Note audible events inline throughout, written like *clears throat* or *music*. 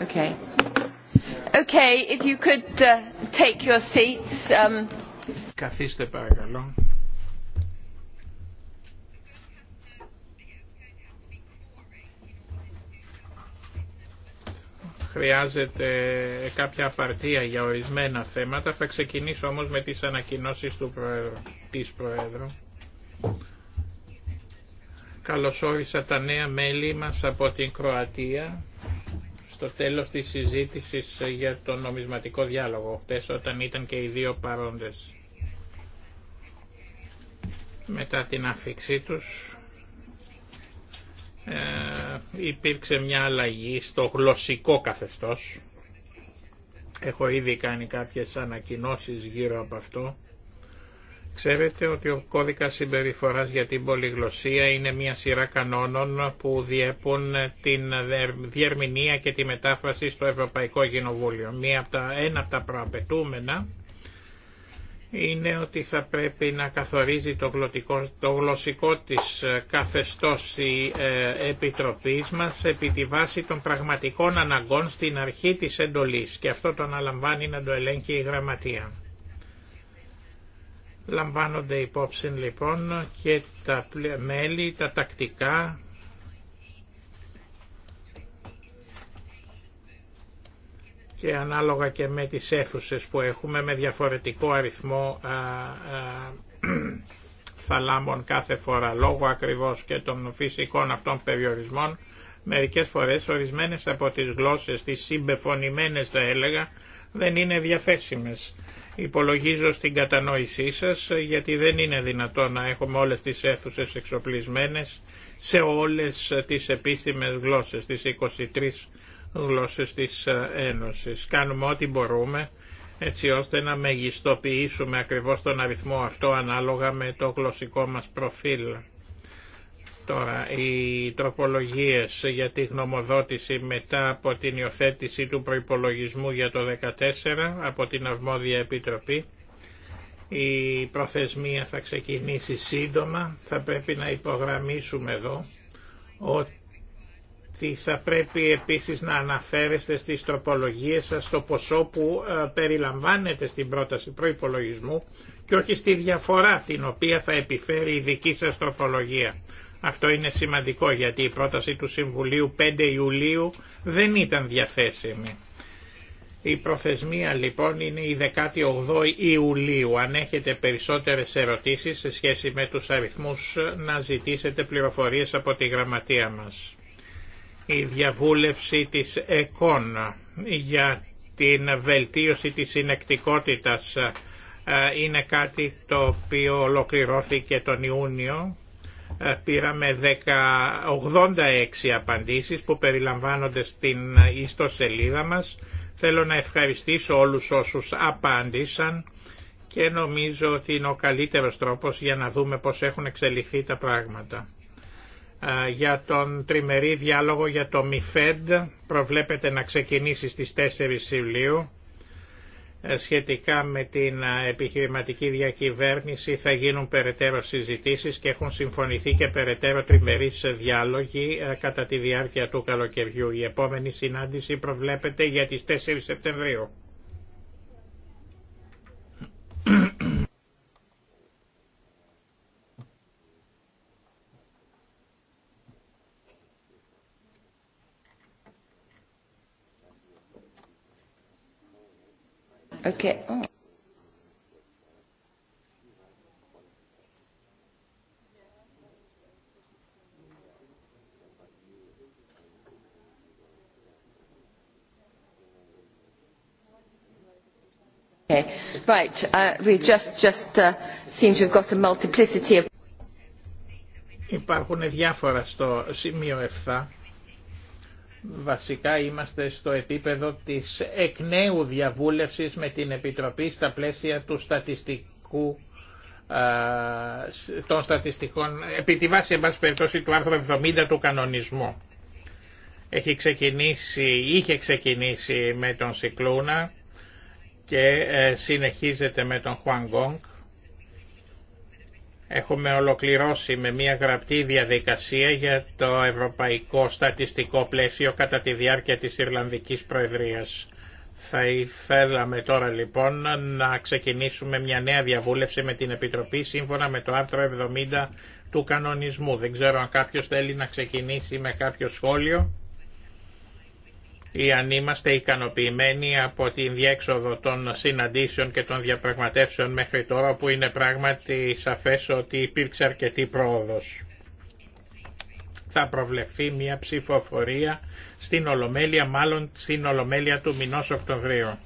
Okay. Okay, if you could uh, take your seats. Um. Καθίστε παρακαλώ. Χρειάζεται κάποια απαρτία για ορισμένα θέματα. Θα ξεκινήσω όμως με τις ανακοινώσεις του Προέδρου, της Προέδρου. Καλωσόρισα τα νέα μέλη μας από την Κροατία στο τέλος της συζήτησης για το νομισματικό διάλογο, χτες όταν ήταν και οι δύο παρόντες. Μετά την αφήξή τους ε, υπήρξε μια αλλαγή στο γλωσσικό καθεστώς. Έχω ήδη κάνει κάποιες ανακοινώσεις γύρω από αυτό Ξέρετε ότι ο κώδικας συμπεριφοράς για την πολυγλωσία είναι μια σειρά κανόνων που διέπουν την διερμηνία και τη μετάφραση στο Ευρωπαϊκό Κοινοβούλιο. Μία από τα, ένα από τα προαπαιτούμενα είναι ότι θα πρέπει να καθορίζει το, γλωσσικό της καθεστώς η ε, Επιτροπής μας επί τη βάση των πραγματικών αναγκών στην αρχή της εντολής και αυτό το αναλαμβάνει να το ελέγχει η Γραμματεία. Λαμβάνονται υπόψη λοιπόν και τα μέλη, τα τακτικά, και ανάλογα και με τις αίθουσες που έχουμε με διαφορετικό αριθμό α, α, *clears throat* θαλάμων κάθε φορά λόγω ακριβώς και των φυσικών αυτών περιορισμών μερικές φορές ορισμένες από τις γλώσσες τις συμπεφωνημένες θα έλεγα δεν είναι διαθέσιμες. Υπολογίζω στην κατανόησή σας γιατί δεν είναι δυνατό να έχουμε όλες τις αίθουσες εξοπλισμένες σε όλες τις επίσημες γλώσσες, τις 23 γλώσσες της Ένωσης. Κάνουμε ό,τι μπορούμε έτσι ώστε να μεγιστοποιήσουμε ακριβώς τον αριθμό αυτό ανάλογα με το γλωσσικό μας προφίλ. Τώρα, οι τροπολογίες για τη γνωμοδότηση μετά από την υιοθέτηση του προϋπολογισμού για το 2014 από την Αυμόδια Επιτροπή. Η προθεσμία θα ξεκινήσει σύντομα. Θα πρέπει να υπογραμμίσουμε εδώ ότι θα πρέπει επίσης να αναφέρεστε στις τροπολογίες σας στο ποσό που ε, περιλαμβάνεται στην πρόταση προϋπολογισμού και όχι στη διαφορά την οποία θα επιφέρει η δική σας τροπολογία. Αυτό είναι σημαντικό γιατί η πρόταση του Συμβουλίου 5 Ιουλίου δεν ήταν διαθέσιμη. Η προθεσμία λοιπόν είναι η 18 Ιουλίου. Αν έχετε περισσότερες ερωτήσεις σε σχέση με τους αριθμούς να ζητήσετε πληροφορίες από τη γραμματεία μας. Η διαβούλευση της ΕΚΟΝ για την βελτίωση της συνεκτικότητας ε, είναι κάτι το οποίο ολοκληρώθηκε τον Ιούνιο πήραμε 86 απαντήσεις που περιλαμβάνονται στην ιστοσελίδα μας. Θέλω να ευχαριστήσω όλους όσους απάντησαν και νομίζω ότι είναι ο καλύτερος τρόπος για να δούμε πώς έχουν εξελιχθεί τα πράγματα. Για τον τριμερή διάλογο για το ΜΙΦΕΔ προβλέπεται να ξεκινήσει στις 4 Ιουλίου σχετικά με την επιχειρηματική διακυβέρνηση θα γίνουν περαιτέρω συζητήσεις και έχουν συμφωνηθεί και περαιτέρω τριμερείς διάλογοι κατά τη διάρκεια του καλοκαιριού. Η επόμενη συνάντηση προβλέπεται για τις 4 Σεπτεμβρίου. Okay. Oh. Okay. Right, Uh, we just, just uh, seem to have got a multiplicity of... Υπάρχουν διάφορα στο σημείο 7 Βασικά είμαστε στο επίπεδο της εκ νέου διαβούλευσης με την Επιτροπή στα πλαίσια του στατιστικού των στατιστικών επί τη βάση εν πάση περιπτώσει του άρθρου 70 του κανονισμού. Έχει ξεκινήσει, είχε ξεκινήσει με τον Σικλούνα και ε, συνεχίζεται με τον Χουανγκόγκ Έχουμε ολοκληρώσει με μια γραπτή διαδικασία για το ευρωπαϊκό στατιστικό πλαίσιο κατά τη διάρκεια της Ιρλανδικής Προεδρίας. Θα ήθελαμε τώρα λοιπόν να ξεκινήσουμε μια νέα διαβούλευση με την Επιτροπή σύμφωνα με το άρθρο 70 του κανονισμού. Δεν ξέρω αν κάποιος θέλει να ξεκινήσει με κάποιο σχόλιο ή αν είμαστε ικανοποιημένοι από την διέξοδο των συναντήσεων και των διαπραγματεύσεων μέχρι τώρα που είναι πράγματι σαφές ότι υπήρξε αρκετή πρόοδος. Θα προβλεφθεί μια ψηφοφορία στην Ολομέλεια, μάλλον στην Ολομέλεια του μηνός Οκτωβρίου.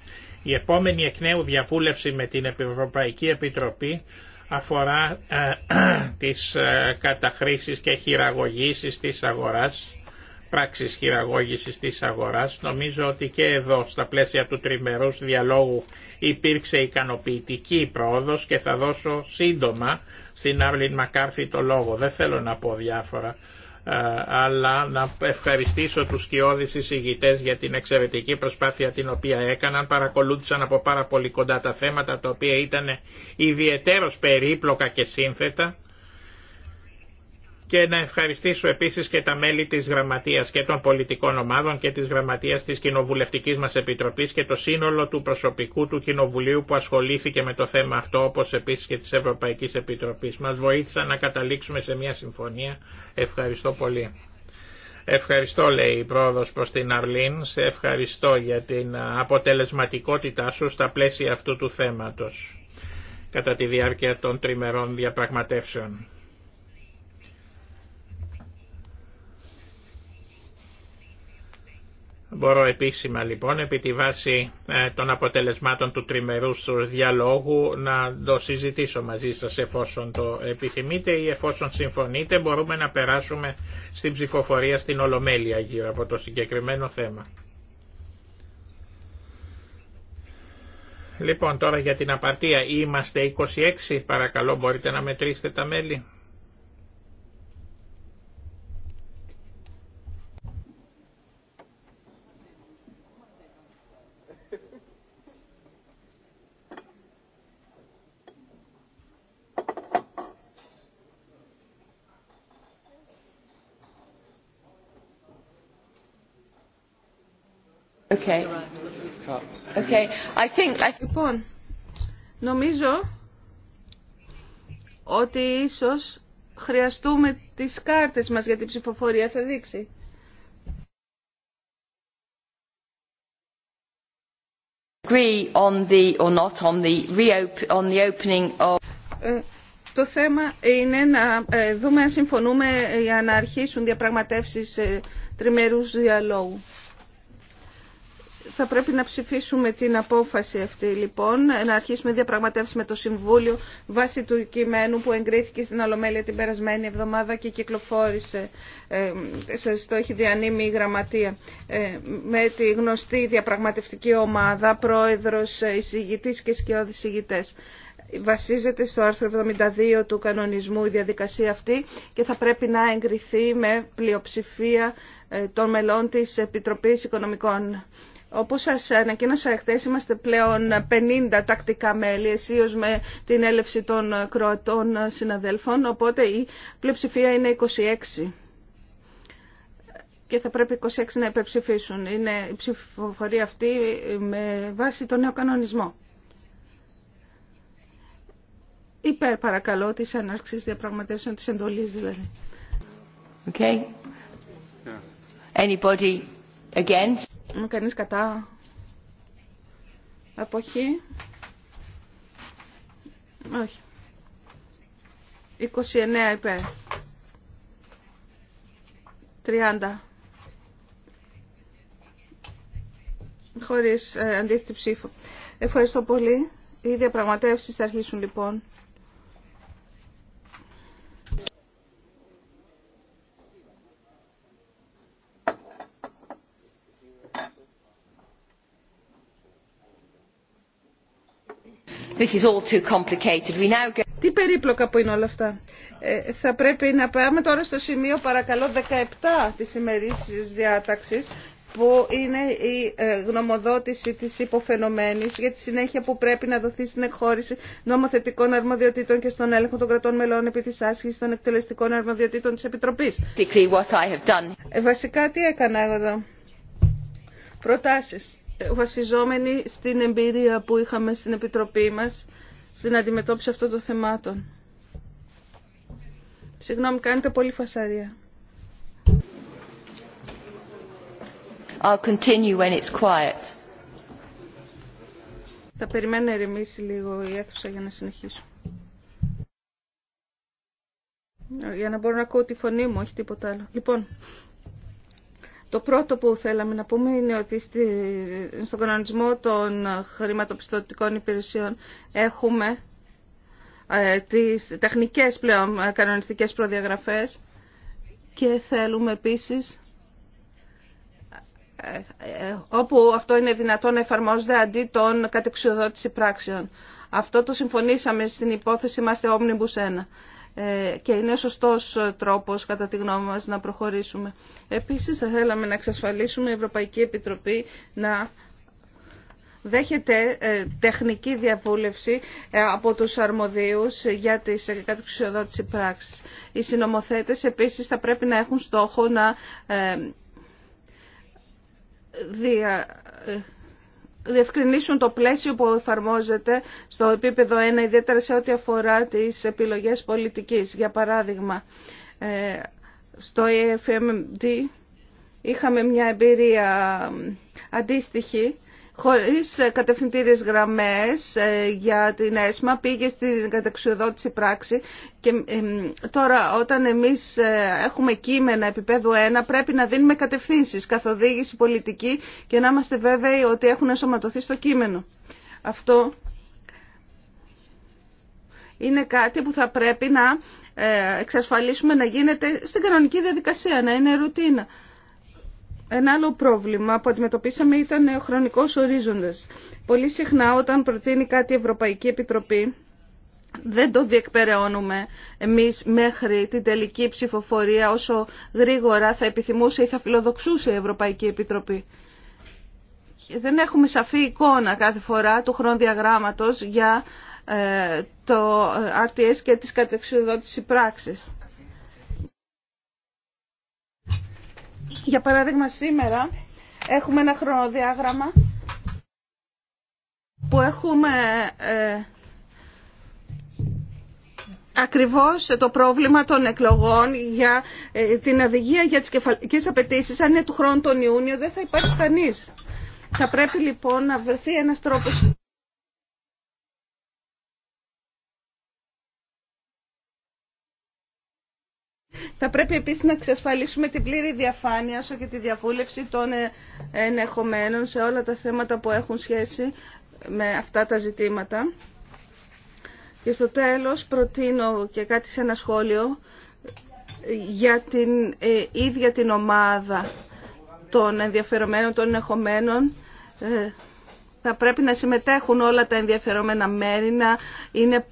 Η επόμενη εκ νέου διαβούλευση με την Ευρωπαϊκή Επιτροπή αφορά ε, *clears throat* ε, τις καταχρήσεις και χειραγωγήσεις της αγοράς πράξεις χειραγώγησης της αγοράς. Νομίζω ότι και εδώ στα πλαίσια του τριμερούς διαλόγου υπήρξε ικανοποιητική πρόοδος και θα δώσω σύντομα στην Άρλιν Μακάρθη το λόγο. Δεν θέλω να πω διάφορα ε, αλλά να ευχαριστήσω τους σκιώδεις εισηγητές για την εξαιρετική προσπάθεια την οποία έκαναν. Παρακολούθησαν από πάρα πολύ κοντά τα θέματα τα οποία ήταν ιδιαίτερο περίπλοκα και σύνθετα και να ευχαριστήσω επίσης και τα μέλη της Γραμματείας και των πολιτικών ομάδων και της Γραμματείας της Κοινοβουλευτικής μας Επιτροπής και το σύνολο του προσωπικού του Κοινοβουλίου που ασχολήθηκε με το θέμα αυτό όπως επίσης και της Ευρωπαϊκής Επιτροπής. Μας βοήθησαν να καταλήξουμε σε μια συμφωνία. Ευχαριστώ πολύ. Ευχαριστώ λέει η πρόοδος προς την Αρλίν, σε ευχαριστώ για την αποτελεσματικότητά σου στα πλαίσια αυτού του θέματος κατά τη διάρκεια των τριμερών διαπραγματεύσεων. Μπορώ επίσημα λοιπόν επί τη βάση ε, των αποτελεσμάτων του τριμερούς διαλόγου να το συζητήσω μαζί σας εφόσον το επιθυμείτε ή εφόσον συμφωνείτε μπορούμε να περάσουμε στην ψηφοφορία στην Ολομέλεια γύρω από το συγκεκριμένο θέμα. Λοιπόν τώρα για την απαρτία είμαστε 26 παρακαλώ μπορείτε να μετρήσετε τα μέλη. Λοιπόν, νομίζω ότι ίσως χρειαστούμε τις κάρτες μας για την ψηφοφορία, θα δείξει. Το θέμα είναι να ε, δούμε αν συμφωνούμε για να αρχίσουν διαπραγματεύσεις ε, τριμερούς διαλόγου. Θα πρέπει να ψηφίσουμε την απόφαση αυτή λοιπόν, να αρχίσουμε διαπραγματεύσει με το Συμβούλιο βάσει του κειμένου που εγκρίθηκε στην Ολομέλεια την περασμένη εβδομάδα και κυκλοφόρησε, ε, το έχει διανύμει η Γραμματεία, ε, με τη γνωστή διαπραγματευτική ομάδα, πρόεδρος, ε, εισηγητής και σκιώδης εισηγητές βασίζεται στο άρθρο 72 του κανονισμού η διαδικασία αυτή και θα πρέπει να εγκριθεί με πλειοψηφία ε, των μελών της Επιτροπής Οικονομικών όπως σας ανακοίνωσα χθες, είμαστε πλέον 50 τακτικά μέλη, αισίως με την έλευση των Κροατών συναδέλφων, οπότε η πλειοψηφία είναι 26 και θα πρέπει 26 να υπερψηφίσουν. Είναι η ψηφοφορία αυτή με βάση τον νέο κανονισμό. Υπέρ παρακαλώ τη έναρξη διαπραγματεύσεων τη εντολής δηλαδή. Okay. Anybody against? Μου κανείς κατά. Αποχή. Όχι. 29 υπέρ. 30. Χωρίς ε, αντίθετη ψήφο. Ευχαριστώ πολύ. Οι διαπραγματεύσεις θα αρχίσουν λοιπόν. Τι περίπλοκα που είναι όλα αυτά. Ε, θα πρέπει να πάμε τώρα στο σημείο παρακαλώ 17 της ημερήσης διάταξης που είναι η ε, γνωμοδότηση της υποφαινομένης για τη συνέχεια που πρέπει να δοθεί στην εκχώρηση νομοθετικών αρμοδιοτήτων και στον έλεγχο των κρατών μελών επί της άσκησης των εκτελεστικών αρμοδιοτήτων της Επιτροπής. Ε, βασικά τι έκανα εγώ εδώ. Προτάσεις βασιζόμενοι στην εμπειρία που είχαμε στην Επιτροπή μας στην αντιμετώπιση αυτών των θεμάτων. Συγγνώμη, κάνετε πολύ φασαρία. I'll continue when it's quiet. Θα περιμένω να λίγο η αίθουσα για να συνεχίσω. Για να μπορώ να ακούω τη φωνή μου, όχι τίποτα άλλο. Λοιπόν, το πρώτο που θέλαμε να πούμε είναι ότι στον κανονισμό των χρηματοπιστωτικών υπηρεσιών έχουμε ε, τις τεχνικές πλέον ε, κανονιστικές προδιαγραφές και θέλουμε επίσης ε, όπου αυτό είναι δυνατό να εφαρμόζεται αντί των κατεξουδότηση πράξεων. Αυτό το συμφωνήσαμε στην υπόθεση μας σε Omnibus 1. Ε, και είναι ο σωστός ε, τρόπος κατά τη γνώμη μας να προχωρήσουμε. Επίσης θα θέλαμε να εξασφαλίσουμε η Ευρωπαϊκή Επιτροπή να δέχεται ε, τεχνική διαβούλευση από τους αρμοδίους για τις εγκατοξιοδότηση πράξης. Οι συνομοθέτες επίσης θα πρέπει να έχουν στόχο να δια διευκρινίσουν το πλαίσιο που εφαρμόζεται στο επίπεδο 1, ιδιαίτερα σε ό,τι αφορά τις επιλογές πολιτικής. Για παράδειγμα, ε, στο EFMD είχαμε μια εμπειρία αντίστοιχη χωρίς ε, κατευθυντήριες γραμμές ε, για την ΕΣΜΑ, πήγε στην καταξιοδότηση πράξη και τώρα όταν εμείς ε, έχουμε κείμενα επίπεδου 1 πρέπει να δίνουμε κατευθύνσεις, καθοδήγηση πολιτική και να είμαστε βέβαιοι ότι έχουν ενσωματωθεί στο κείμενο. Αυτό είναι κάτι που θα πρέπει να εξασφαλίσουμε να γίνεται στην κανονική διαδικασία, να είναι ρουτίνα. Ένα άλλο πρόβλημα που αντιμετωπίσαμε ήταν ο χρονικός ορίζοντας. Πολύ συχνά όταν προτείνει κάτι η Ευρωπαϊκή Επιτροπή, δεν το διεκπεραιώνουμε εμείς μέχρι την τελική ψηφοφορία όσο γρήγορα θα επιθυμούσε ή θα φιλοδοξούσε η Ευρωπαϊκή Επιτροπή. Δεν έχουμε σαφή εικόνα κάθε φορά του χρόνδιαγράμματος για ε, το ε, RTS και τις κατεξοδότηση πράξης. Για παράδειγμα σήμερα έχουμε ένα χρονοδιάγραμμα που έχουμε ε, ακριβώς το πρόβλημα των εκλογών για ε, την αδηγία για τις κεφαλικές απαιτήσει. Αν είναι του χρόνου τον Ιούνιο δεν θα υπάρχει κανείς. Θα πρέπει λοιπόν να βρεθεί ένας τρόπος Θα πρέπει επίσης να εξασφαλίσουμε την πλήρη διαφάνεια όσο και τη διαβούλευση των ε, ενεχομένων σε όλα τα θέματα που έχουν σχέση με αυτά τα ζητήματα. Και στο τέλος προτείνω και κάτι σε ένα σχόλιο για την ε, ίδια την ομάδα των ενδιαφερομένων, των ενεχομένων ε, θα πρέπει να συμμετέχουν όλα τα ενδιαφερόμενα μέρη, να είναι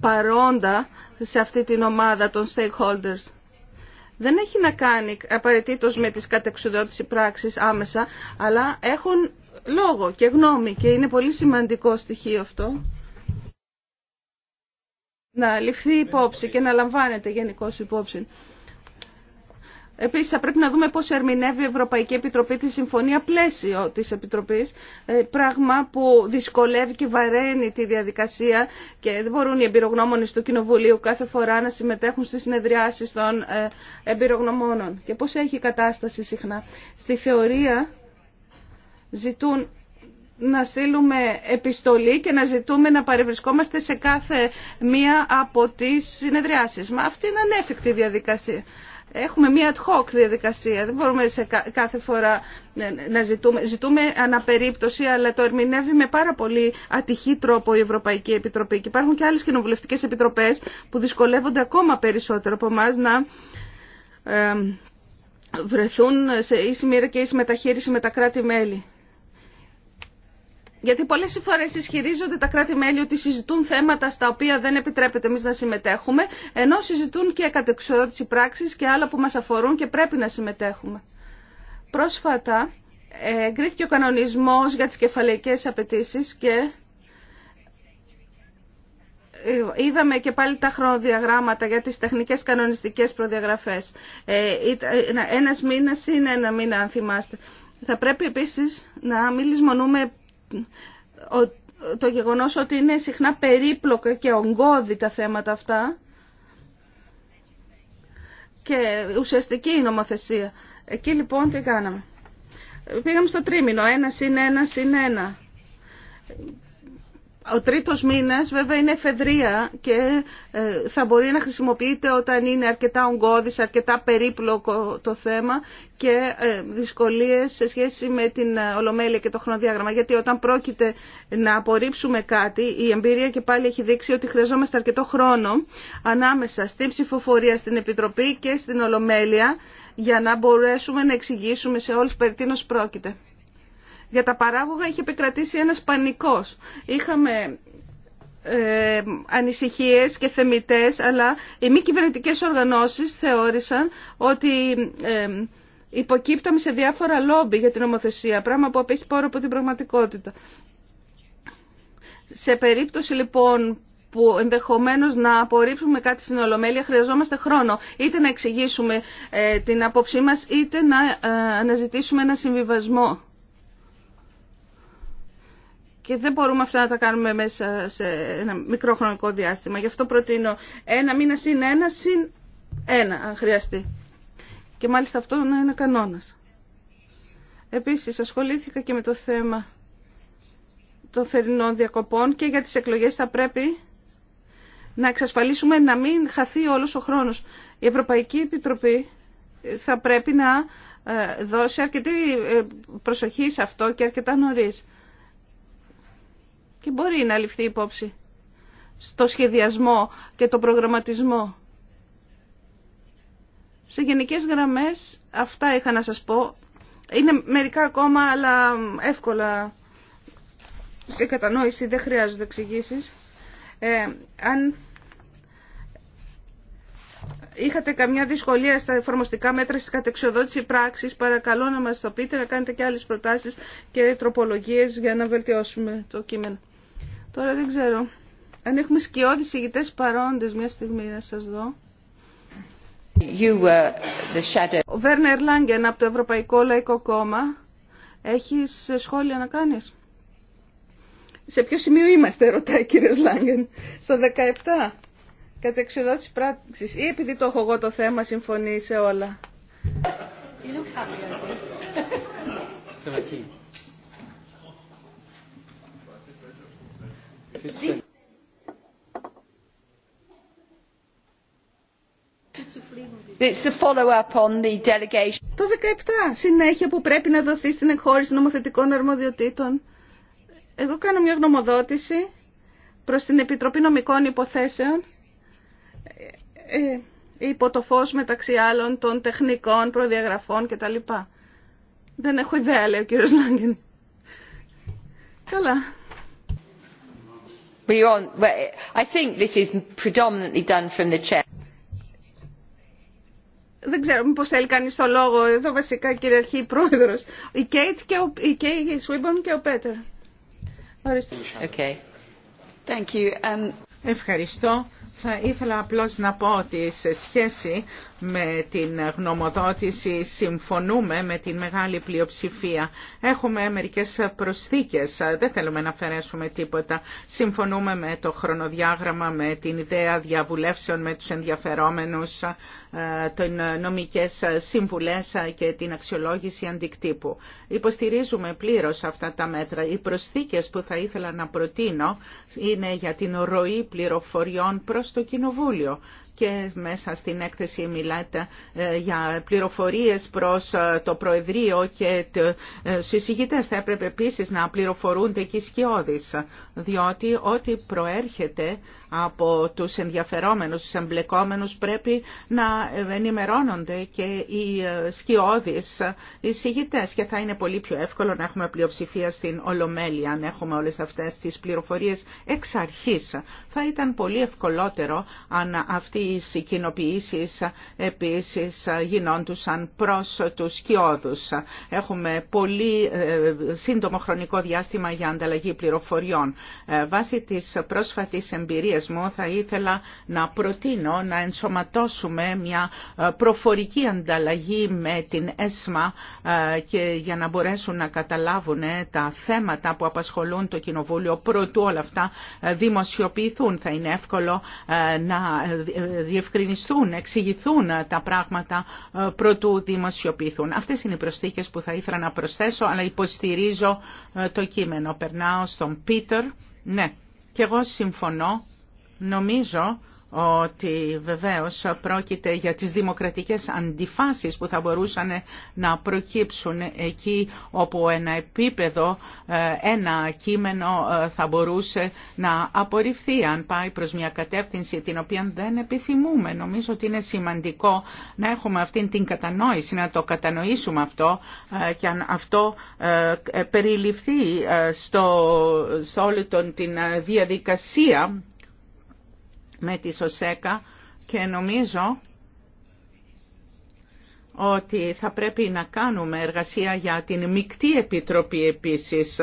παρόντα σε αυτή την ομάδα των stakeholders δεν έχει να κάνει απαραίτητο με τις κατεξουδότηση πράξεις άμεσα, αλλά έχουν λόγο και γνώμη και είναι πολύ σημαντικό στοιχείο αυτό να ληφθεί υπόψη και να λαμβάνεται γενικώ υπόψη. Επίσης θα πρέπει να δούμε πώς ερμηνεύει η Ευρωπαϊκή Επιτροπή τη Συμφωνία Πλαίσιο της Επιτροπής, ε, πράγμα που δυσκολεύει και βαραίνει τη διαδικασία και δεν μπορούν οι εμπειρογνώμονες του Κοινοβουλίου κάθε φορά να συμμετέχουν στις συνεδριάσεις των ε, εμπειρογνωμόνων. Και πώς έχει η κατάσταση συχνά. Στη θεωρία ζητούν να στείλουμε επιστολή και να ζητούμε να παρευρισκόμαστε σε κάθε μία από τις συνεδριάσεις. Μα αυτή είναι ανέφικτη διαδικασία έχουμε μία ad hoc διαδικασία. Δεν μπορούμε σε κάθε φορά ε, να ζητούμε. Ζητούμε αναπερίπτωση, αλλά το ερμηνεύει με πάρα πολύ ατυχή τρόπο η Ευρωπαϊκή Επιτροπή. Και υπάρχουν και άλλες κοινοβουλευτικές επιτροπές που δυσκολεύονται ακόμα περισσότερο από εμά να ε, βρεθούν σε ίση μοίρα και ίση μεταχείριση με τα κράτη-μέλη. Γιατί πολλέ φορέ ισχυρίζονται τα κράτη-μέλη ότι συζητούν θέματα στα οποία δεν επιτρέπεται εμεί να συμμετέχουμε, ενώ συζητούν και κατεξοδότηση πράξη και άλλα που μα αφορούν και πρέπει να συμμετέχουμε. Πρόσφατα ε, εγκρίθηκε ο κανονισμό για τις κεφαλαϊκές απαιτήσει και ε, είδαμε και πάλι τα χρονοδιαγράμματα για τις τεχνικές κανονιστικές προδιαγραφές. Ε, ένας μήνας είναι ένα μήνα αν θυμάστε. Θα πρέπει επίσης να μην λησμονούμε το γεγονός ότι είναι συχνά περίπλοκα και ογκώδη τα θέματα αυτά και ουσιαστική η νομοθεσία. Εκεί λοιπόν τι κάναμε. Πήγαμε στο τρίμηνο, ένα συν ένα συν ένα. Ο τρίτος μήνας βέβαια είναι εφεδρεία και ε, θα μπορεί να χρησιμοποιείται όταν είναι αρκετά ογκώδης, αρκετά περίπλοκο το θέμα και ε, δυσκολίες σε σχέση με την ε, ολομέλεια και το χρονοδιάγραμμα. Γιατί όταν πρόκειται να απορρίψουμε κάτι, η εμπειρία και πάλι έχει δείξει ότι χρειαζόμαστε αρκετό χρόνο ανάμεσα στην ψηφοφορία, στην Επιτροπή και στην Ολομέλεια για να μπορέσουμε να εξηγήσουμε σε όλους περί τίνος πρόκειται για τα παράγωγα είχε επικρατήσει ένας πανικός. Είχαμε ε, ανησυχίες και θεμητές, αλλά οι μη κυβερνητικέ οργανώσεις θεώρησαν ότι ε, υποκύπταμε σε διάφορα λόμπι για την ομοθεσία, πράγμα που απέχει πόρο από την πραγματικότητα. Σε περίπτωση λοιπόν που ενδεχομένως να απορρίψουμε κάτι στην Ολομέλεια χρειαζόμαστε χρόνο είτε να εξηγήσουμε ε, την απόψή μας είτε να ε, αναζητήσουμε ένα συμβιβασμό. Και δεν μπορούμε αυτά να τα κάνουμε μέσα σε ένα μικρό χρονικό διάστημα. Γι' αυτό προτείνω ένα μήνα συν ένα συν ένα, αν χρειαστεί. Και μάλιστα αυτό να είναι κανόνας. Επίσης, ασχολήθηκα και με το θέμα των θερινών διακοπών και για τις εκλογές θα πρέπει να εξασφαλίσουμε να μην χαθεί όλος ο χρόνος. Η Ευρωπαϊκή Επιτροπή θα πρέπει να ε, δώσει αρκετή ε, προσοχή σε αυτό και αρκετά νωρίς και μπορεί να ληφθεί υπόψη στο σχεδιασμό και το προγραμματισμό. Σε γενικές γραμμές αυτά είχα να σας πω. Είναι μερικά ακόμα αλλά εύκολα σε κατανόηση, δεν χρειάζονται εξηγήσει. Ε, αν είχατε καμιά δυσκολία στα εφαρμοστικά μέτρα στις κατεξοδότηση πράξης, παρακαλώ να μας το πείτε, να κάνετε και άλλες προτάσεις και τροπολογίες για να βελτιώσουμε το κείμενο. Τώρα δεν ξέρω. Αν έχουμε σκιώδεις ηγητές παρόντες μια στιγμή να σας δω. You were uh, the shadow. Ο Βέρνερ Λάγκεν από το Ευρωπαϊκό Λαϊκό Κόμμα. Έχεις σχόλια να κάνεις. Σε ποιο σημείο είμαστε, ρωτάει ο κύριος Λάγκεν. Στο 17. Κατ' εξοδότηση πράξης. Ή επειδή το έχω εγώ το θέμα, συμφωνεί σε όλα. Το 17, συνέχεια που πρέπει να δοθεί στην εκχώρηση νομοθετικών αρμοδιοτήτων. Εγώ κάνω μια γνωμοδότηση προς την Επιτροπή Νομικών Υποθέσεων ε, ε, υπό το φως μεταξύ άλλων των τεχνικών προδιαγραφών κτλ. Δεν έχω ιδέα, λέει ο κύριος Λάγκεν. Καλά beyond i think this is predominantly done from the chair δεν ξέρω μήπως θέλει κανεί το λόγο. Εδώ βασικά κυριαρχεί η πρόεδρος. Η Κέιτ και ο, η Κέιτ, Σουίμπον και ο Πέτερ. Ορίστε. Okay. Thank you. Um, Ευχαριστώ. Θα ήθελα απλώς να πω ότι σε σχέση με την γνωμοδότηση συμφωνούμε με την μεγάλη πλειοψηφία. Έχουμε μερικές προσθήκες, δεν θέλουμε να αφαιρέσουμε τίποτα. Συμφωνούμε με το χρονοδιάγραμμα, με την ιδέα διαβουλεύσεων με τους ενδιαφερόμενους, ε, τον νομικές σύμβουλες και την αξιολόγηση αντικτύπου. Υποστηρίζουμε πλήρως αυτά τα μέτρα. Οι προσθήκες που θα ήθελα να προτείνω είναι για την ροή πληροφοριών προς το Κοινοβούλιο και μέσα στην έκθεση μιλάτε ε, για πληροφορίες προς ε, το Προεδρείο και ε, στους εισηγητές. Θα έπρεπε επίσης να πληροφορούνται και οι σκιώδεις, διότι ό,τι προέρχεται από τους ενδιαφερόμενους, τους εμπλεκόμενους πρέπει να ενημερώνονται και οι σκιώδεις εισηγητές και θα είναι πολύ πιο εύκολο να έχουμε πλειοψηφία στην Ολομέλεια αν έχουμε όλες αυτές τις πληροφορίες εξ αρχής. Θα ήταν πολύ ευκολότερο αν αυτή οι κοινοποιήσεις επίσης γινόντουσαν προς τους κοιόδους. Έχουμε πολύ ε, σύντομο χρονικό διάστημα για ανταλλαγή πληροφοριών. Ε, βάσει της πρόσφατης εμπειρίας μου θα ήθελα να προτείνω να ενσωματώσουμε μια ε, προφορική ανταλλαγή με την ΕΣΜΑ και για να μπορέσουν να καταλάβουν τα θέματα που απασχολούν το Κοινοβούλιο. Προτού όλα αυτά δημοσιοποιηθούν θα είναι εύκολο να διευκρινιστούν, εξηγηθούν ε, τα πράγματα ε, προτού δημοσιοποιηθούν. Αυτές είναι οι προσθήκες που θα ήθελα να προσθέσω, αλλά υποστηρίζω ε, το κείμενο. Περνάω στον Πίτερ. Ναι, και εγώ συμφωνώ Νομίζω ότι βεβαίως πρόκειται για τις δημοκρατικές αντιφάσεις που θα μπορούσαν να προκύψουν εκεί όπου ένα επίπεδο, ε, ένα κείμενο ε, θα μπορούσε να απορριφθεί αν πάει προς μια κατεύθυνση την οποία δεν επιθυμούμε. Νομίζω ότι είναι σημαντικό να έχουμε αυτή την κατανόηση, να το κατανοήσουμε αυτό ε, και αν αυτό περιληφθεί στο, σε όλη την διαδικασία με τη ΣΟΣΕΚΑ και νομίζω ότι θα πρέπει να κάνουμε εργασία για την μεικτή επιτροπή επίσης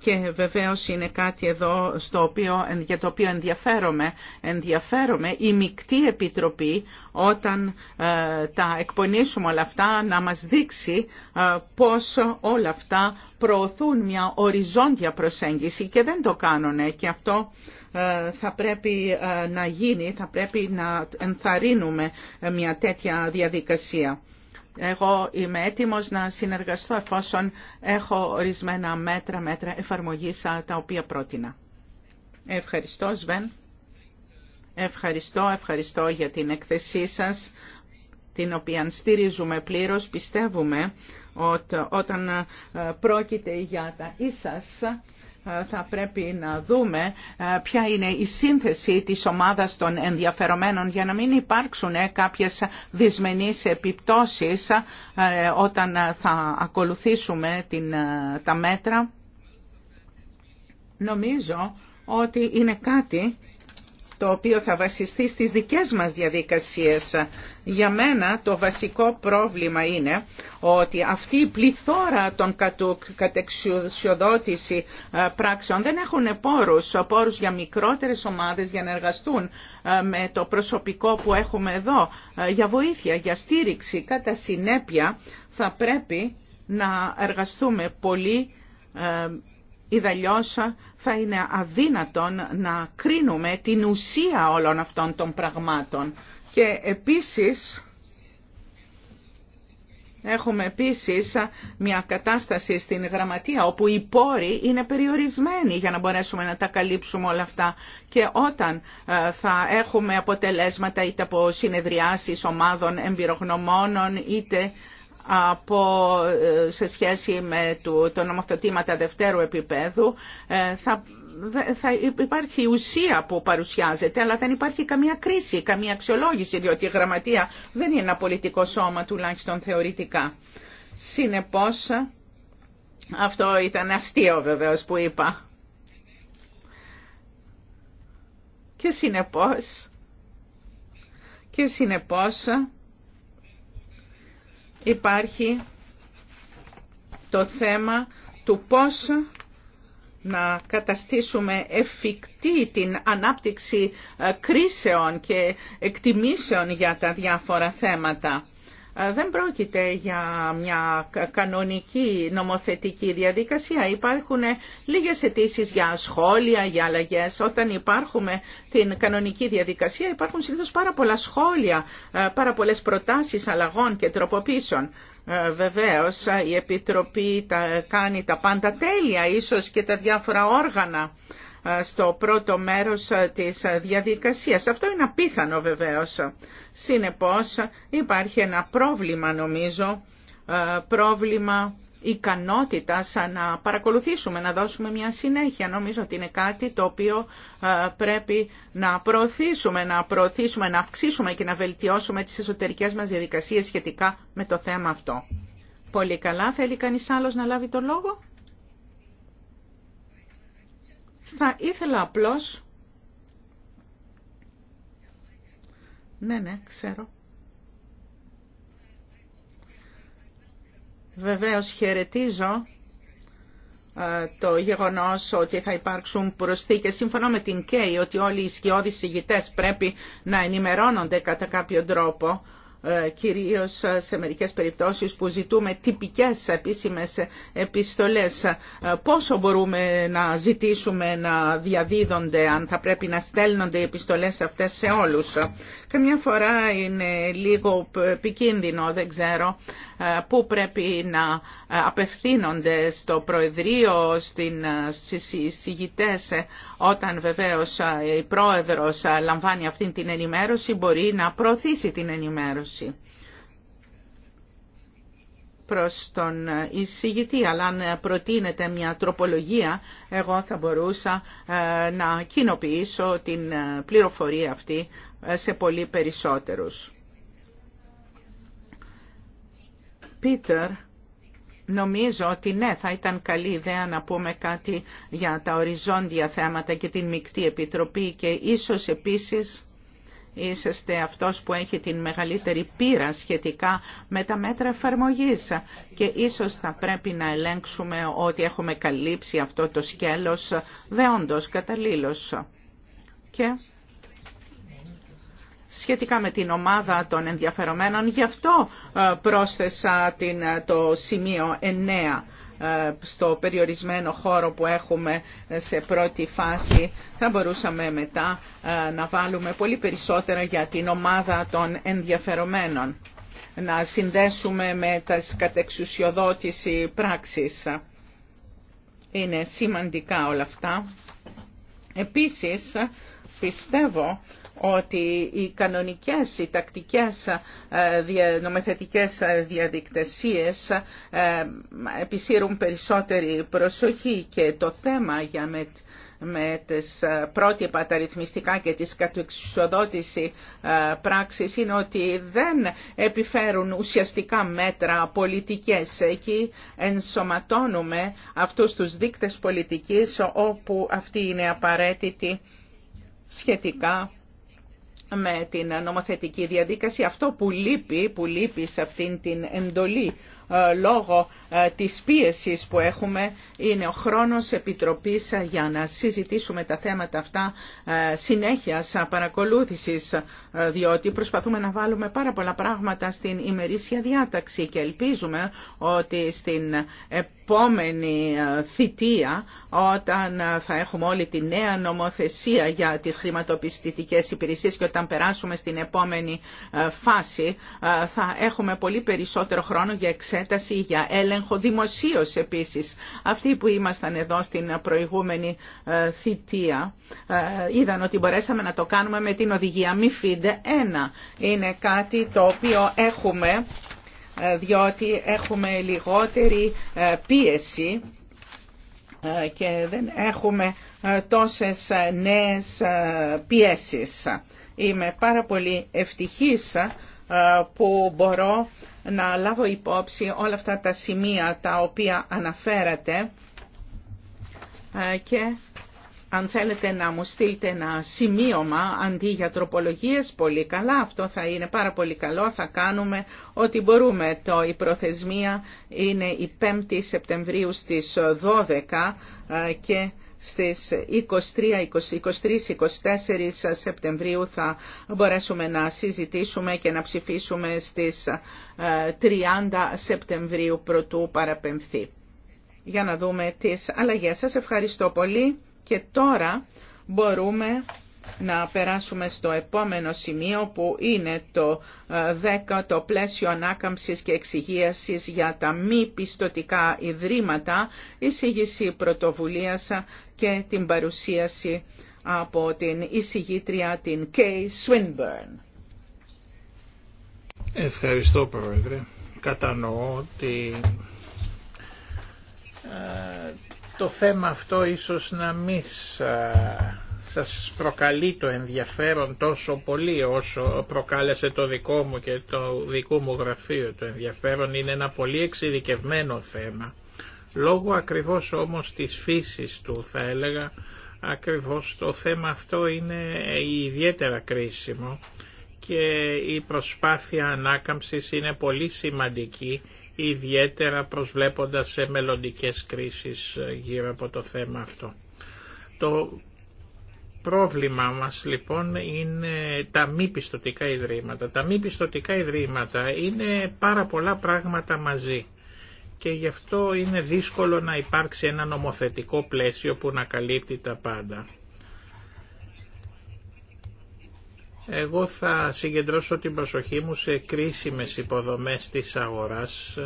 και βεβαίως είναι κάτι εδώ στο οποίο, για το οποίο ενδιαφέρομαι. Ενδιαφέρομαι η μεικτή επιτροπή όταν ε, τα εκπονήσουμε όλα αυτά να μας δείξει ε, πώς όλα αυτά προωθούν μια οριζόντια προσέγγιση και δεν το κάνουν και αυτό ε, θα πρέπει ε, να γίνει, θα πρέπει να ενθαρρύνουμε ε, μια τέτοια διαδικασία. Εγώ είμαι έτοιμος να συνεργαστώ εφόσον έχω ορισμένα μέτρα, μέτρα εφαρμογής τα οποία πρότεινα. Ευχαριστώ, Σβέν. Ευχαριστώ, ευχαριστώ για την εκθεσή σας, την οποία στηρίζουμε πλήρως. Πιστεύουμε ότι όταν πρόκειται για τα ίσας, ε, θα πρέπει να δούμε ε, ποια είναι η σύνθεση της ομάδας των ενδιαφερομένων για να μην υπάρξουν κάποιες δυσμενείς επιπτώσεις ε, όταν θα ακολουθήσουμε την, τα μέτρα. Νομίζω ότι είναι κάτι το οποίο θα βασιστεί στις δικές μας διαδικασίες. Για μένα το βασικό πρόβλημα είναι ότι αυτή η πληθώρα των κατεξιοδότηση ε, πράξεων δεν έχουν πόρους, πόρους για μικρότερες ομάδες για να εργαστούν ε, με το προσωπικό που έχουμε εδώ, ε, για βοήθεια, για στήριξη. Κατά συνέπεια θα πρέπει να εργαστούμε πολύ δαλλιώσα θα είναι αδύνατον να κρίνουμε την ουσία όλων αυτών των πραγμάτων. Και επίσης έχουμε επίσης μια κατάσταση στην γραμματεία όπου οι πόροι είναι περιορισμένοι για να μπορέσουμε να τα καλύψουμε όλα αυτά. Και όταν ε, θα έχουμε αποτελέσματα είτε από συνεδριάσεις ομάδων εμπειρογνωμόνων είτε από, ε, σε σχέση με το, το νομοθετήματα δευτέρου επίπεδου ε, θα, θα υπάρχει ουσία που παρουσιάζεται αλλά δεν υπάρχει καμία κρίση, καμία αξιολόγηση διότι η γραμματεία δεν είναι ένα πολιτικό σώμα τουλάχιστον θεωρητικά. Συνεπώς αυτό ήταν αστείο βεβαίως που είπα. Και συνεπώς και συνεπώς υπάρχει το θέμα του πώς να καταστήσουμε εφικτή την ανάπτυξη ε, κρίσεων και εκτιμήσεων για τα διάφορα θέματα. Ε, δεν πρόκειται για μια κανονική νομοθετική διαδικασία. Υπάρχουν λίγες αιτήσει για σχόλια, για αλλαγέ. Όταν υπάρχουμε την κανονική διαδικασία υπάρχουν συνήθως πάρα πολλά σχόλια, ε, πάρα πολλές προτάσεις αλλαγών και τροποποίησεων. Ε, βεβαίως η Επιτροπή τα κάνει τα πάντα τέλεια, ίσως και τα διάφορα όργανα στο πρώτο μέρος της διαδικασίας. Αυτό είναι απίθανο βεβαίως. Συνεπώς υπάρχει ένα πρόβλημα νομίζω, ε, πρόβλημα ικανότητας να παρακολουθήσουμε, να δώσουμε μια συνέχεια. Νομίζω ότι είναι κάτι το οποίο ε, πρέπει να προωθήσουμε, να προωθήσουμε, να αυξήσουμε και να βελτιώσουμε τις εσωτερικές μας διαδικασίες σχετικά με το θέμα αυτό. Πολύ καλά. Θέλει κανείς άλλος να λάβει το λόγο. Θα ήθελα απλώς... Ναι, ναι, ξέρω. Βεβαίως χαιρετίζω ε, το γεγονός ότι θα υπάρξουν προσθήκες. σύμφωνα με την ΚΕΙ ότι όλοι οι σκιώδεις ηγητές πρέπει να ενημερώνονται κατά κάποιο τρόπο ε, κυρίως σε μερικές περιπτώσεις που ζητούμε τυπικές επίσημες επιστολές. Ε, πόσο μπορούμε να ζητήσουμε να διαδίδονται, αν θα πρέπει να στέλνονται οι επιστολές αυτές σε όλους. Καμιά φορά είναι λίγο επικίνδυνο, δεν ξέρω ε, πού πρέπει να ε, απευθύνονται στο Προεδρείο, στην, ε, στις όταν βεβαίως η Πρόεδρος λαμβάνει αυτή την ενημέρωση, μπορεί να προωθήσει την ενημέρωση προς τον εισηγητή, αλλά αν προτείνεται μια τροπολογία, εγώ θα μπορούσα να κοινοποιήσω την πληροφορία αυτή σε πολύ περισσότερους. Πίτερ, νομίζω ότι ναι, θα ήταν καλή ιδέα να πούμε κάτι για τα οριζόντια θέματα και την μεικτή επιτροπή και ίσως επίσης είσαστε αυτός που έχει την μεγαλύτερη πείρα σχετικά με τα μέτρα εφαρμογή. και ίσως θα πρέπει να ελέγξουμε ότι έχουμε καλύψει αυτό το σκέλος δεόντος καταλήλως. Και σχετικά με την ομάδα των ενδιαφερομένων. Γι' αυτό ε, πρόσθεσα την, ε, το σημείο 9 ε, στο περιορισμένο χώρο που έχουμε σε πρώτη φάση θα μπορούσαμε μετά να βάλουμε πολύ περισσότερα για την ομάδα των ενδιαφερομένων να συνδέσουμε με τα κατεξουσιοδότηση πράξεις Είναι σημαντικά όλα αυτά. Επίσης, πιστεύω ότι οι κανονικές, οι τακτικές ε, νομοθετικές ε, διαδικτασίες ε, επισύρουν περισσότερη προσοχή και το θέμα για με με τις πρότυπα τα ρυθμιστικά και τις πράξεις είναι ότι δεν επιφέρουν ουσιαστικά μέτρα πολιτικές. Εκεί ενσωματώνουμε αυτούς τους δείκτες πολιτικής όπου αυτή είναι απαραίτητη σχετικά με την νομοθετική διαδικασία. Αυτό που λείπει, που λείπει σε αυτήν την εντολή ε, λόγω ε, της πίεσης που έχουμε είναι ο χρόνος επιτροπής για να συζητήσουμε τα θέματα αυτά ε, συνέχεια παρακολούθησης διότι προσπαθούμε να βάλουμε πάρα πολλά πράγματα στην ημερήσια διάταξη και ελπίζουμε ότι στην επόμενη θητεία όταν θα έχουμε όλη τη νέα νομοθεσία για τις χρηματοπιστητικές υπηρεσίες και όταν περάσουμε στην επόμενη φάση θα έχουμε πολύ περισσότερο χρόνο για εξέλιξη εξέταση για έλεγχο δημοσίως επίσης. Αυτοί που ήμασταν εδώ στην προηγούμενη ε, θητεία ε, είδαν ότι μπορέσαμε να το κάνουμε με την οδηγία MIFID 1. Είναι κάτι το οποίο έχουμε ε, διότι έχουμε λιγότερη πίεση και δεν έχουμε τόσες νέες πιέσεις. Είμαι πάρα πολύ ευτυχής ε, που μπορώ να λάβω υπόψη όλα αυτά τα σημεία τα οποία αναφέρατε ε, και αν θέλετε να μου στείλετε ένα σημείωμα αντί για τροπολογίες, πολύ καλά, αυτό θα είναι πάρα πολύ καλό, θα κάνουμε ό,τι μπορούμε. Το, η προθεσμία είναι η 5η Σεπτεμβρίου στις 12 ε, και στις 23-24 Σεπτεμβρίου θα μπορέσουμε να συζητήσουμε και να ψηφίσουμε στις 30 ε, Σεπτεμβρίου πρωτού παραπεμφθεί. Για να δούμε τις αλλαγές. Σας ευχαριστώ πολύ και τώρα μπορούμε να περάσουμε στο επόμενο σημείο που είναι το 10 ε, το πλαίσιο ανάκαμψης και εξυγίασης για τα μη πιστοτικά ιδρύματα εισήγηση πρωτοβουλία και την παρουσίαση από την εισηγήτρια την Κέι Σουίνμπερν. Ευχαριστώ Πρόεδρε. Κατανοώ ότι ε, το θέμα αυτό ίσως να μην ε, σας προκαλεί το ενδιαφέρον τόσο πολύ όσο προκάλεσε το δικό μου και το δικό μου γραφείο. Το ενδιαφέρον είναι ένα πολύ εξειδικευμένο θέμα Λόγω ακριβώς όμως της φύσης του θα έλεγα, ακριβώς το θέμα αυτό είναι ιδιαίτερα κρίσιμο και η προσπάθεια ανάκαμψης είναι πολύ σημαντική, ιδιαίτερα προσβλέποντας σε μελλοντικές κρίσεις γύρω από το θέμα αυτό. Το πρόβλημά μας λοιπόν είναι τα μη πιστοτικά ιδρύματα. Τα μη πιστοτικά ιδρύματα είναι πάρα πολλά πράγματα μαζί και γι' αυτό είναι δύσκολο να υπάρξει ένα νομοθετικό πλαίσιο που να καλύπτει τα πάντα. Εγώ θα συγκεντρώσω την προσοχή μου σε κρίσιμες υποδομές της αγοράς,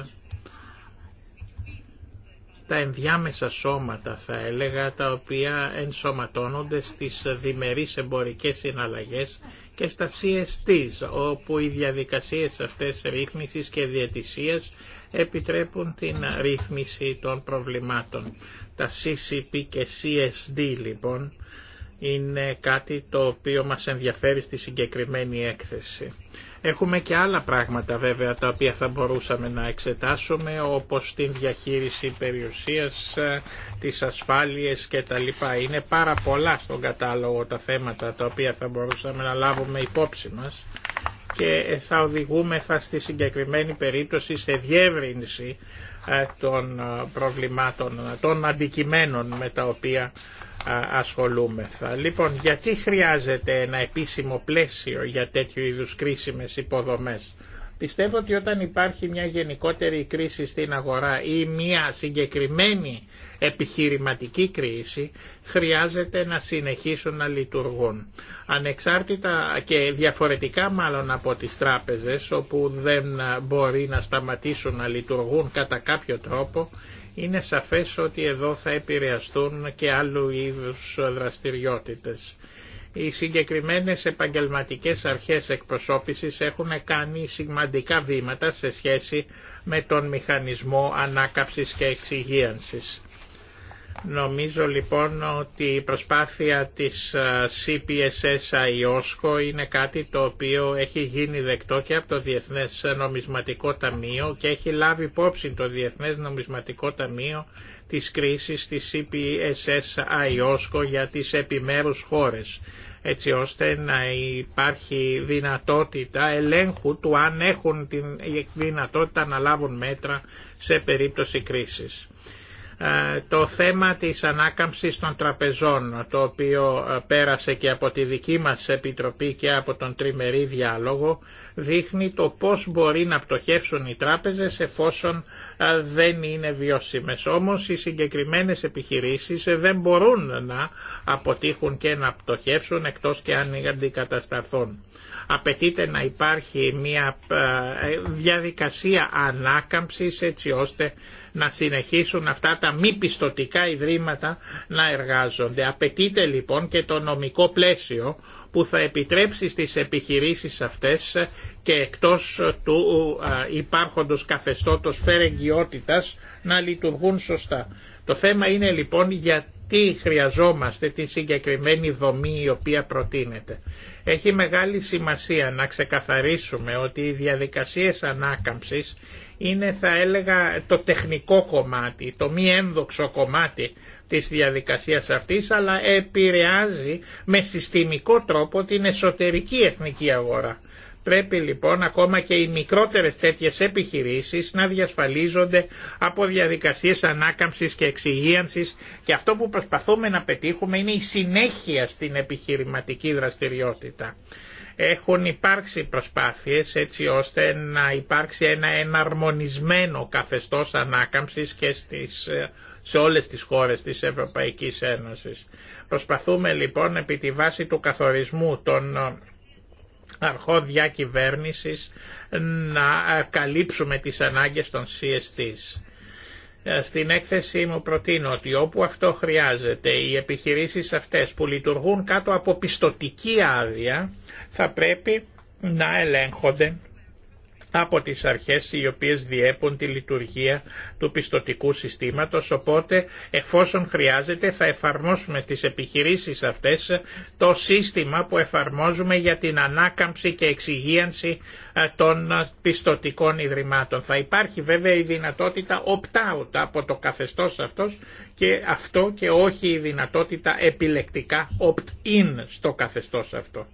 τα ενδιάμεσα σώματα θα έλεγα, τα οποία ενσωματώνονται στις διμερείς εμπορικές συναλλαγές και στα CSTs, όπου οι διαδικασίες αυτές ρύθμισης και διατησίας επιτρέπουν την ρύθμιση των προβλημάτων. Τα CCP και CSD λοιπόν είναι κάτι το οποίο μας ενδιαφέρει στη συγκεκριμένη έκθεση. Έχουμε και άλλα πράγματα βέβαια τα οποία θα μπορούσαμε να εξετάσουμε όπως την διαχείριση περιουσίας, ε, τις ασφάλειες λοιπά Είναι πάρα πολλά στον κατάλογο τα θέματα τα οποία θα μπορούσαμε να λάβουμε υπόψη μας και θα οδηγούμεθα στη συγκεκριμένη περίπτωση σε διεύρυνση ε, των ε, προβλημάτων, των αντικειμένων με τα οποία ασχολούμεθα. Λοιπόν, γιατί χρειάζεται ένα επίσημο πλαίσιο για τέτοιου είδους κρίσιμες υποδομές. Πιστεύω ότι όταν υπάρχει μια γενικότερη κρίση στην αγορά ή μια συγκεκριμένη επιχειρηματική κρίση, χρειάζεται να συνεχίσουν να λειτουργούν. Ανεξάρτητα και διαφορετικά μάλλον από τις τράπεζες, όπου δεν μπορεί να σταματήσουν να λειτουργούν κατά κάποιο τρόπο, είναι σαφές ότι εδώ θα επηρεαστούν και άλλου είδους δραστηριότητες. Οι συγκεκριμένες επαγγελματικές αρχές εκπροσώπησης έχουν κάνει σημαντικά βήματα σε σχέση με τον μηχανισμό ανάκαψης και εξυγίανσης. Νομίζω λοιπόν ότι η προσπάθεια της ε, CPSS αιοσκο είναι κάτι το οποίο έχει γίνει δεκτό και από το Διεθνές Νομισματικό Ταμείο και έχει λάβει υπόψη το Διεθνές Νομισματικό Ταμείο της κρίσης της CPSS αιοσκο για τις επιμέρους χώρες έτσι ώστε να υπάρχει δυνατότητα ελέγχου του αν έχουν τη δυνατότητα να λάβουν μέτρα σε περίπτωση κρίσης. Ε, το θέμα της ανάκαμψης των τραπεζών, το οποίο ε, πέρασε και από τη δική μας Επιτροπή και από τον τριμερή διάλογο, δείχνει το πώς μπορεί να πτωχεύσουν οι τράπεζες εφόσον δεν είναι βιώσιμες. Όμως οι συγκεκριμένες επιχειρήσεις δεν μπορούν να αποτύχουν και να πτωχεύσουν εκτός και αν αντικατασταθούν. Απαιτείται να υπάρχει μια ε, διαδικασία ανάκαμψης έτσι ώστε να συνεχίσουν αυτά τα μη πιστοτικά ιδρύματα να εργάζονται. Απαιτείται λοιπόν και το νομικό πλαίσιο που θα επιτρέψει στις επιχειρήσεις αυτές και εκτός του υπάρχοντος καθεστώτος φερεγγιότητας να λειτουργούν σωστά. Το θέμα είναι λοιπόν για τι χρειαζόμαστε, τη συγκεκριμένη δομή η οποία προτείνεται. Έχει μεγάλη σημασία να ξεκαθαρίσουμε ότι οι διαδικασίες ανάκαμψης είναι θα έλεγα το τεχνικό κομμάτι, το μη ένδοξο κομμάτι της διαδικασίας αυτής, αλλά επηρεάζει με συστημικό τρόπο την εσωτερική εθνική αγορά. Πρέπει λοιπόν ακόμα και οι μικρότερες τέτοιες επιχειρήσεις να διασφαλίζονται από διαδικασίες ανάκαμψης και εξυγίανσης και αυτό που προσπαθούμε να πετύχουμε είναι η συνέχεια στην επιχειρηματική δραστηριότητα. Έχουν υπάρξει προσπάθειες έτσι ώστε να υπάρξει ένα εναρμονισμένο καθεστώς ανάκαμψης και στις σε όλες τις χώρες της Ευρωπαϊκής Ένωσης. Προσπαθούμε λοιπόν επί τη βάση του καθορισμού των αρχόδια βέρνησης να ε, καλύψουμε τις ανάγκες των CSTs. Ε, στην έκθεση μου προτείνω ότι όπου αυτό χρειάζεται οι επιχειρήσεις αυτές που λειτουργούν κάτω από πιστοτική άδεια θα πρέπει να ελέγχονται από τις αρχές οι οποίες διέπουν τη λειτουργία του πιστοτικού συστήματος, οπότε εφόσον χρειάζεται θα εφαρμόσουμε στις επιχειρήσεις αυτές το σύστημα που εφαρμόζουμε για την ανάκαμψη και εξυγίανση ε, των ε, πιστοτικών ιδρυμάτων. Θα υπάρχει βέβαια η δυνατότητα opt-out από το καθεστώς αυτός και αυτό και όχι η δυνατότητα επιλεκτικά opt-in στο καθεστώς αυτό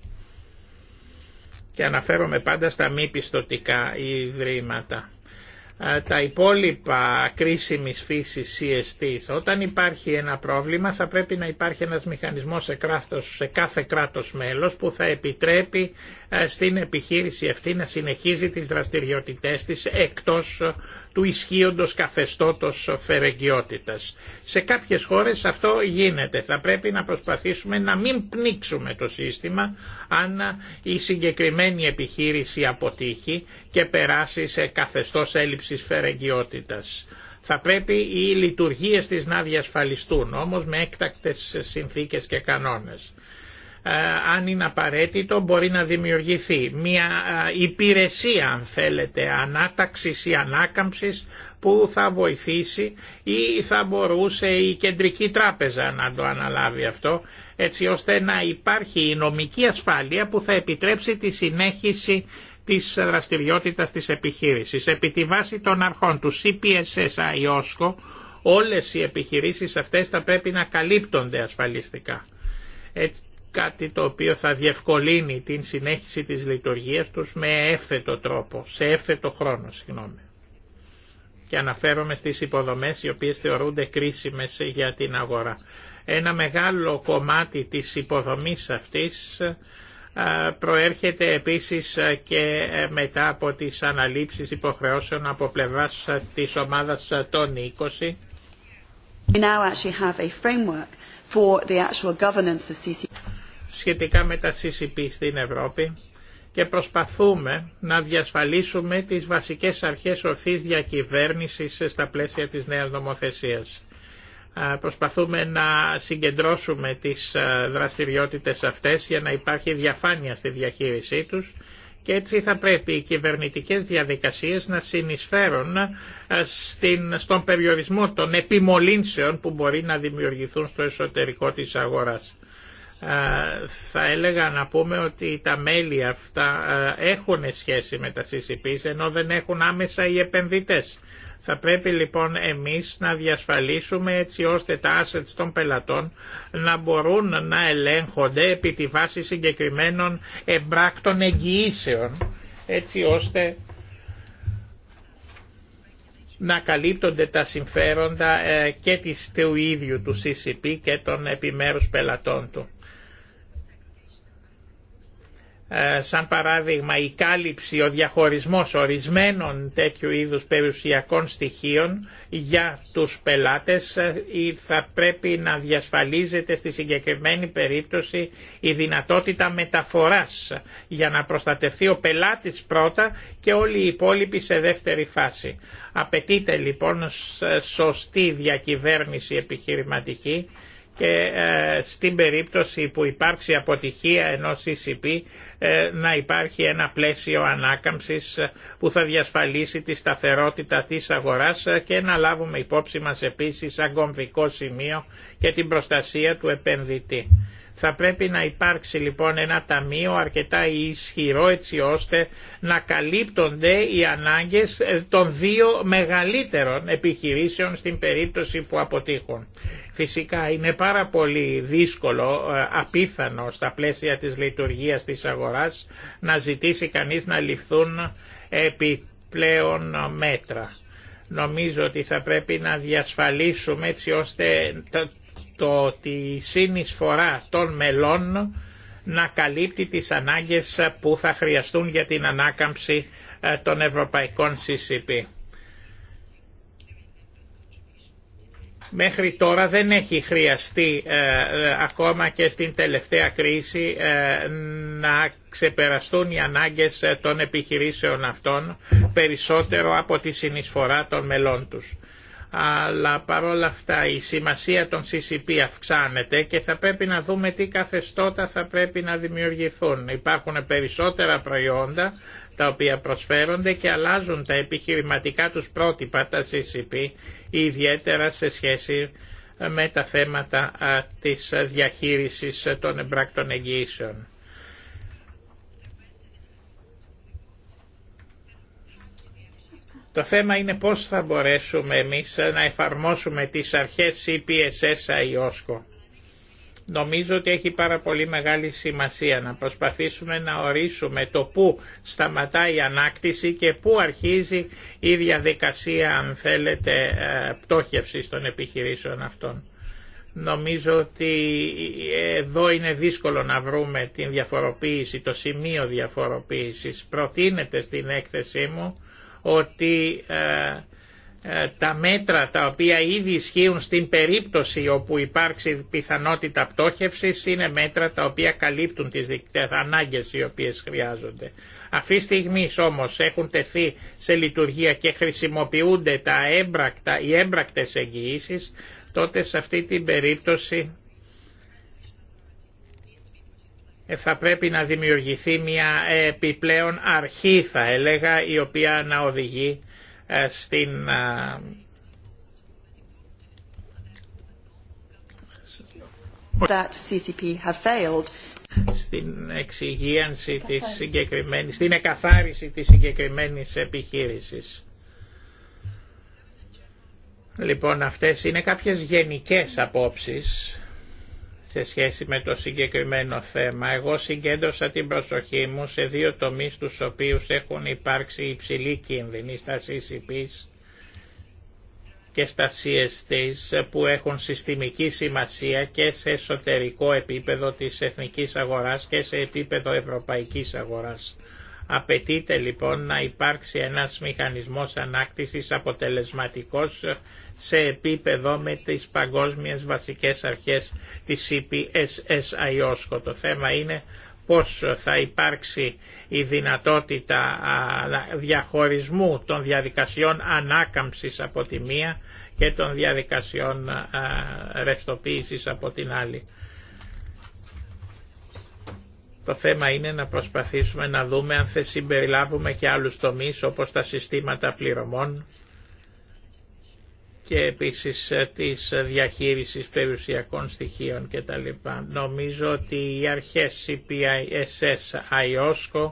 και αναφέρομαι πάντα στα μη πιστοτικά ιδρύματα. Τα υπόλοιπα κρίσιμης φύσης CST, όταν υπάρχει ένα πρόβλημα θα πρέπει να υπάρχει ένας μηχανισμός σε, κράτος, σε κάθε κράτος μέλος που θα επιτρέπει στην επιχείρηση αυτή να συνεχίζει τις δραστηριότητές της εκτός του ισχύοντος καθεστώτος Σε κάποιες χώρες αυτό γίνεται. Θα πρέπει να προσπαθήσουμε να μην πνίξουμε το σύστημα αν η συγκεκριμένη επιχείρηση αποτύχει και περάσει σε καθεστώς έλλειψης φερεγγιότητας. Θα πρέπει οι λειτουργίες της να διασφαλιστούν, όμως με έκτακτες συνθήκες και κανόνες. Ε, αν είναι απαραίτητο μπορεί να δημιουργηθεί μια ε, υπηρεσία αν θέλετε ανάταξης ή ανάκαμψης που θα βοηθήσει ή θα μπορούσε η κεντρική τράπεζα να το αναλάβει αυτό έτσι ώστε να υπάρχει η νομική ασφάλεια που θα επιτρέψει τη συνέχιση της δραστηριότητας της επιχείρησης. Επί τη βάση των αρχών του CPSS IOSCO όλες οι επιχειρήσεις αυτές θα πρέπει να καλύπτονται ασφαλιστικά. Έτσι, κάτι το οποίο θα διευκολύνει την συνέχιση της λειτουργίας τους με έφετο τρόπο, σε έφετο χρόνο, συγγνώμη. Και αναφέρομαι στις υποδομές οι οποίες θεωρούνται κρίσιμες για την αγορά. Ένα μεγάλο κομμάτι της υποδομής αυτής προέρχεται επίσης και ε, μετά από τις αναλήψεις υποχρεώσεων από πλευράς της ομάδας των 20. We now actually have a framework for the actual governance of σχετικά με τα CCP στην Ευρώπη και προσπαθούμε να διασφαλίσουμε τις βασικές αρχές ορθής διακυβέρνησης στα πλαίσια της νέας νομοθεσίας. Προσπαθούμε να συγκεντρώσουμε τις δραστηριότητες αυτές για να υπάρχει διαφάνεια στη διαχείρισή τους και έτσι θα πρέπει οι κυβερνητικές διαδικασίες να συνεισφέρουν στον περιορισμό των επιμολύνσεων που μπορεί να δημιουργηθούν στο εσωτερικό της αγοράς θα έλεγα να πούμε ότι τα μέλη αυτά έχουν σχέση με τα CCP ενώ δεν έχουν άμεσα οι επενδυτές. Θα πρέπει λοιπόν εμείς να διασφαλίσουμε έτσι ώστε τα assets των πελατών να μπορούν να ελέγχονται επί τη βάση συγκεκριμένων εμπράκτων εγγυήσεων έτσι ώστε να καλύπτονται τα συμφέροντα ε, και της του ίδιου του CCP και των επιμέρους πελατών του. Ε, σαν παράδειγμα η κάλυψη, ο διαχωρισμός ορισμένων τέτοιου είδους περιουσιακών στοιχείων για τους πελάτες ε, ή θα πρέπει να διασφαλίζεται στη συγκεκριμένη περίπτωση η δυνατότητα μεταφοράς για να προστατευτεί ο πελάτης πρώτα και όλοι οι υπόλοιποι σε δεύτερη φάση. Απαιτείται λοιπόν σωστή διακυβέρνηση επιχειρηματική και ε, στην περίπτωση που υπάρξει αποτυχία ενός CCP ε, να υπάρχει ένα πλαίσιο ανάκαμψης ε, που θα διασφαλίσει τη σταθερότητα της αγοράς και να λάβουμε υπόψη μας επίσης σαν κομβικό σημείο και την προστασία του επενδυτή. Θα πρέπει να υπάρξει λοιπόν ένα ταμείο αρκετά ισχυρό έτσι ώστε να καλύπτονται οι ανάγκες ε, των δύο μεγαλύτερων επιχειρήσεων στην περίπτωση που αποτύχουν. Φυσικά είναι πάρα πολύ δύσκολο, ε, απίθανο στα πλαίσια της λειτουργίας της αγοράς να ζητήσει κανείς να ληφθούν επιπλέον μέτρα. Νομίζω ότι θα πρέπει να διασφαλίσουμε έτσι ώστε το ότι η συνεισφορά των μελών να καλύπτει τις ανάγκες που θα χρειαστούν για την ανάκαμψη ε, των ευρωπαϊκών CCP. Μέχρι τώρα δεν έχει χρειαστεί ε, ε, ακόμα και στην τελευταία κρίση να ξεπεραστούν οι ανάγκες των επιχειρήσεων αυτών περισσότερο από τη συνεισφορά των μελών τους αλλά παρόλα αυτά η σημασία των CCP αυξάνεται και θα πρέπει να δούμε τι καθεστώτα θα πρέπει να δημιουργηθούν. Υπάρχουν περισσότερα προϊόντα τα οποία προσφέρονται και αλλάζουν τα επιχειρηματικά τους πρότυπα, τα CCP, ιδιαίτερα σε σχέση ε, με τα θέματα της ε, διαχείρισης ε, των εμπράκτων εγγύησεων. Το θέμα είναι πώς θα μπορέσουμε εμείς να εφαρμόσουμε τις αρχές CPSS ή OSCO. Νομίζω ότι έχει πάρα πολύ μεγάλη σημασία να προσπαθήσουμε να ορίσουμε το πού σταματάει IOSCO. πού αρχίζει η διαδικασία, αν θέλετε, ε, πτώχευσης των επιχειρήσεων αυτών. Νομίζω ότι ε, εδώ είναι δύσκολο να βρούμε την διαφοροποίηση, το σημείο διαφοροποίησης. Προτείνεται στην έκθεσή μου ότι ε, ε, τα μέτρα τα οποία ήδη ισχύουν στην περίπτωση όπου υπάρξει πιθανότητα πτώχευσης είναι μέτρα τα οποία καλύπτουν τις ανάγκες οι οποίες χρειάζονται. Αυτή στιγμή όμως έχουν τεθεί σε λειτουργία και χρησιμοποιούνται τα έμπρακτα, οι έμπρακτες εγγυήσεις, τότε σε αυτή την περίπτωση ε, θα πρέπει να δημιουργηθεί μια επιπλέον αρχή θα έλεγα η οποία να οδηγεί ε, στην CCP have failed. στην εξυγίανση της συγκεκριμένης, στην εκαθάριση της συγκεκριμένης επιχείρησης. Λοιπόν, αυτές είναι κάποιες γενικές απόψεις σε σχέση με το συγκεκριμένο θέμα. Εγώ συγκέντρωσα την προσοχή μου σε δύο τομείς τους οποίους έχουν υπάρξει υψηλή κίνδυνη στα CCPs και στα CSTs που έχουν συστημική σημασία και σε εσωτερικό επίπεδο της εθνικής αγοράς και σε επίπεδο ευρωπαϊκής αγοράς. Απαιτείται λοιπόν να υπάρξει ένας μηχανισμός ανάκτησης αποτελεσματικός σε επίπεδο με τις παγκόσμιες βασικές αρχές της CPSS IOSCO. Το θέμα είναι πώς θα υπάρξει η δυνατότητα διαχωρισμού των διαδικασιών ανάκαμψης από τη μία και των διαδικασιών ρευστοποίησης από την άλλη. Το θέμα είναι να προσπαθήσουμε να δούμε αν θα συμπεριλάβουμε και άλλους τομείς όπως τα συστήματα πληρωμών και επίσης ε, της διαχείρισης περιουσιακών στοιχείων κτλ. Νομίζω ότι οι αρχές CPISS IOSCO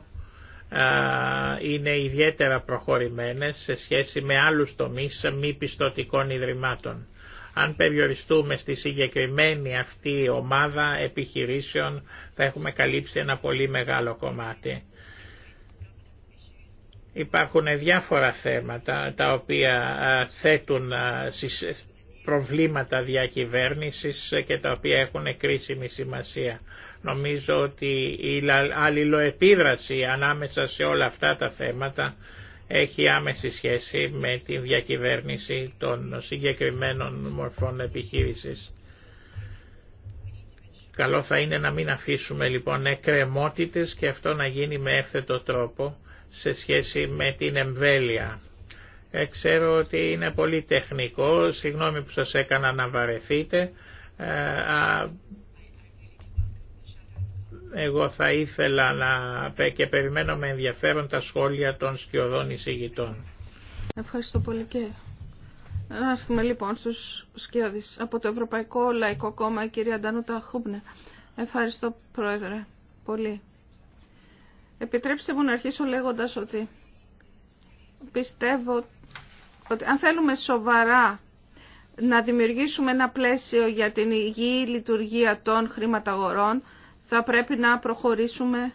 είναι ιδιαίτερα προχωρημένες σε σχέση με άλλους τομείς μη πιστοτικών ιδρυμάτων. Αν περιοριστούμε στη συγκεκριμένη αυτή ομάδα επιχειρήσεων θα έχουμε καλύψει ένα πολύ μεγάλο κομμάτι. Υπάρχουν διάφορα θέματα τα οποία θέτουν προβλήματα διακυβέρνησης και τα οποία έχουν κρίσιμη σημασία. Νομίζω ότι η αλληλοεπίδραση ανάμεσα σε όλα αυτά τα θέματα έχει άμεση σχέση με την διακυβέρνηση των συγκεκριμένων μορφών επιχείρησης. Καλό θα είναι να μην αφήσουμε λοιπόν εκκρεμότητες και αυτό να γίνει με εύθετο τρόπο σε σχέση με την εμβέλεια. Ε, ξέρω ότι είναι πολύ τεχνικό, συγγνώμη που σας έκανα να βαρεθείτε, ε, εγώ θα ήθελα να και περιμένω με ενδιαφέρον τα σχόλια των σκιωδών εισηγητών. Ευχαριστώ πολύ και να έρθουμε λοιπόν στους σκιώδεις. Από το Ευρωπαϊκό Λαϊκό Κόμμα η κυρία Ντανούτα Χούμπνε. Ευχαριστώ Πρόεδρε πολύ. Επιτρέψτε μου να αρχίσω λέγοντας ότι πιστεύω ότι αν θέλουμε σοβαρά να δημιουργήσουμε ένα πλαίσιο για την υγιή λειτουργία των χρηματαγορών, θα πρέπει να προχωρήσουμε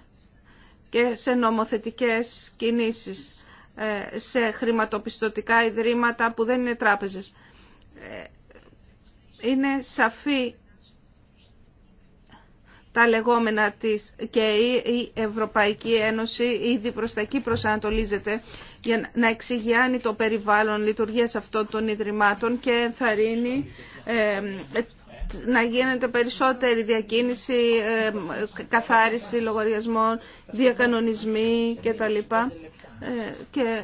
και σε νομοθετικές κινήσεις, ε, σε χρηματοπιστωτικά ιδρύματα που δεν είναι τράπεζες. Ε, είναι σαφή τα λεγόμενα της και η Ευρωπαϊκή Ένωση ήδη προς τα εκεί προσανατολίζεται για να εξηγιάνει το περιβάλλον λειτουργίας αυτών των Ιδρυμάτων και ενθαρρύνει ε, να γίνεται περισσότερη διακίνηση, ε, καθάριση λογαριασμών, διακανονισμοί κτλ. Ε, και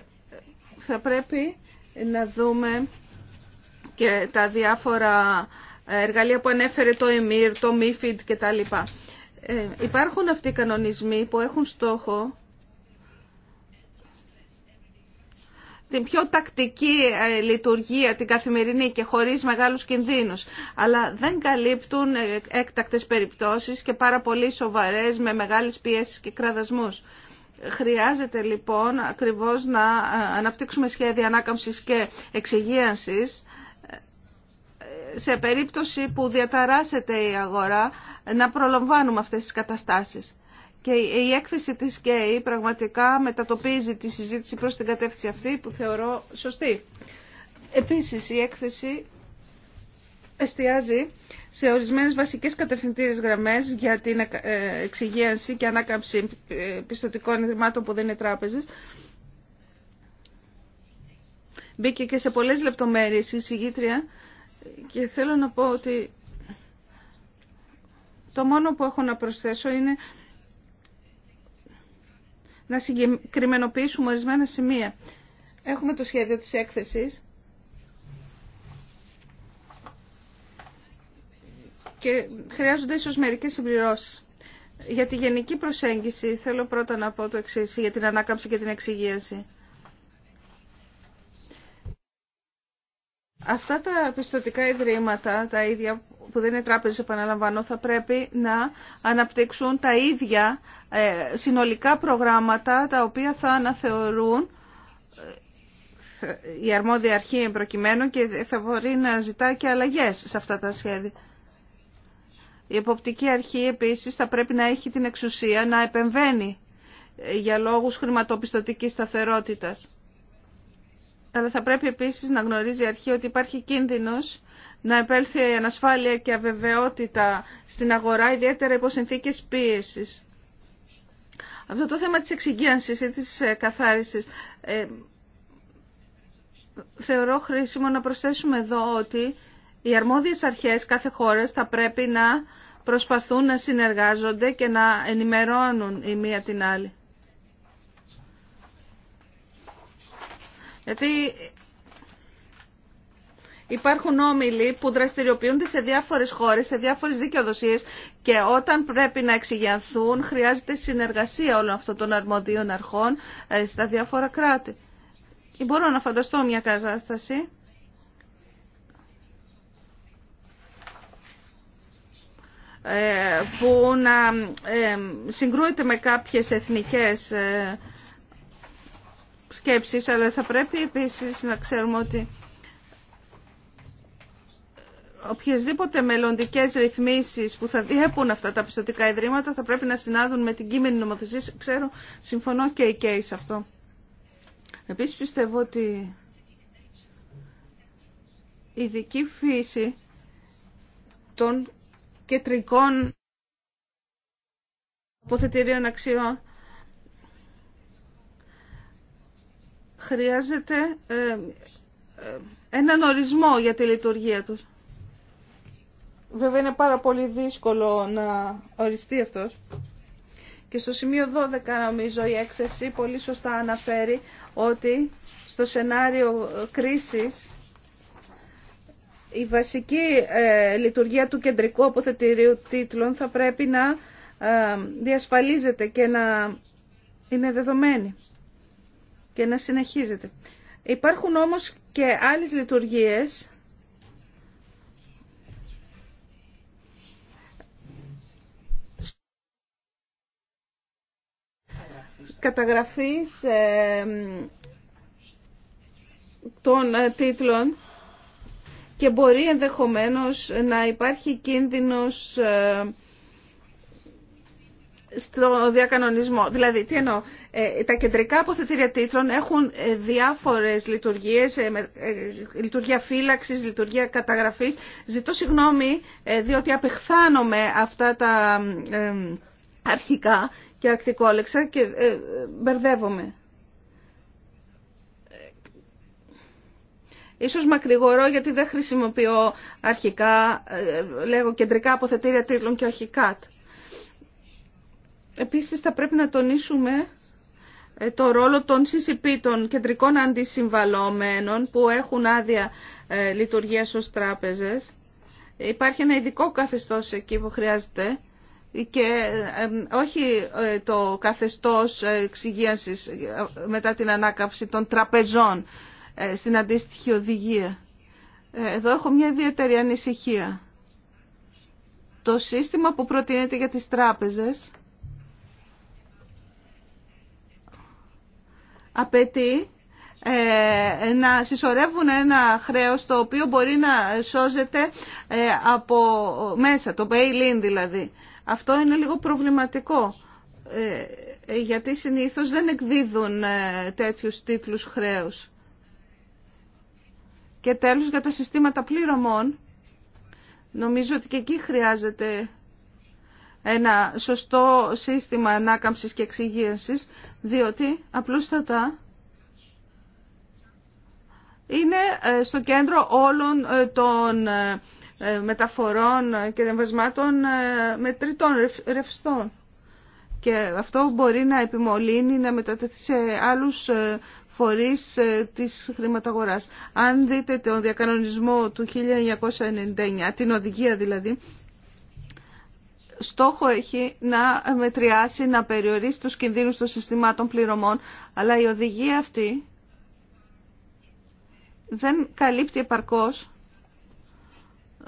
θα πρέπει να δούμε και τα διάφορα εργαλεία που ανέφερε το ΕΜΙΡ, το MIFID κτλ. Ε, υπάρχουν αυτοί οι κανονισμοί που έχουν στόχο την πιο τακτική ε, λειτουργία την καθημερινή και χωρίς μεγάλους κινδύνους. Αλλά δεν καλύπτουν ε, έκτακτες περιπτώσεις και πάρα πολύ σοβαρές με μεγάλες πιέσεις και κραδασμούς. Χρειάζεται λοιπόν ακριβώς να ε, αναπτύξουμε σχέδια ανάκαμψης και εξυγίανσης σε περίπτωση που διαταράσσεται η αγορά να προλαμβάνουμε αυτές τις καταστάσεις. Και η έκθεση της ΚΕΙ πραγματικά μετατοπίζει τη συζήτηση προς την κατεύθυνση αυτή που θεωρώ σωστή. Επίσης η έκθεση εστιάζει σε ορισμένες βασικές κατευθυντήριες γραμμές για την ε, εξυγίανση και ανάκαμψη ε, πιστοτικών ιδρυμάτων που δεν είναι τράπεζες. Μπήκε και σε πολλές λεπτομέρειες η συγγήτρια και θέλω να πω ότι το μόνο που έχω να προσθέσω είναι να συγκεκριμενοποιήσουμε ορισμένα σημεία. Έχουμε το σχέδιο της έκθεσης και χρειάζονται ίσως μερικές συμπληρώσεις. Για τη γενική προσέγγιση θέλω πρώτα να πω το εξής για την ανάκαμψη και την εξυγίαση. Αυτά τα πιστοτικά ιδρύματα, τα ίδια που δεν είναι τράπεζες, επαναλαμβάνω, θα πρέπει να αναπτύξουν τα ίδια ε, συνολικά προγράμματα τα οποία θα αναθεωρούν ε, η αρμόδια αρχή εμπροκειμένου και θα μπορεί να ζητά και αλλαγές σε αυτά τα σχέδια. Η εποπτική αρχή επίσης θα πρέπει να έχει την εξουσία να επεμβαίνει ε, για λόγους χρηματοπιστωτικής σταθερότητας αλλά θα πρέπει επίσης να γνωρίζει η αρχή ότι υπάρχει κίνδυνος να επέλθει ανασφάλεια και αβεβαιότητα στην αγορά, ιδιαίτερα υπό συνθήκες πίεσης. Αυτό το θέμα της εξυγίανσης ή της ε, καθάρισης ε, θεωρώ χρήσιμο να προσθέσουμε εδώ ότι οι αρμόδιες αρχές κάθε χώρας θα πρέπει να προσπαθούν να συνεργάζονται και να ενημερώνουν η μία την άλλη. Γιατί υπάρχουν όμιλοι που δραστηριοποιούνται σε διάφορες χώρες, σε διάφορες δικαιοδοσίες και όταν πρέπει να εξηγιανθούν χρειάζεται συνεργασία όλων αυτών των αρμοδίων αρχών ε, στα διάφορα κράτη. Μπορώ να φανταστώ μια κατάσταση. Ε, που να ε, συγκρούεται με κάποιες εθνικές σκέψεις, αλλά θα πρέπει επίσης να ξέρουμε ότι οποιασδήποτε μελλοντικέ ρυθμίσεις που θα διέπουν αυτά τα πιστοτικά ιδρύματα θα πρέπει να συνάδουν με την κείμενη νομοθεσία. Ξέρω, συμφωνώ και η σε αυτό. Επίσης πιστεύω ότι η ειδική φύση των κεντρικών αποθετηρίων αξιών χρειάζεται ε, ε, έναν ορισμό για τη λειτουργία τους. Βέβαια είναι πάρα πολύ δύσκολο να οριστεί αυτός. Και στο σημείο 12 νομίζω η έκθεση πολύ σωστά αναφέρει ότι στο σενάριο κρίσης η βασική ε, λειτουργία του κεντρικού αποθετηρίου τίτλων θα πρέπει να διασφαλίζεται και να είναι δεδομένη και να Υπάρχουν όμως και άλλες λειτουργίες καταγραφής ε, των ε, τίτλων και μπορεί ενδεχομένως να υπάρχει κίνδυνος ε, στο διακανονισμό. Δηλαδή, τι εννοώ, ε, τα κεντρικά αποθετήρια τίτλων έχουν ε, διάφορες λειτουργίες, ε, λειτουργία φύλαξης, λειτουργία καταγραφής. Ζητώ συγγνώμη, διότι απεχθάνομαι αυτά τα αρχικά και ακτικόλεξα και μπερδεύομαι. Ίσως μακρηγορώ γιατί δεν χρησιμοποιώ αρχικά, λέγω κεντρικά αποθετήρια τίτλων και όχι κάτ. Επίσης θα πρέπει να τονίσουμε ε, το ρόλο των CCP, των κεντρικών αντισυμβαλωμένων που έχουν άδεια ε, λειτουργίας ως τράπεζες. Υπάρχει ένα ειδικό καθεστώς εκεί που χρειάζεται και ε, όχι το καθεστώς εξυγίανσης μετά την ανάκαψη των τραπεζών στην αντίστοιχη οδηγία. Εδώ έχω μια ιδιαίτερη ανησυχία. Το σύστημα που προτείνεται για τις τράπεζες απαιτεί ε, να συσσωρεύουν ένα χρέος το οποίο μπορεί να σώζεται ε, από μέσα, το bail-in δηλαδή. Αυτό είναι λίγο προβληματικό ε, γιατί συνήθως δεν εκδίδουν τέτοιους τίτλους χρέους. Και τέλος για τα συστήματα πληρωμών νομίζω ότι και εκεί χρειάζεται ένα σωστό σύστημα ανάκαμψης και εξυγίασης διότι απλούστατα είναι ε, στο κέντρο όλων ε, των ε, μεταφορών και με μετρητών ρευστών. Και αυτό μπορεί να επιμολύνει, να μετατεθεί σε άλλους φορείς της χρηματαγοράς. Αν δείτε τον διακανονισμό του 1999, την οδηγία δηλαδή, στόχο έχει να μετριάσει, να περιορίσει τους κινδύνους των συστημάτων πληρωμών, αλλά η οδηγία αυτή δεν καλύπτει επαρκώς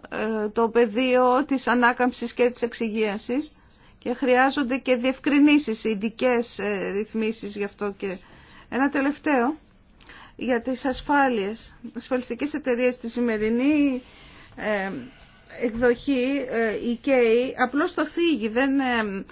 ε, το πεδίο της ανάκαμψης και της εξυγίασης και χρειάζονται και διευκρινήσεις, ειδικέ ε, ρυθμίσεις γι' αυτό και ένα τελευταίο για τις ασφάλειες. Ασφαλιστικές εταιρείες στη σημερινή ε, εκδοχή ε, η ΚΕΙ απλώς το θίγει, δεν ε,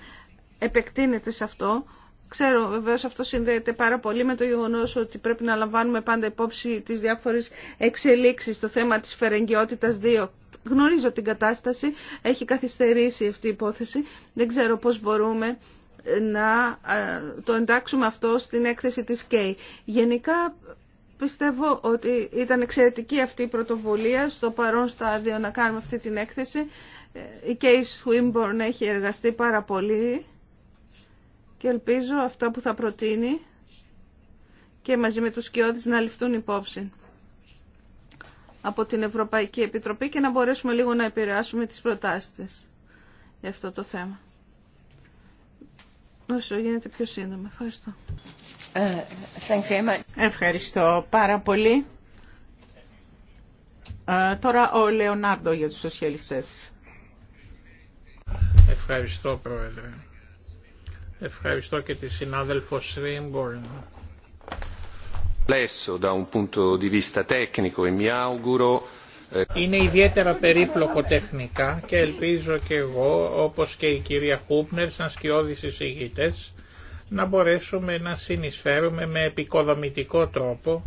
επεκτείνεται σε αυτό. Ξέρω βεβαίως αυτό συνδέεται πάρα πολύ με το γεγονός ότι πρέπει να λαμβάνουμε πάντα υπόψη τις διάφορες εξελίξεις στο θέμα της φερεγγιότητας 2. Γνωρίζω την κατάσταση, έχει καθυστερήσει αυτή η υπόθεση, δεν ξέρω πώς μπορούμε ε, να το εντάξουμε αυτό στην έκθεση της ΚΕΙ. Γενικά Πιστεύω ότι ήταν εξαιρετική αυτή η πρωτοβουλία στο παρόν στάδιο να κάνουμε αυτή την έκθεση. Η Case Swinburne έχει εργαστεί πάρα πολύ και ελπίζω αυτά που θα προτείνει και μαζί με τους σκιώδεις να ληφθούν υπόψη από την Ευρωπαϊκή Επιτροπή και να μπορέσουμε λίγο να επηρεάσουμε τις προτάσεις της για αυτό το θέμα. Όσο γίνεται πιο σύντομα. Ευχαριστώ. Ευχαριστώ πάρα πολύ. Ε, τώρα ο Λεωνάρντο για τους σοσιαλιστές. Ευχαριστώ Πρόεδρε. Ευχαριστώ και τη συνάδελφο Σρίμπορν. E ε, Είναι ιδιαίτερα περίπλοκο τεχνικά και ελπίζω και εγώ όπως και η κυρία Χούπνερ σαν σκιώδης εισηγητές να μπορέσουμε να συνεισφέρουμε με επικοδομητικό τρόπο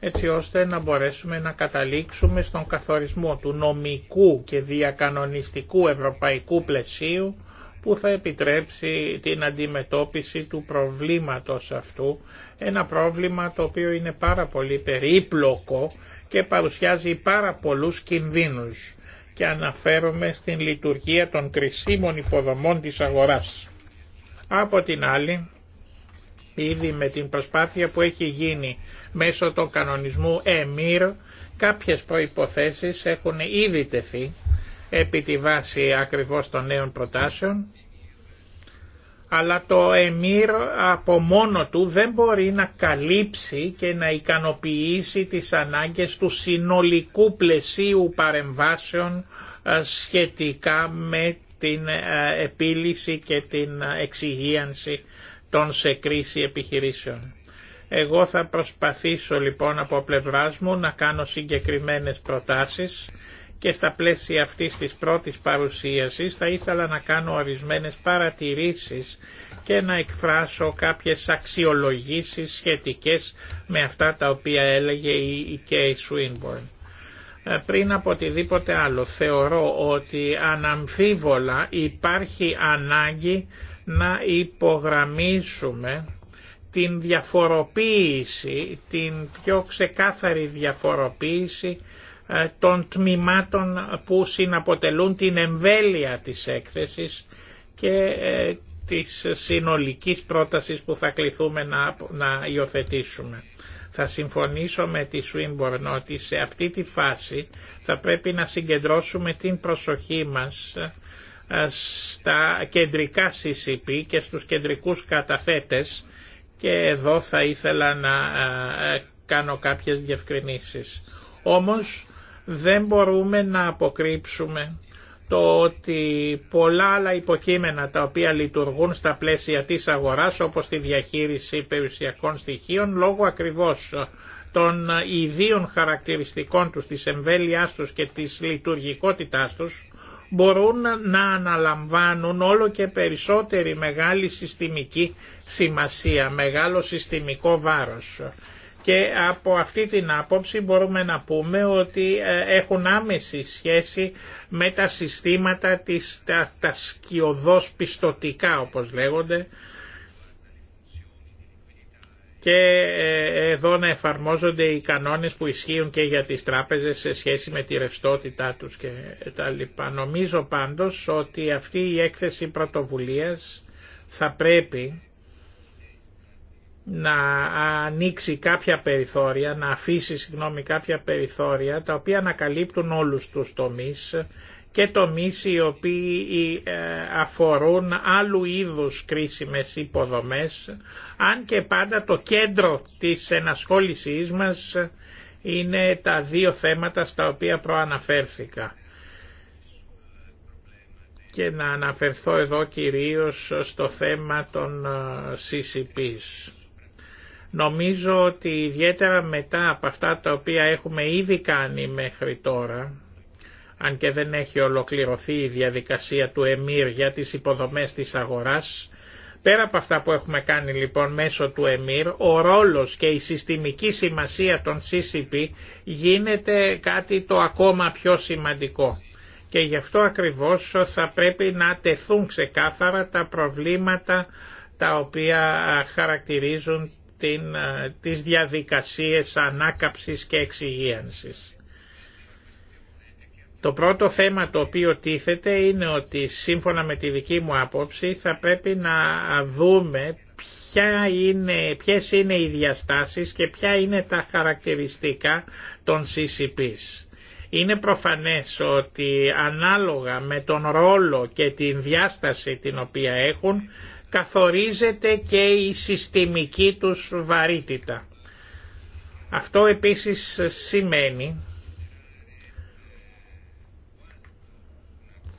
έτσι ώστε να μπορέσουμε να καταλήξουμε στον καθορισμό του νομικού και διακανονιστικού ευρωπαϊκού πλαισίου που θα επιτρέψει την αντιμετώπιση του προβλήματος αυτού, ένα πρόβλημα το οποίο είναι πάρα πολύ περίπλοκο και παρουσιάζει πάρα πολλούς κινδύνους και αναφέρομαι στην λειτουργία των κρισίμων υποδομών της αγοράς. Από την άλλη, ήδη με την προσπάθεια που έχει γίνει μέσω του κανονισμού ΕΜΙΡ, κάποιες προϋποθέσεις έχουν ήδη τεθεί επί τη βάση ακριβώς των νέων προτάσεων, αλλά το ΕΜΙΡ από μόνο του δεν μπορεί να καλύψει και να ικανοποιήσει τις ανάγκες του συνολικού πλαισίου παρεμβάσεων ε, σχετικά με την ε, επίλυση και την ε, εξυγίανση των σε κρίση επιχειρήσεων. Εγώ θα προσπαθήσω λοιπόν από πλευρά μου να κάνω συγκεκριμένες προτάσεις και στα πλαίσια αυτής της πρώτης παρουσίασης θα ήθελα να κάνω ορισμένες παρατηρήσεις και να εκφράσω κάποιες αξιολογήσεις σχετικές με αυτά τα οποία έλεγε η Κέι Σουίνμπορν. Ε, πριν από οτιδήποτε άλλο θεωρώ ότι αναμφίβολα υπάρχει ανάγκη να υπογραμμίσουμε την διαφοροποίηση, την πιο ξεκάθαρη διαφοροποίηση ε, των τμήματων που συναποτελούν την εμβέλεια της έκθεσης και ε, της συνολικής πρότασης που θα κληθούμε να, να υιοθετήσουμε. Θα συμφωνήσω με τη Σουίμπορν ότι σε αυτή τη φάση θα πρέπει να συγκεντρώσουμε την προσοχή μας ε, στα κεντρικά CCP και στους κεντρικούς καταθέτες και εδώ θα ήθελα να ε, κάνω κάποιες διευκρινήσεις. Όμως δεν μπορούμε να αποκρύψουμε το ότι πολλά άλλα υποκείμενα τα οποία λειτουργούν στα πλαίσια της αγοράς όπως τη διαχείριση περιουσιακών στοιχείων λόγω ακριβώς των ιδίων χαρακτηριστικών τους, της εμβέλειάς τους και της λειτουργικότητάς τους μπορούν να αναλαμβάνουν όλο και περισσότερη μεγάλη συστημική σημασία, μεγάλο συστημικό βάρος και από αυτή την άποψη μπορούμε να πούμε ότι ε, έχουν άμεση σχέση με τα συστήματα της, τα, τα πιστοτικά όπως λέγονται και ε, εδώ να εφαρμόζονται οι κανόνες που ισχύουν και για τις τράπεζες σε σχέση με τη ρευστότητά τους και τα λοιπά. Νομίζω πάντως ότι αυτή η έκθεση πρωτοβουλίας θα πρέπει να ανοίξει κάποια περιθώρια, να αφήσει συγγνώμη κάποια περιθώρια τα οποία ανακαλύπτουν όλους τους τομείς και τομείς οι οποίοι ε, αφορούν άλλου είδους κρίσιμες υποδομές αν και πάντα το κέντρο της ενασχόλησής μας είναι τα δύο θέματα στα οποία προαναφέρθηκα. Και να αναφερθώ εδώ κυρίως στο θέμα των ε, CCP's. Νομίζω ότι ιδιαίτερα μετά από αυτά τα οποία έχουμε ήδη κάνει μέχρι τώρα, αν και δεν έχει ολοκληρωθεί η διαδικασία του ΕΜΙΡ για τις υποδομές της αγοράς, πέρα από αυτά που έχουμε κάνει λοιπόν μέσω του ΕΜΙΡ, ο ρόλος και η συστημική σημασία των CCP γίνεται κάτι το ακόμα πιο σημαντικό. Και γι' αυτό ακριβώς θα πρέπει να τεθούν ξεκάθαρα τα προβλήματα τα οποία χαρακτηρίζουν την, ε, τις διαδικασίες ανάκαψης και εξυγίανσης. Το πρώτο θέμα το οποίο τίθεται είναι ότι σύμφωνα με τη δική μου άποψη θα πρέπει να δούμε ποια είναι, ποιες είναι οι διαστάσεις και ποια είναι τα χαρακτηριστικά των CCP. Είναι προφανές ότι ανάλογα με τον ρόλο και την διάσταση την οποία έχουν καθορίζεται και η συστημική τους βαρύτητα. Αυτό επίσης σημαίνει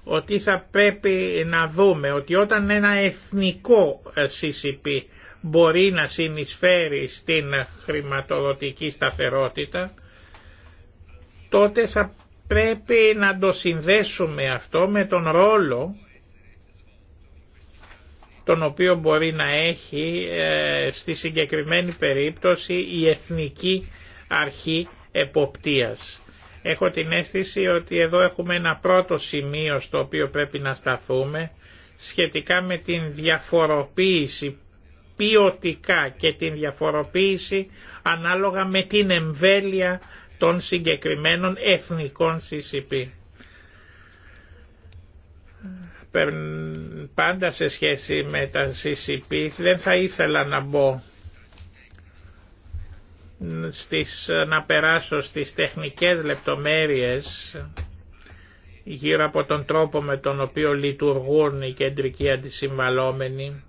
ότι θα πρέπει να δούμε ότι όταν ένα εθνικό CCP μπορεί να συνεισφέρει στην χρηματοδοτική σταθερότητα, τότε θα πρέπει να το συνδέσουμε αυτό με τον ρόλο τον οποίο μπορεί να έχει ε, στη συγκεκριμένη περίπτωση η Εθνική Αρχή Εποπτείας. Έχω την αίσθηση ότι εδώ έχουμε ένα πρώτο σημείο στο οποίο πρέπει να σταθούμε σχετικά με την διαφοροποίηση ποιοτικά και την διαφοροποίηση ανάλογα με την εμβέλεια των συγκεκριμένων εθνικών CCP πάντα σε σχέση με τα CCP δεν θα ήθελα να μπω στις, να περάσω στις τεχνικές λεπτομέρειες γύρω από τον τρόπο με τον οποίο λειτουργούν οι κεντρικοί αντισυμβαλόμενοι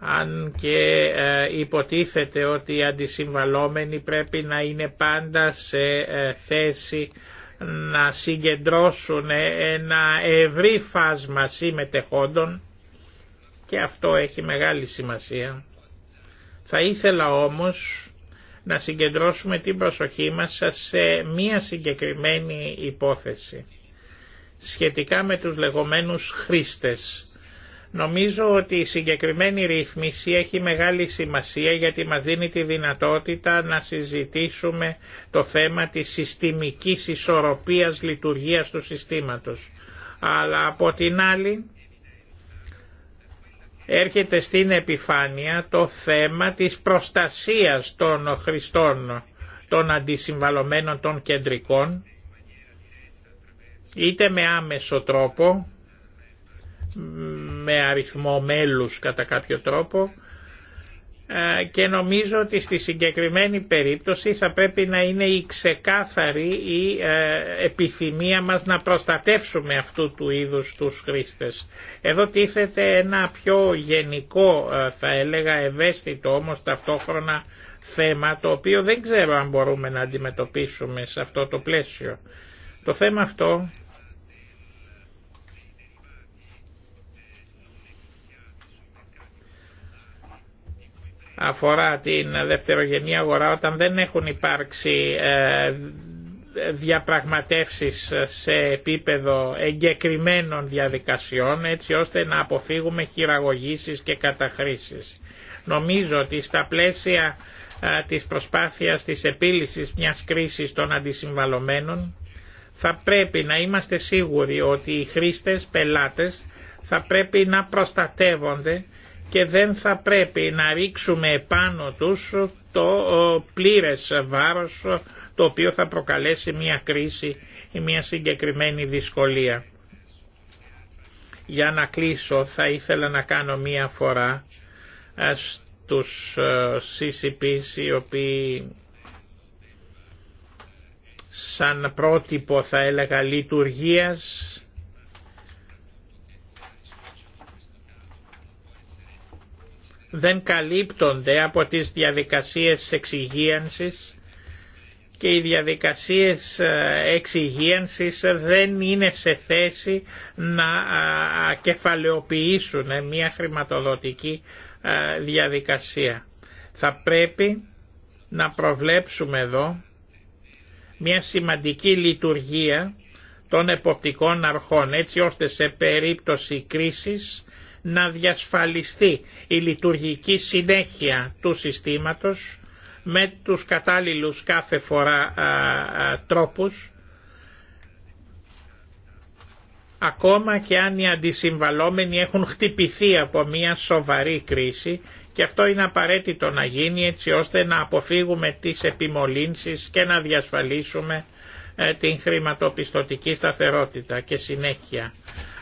αν και ε, υποτίθεται ότι οι αντισυμβαλόμενοι πρέπει να είναι πάντα σε ε, θέση να συγκεντρώσουν ένα ευρύ φάσμα συμμετεχόντων και αυτό έχει μεγάλη σημασία. Θα ήθελα όμως να συγκεντρώσουμε την προσοχή μας σε μία συγκεκριμένη υπόθεση σχετικά με τους λεγόμενους χρήστες Νομίζω ότι η συγκεκριμένη ρύθμιση έχει μεγάλη σημασία γιατί μας δίνει τη δυνατότητα να συζητήσουμε το θέμα της συστημικής ισορροπίας λειτουργίας του συστήματος. Αλλά από την άλλη έρχεται στην επιφάνεια το θέμα της προστασίας των χρηστών των αντισυμβαλωμένων των κεντρικών είτε με άμεσο τρόπο με αριθμό μέλους κατά κάποιο τρόπο ε, και νομίζω ότι στη συγκεκριμένη περίπτωση θα πρέπει να είναι η ξεκάθαρη η ε, επιθυμία μας να προστατεύσουμε αυτού του είδους τους χρήστες. Εδώ τίθεται ένα πιο γενικό ε, θα έλεγα ευαίσθητο όμως ταυτόχρονα θέμα το οποίο δεν ξέρω αν μπορούμε να αντιμετωπίσουμε σε αυτό το πλαίσιο. Το θέμα αυτό αφορά την δευτερογενή αγορά όταν δεν έχουν υπάρξει ε, διαπραγματεύσεις σε επίπεδο εγκεκριμένων διαδικασιών έτσι ώστε να αποφύγουμε χειραγωγήσεις και καταχρήσεις. Νομίζω ότι στα πλαίσια ε, της προσπάθειας της επίλυσης μιας κρίσης των αντισυμβαλωμένων θα πρέπει να είμαστε σίγουροι ότι οι χρήστες, πελάτες θα πρέπει να προστατεύονται και δεν θα πρέπει να ρίξουμε επάνω τους το πλήρες βάρος το οποίο θα προκαλέσει μια κρίση ή μια συγκεκριμένη δυσκολία. Για να κλείσω θα ήθελα να κάνω μία φορά ε, στους ε, CCPs οι οποίοι σαν πρότυπο θα έλεγα λειτουργίας δεν καλύπτονται από τις διαδικασίες εξυγίανσης και οι διαδικασίες ε, εξυγίανσης δεν είναι σε θέση να κεφαλαιοποιήσουν μια χρηματοδοτική ε, διαδικασία. Θα πρέπει να προβλέψουμε εδώ μια σημαντική λειτουργία των εποπτικών αρχών έτσι ώστε σε περίπτωση κρίσης να διασφαλιστεί η λειτουργική συνέχεια του συστήματος με τους κατάλληλους κάθε φορά τρόπους ακόμα και αν οι αντισυμβαλόμενοι έχουν χτυπηθεί από μια σοβαρή κρίση και αυτό είναι απαραίτητο να γίνει έτσι ώστε να αποφύγουμε τις επιμολύνσεις και να διασφαλίσουμε ε, την χρηματοπιστωτική σταθερότητα και συνέχεια.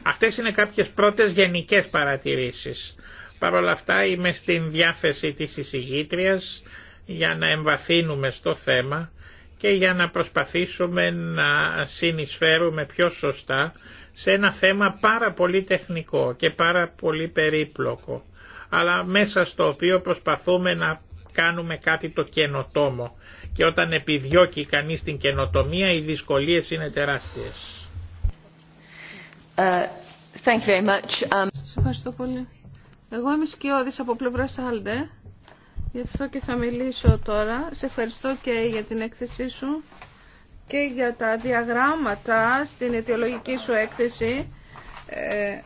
Αυτές είναι κάποιες πρώτες γενικές παρατηρήσεις. Παρ' όλα αυτά είμαι στην διάθεση της εισηγήτριας για να εμβαθύνουμε στο θέμα και για να προσπαθήσουμε να συνεισφέρουμε πιο σωστά σε ένα θέμα πάρα πολύ τεχνικό και πάρα πολύ περίπλοκο, αλλά μέσα στο οποίο προσπαθούμε να κάνουμε κάτι το καινοτόμο και όταν επιδιώκει κανείς την καινοτομία οι δυσκολίες είναι τεράστιες. Uh, thank you very much. Um, ευχαριστώ πολύ. Εγώ είμαι σκιώδης από πλευρά Άλντε. Γι' αυτό και θα μιλήσω τώρα. Σε ευχαριστώ και για την έκθεσή σου και για τα διαγράμματα στην αιτιολογική σου έκθεση. Ε,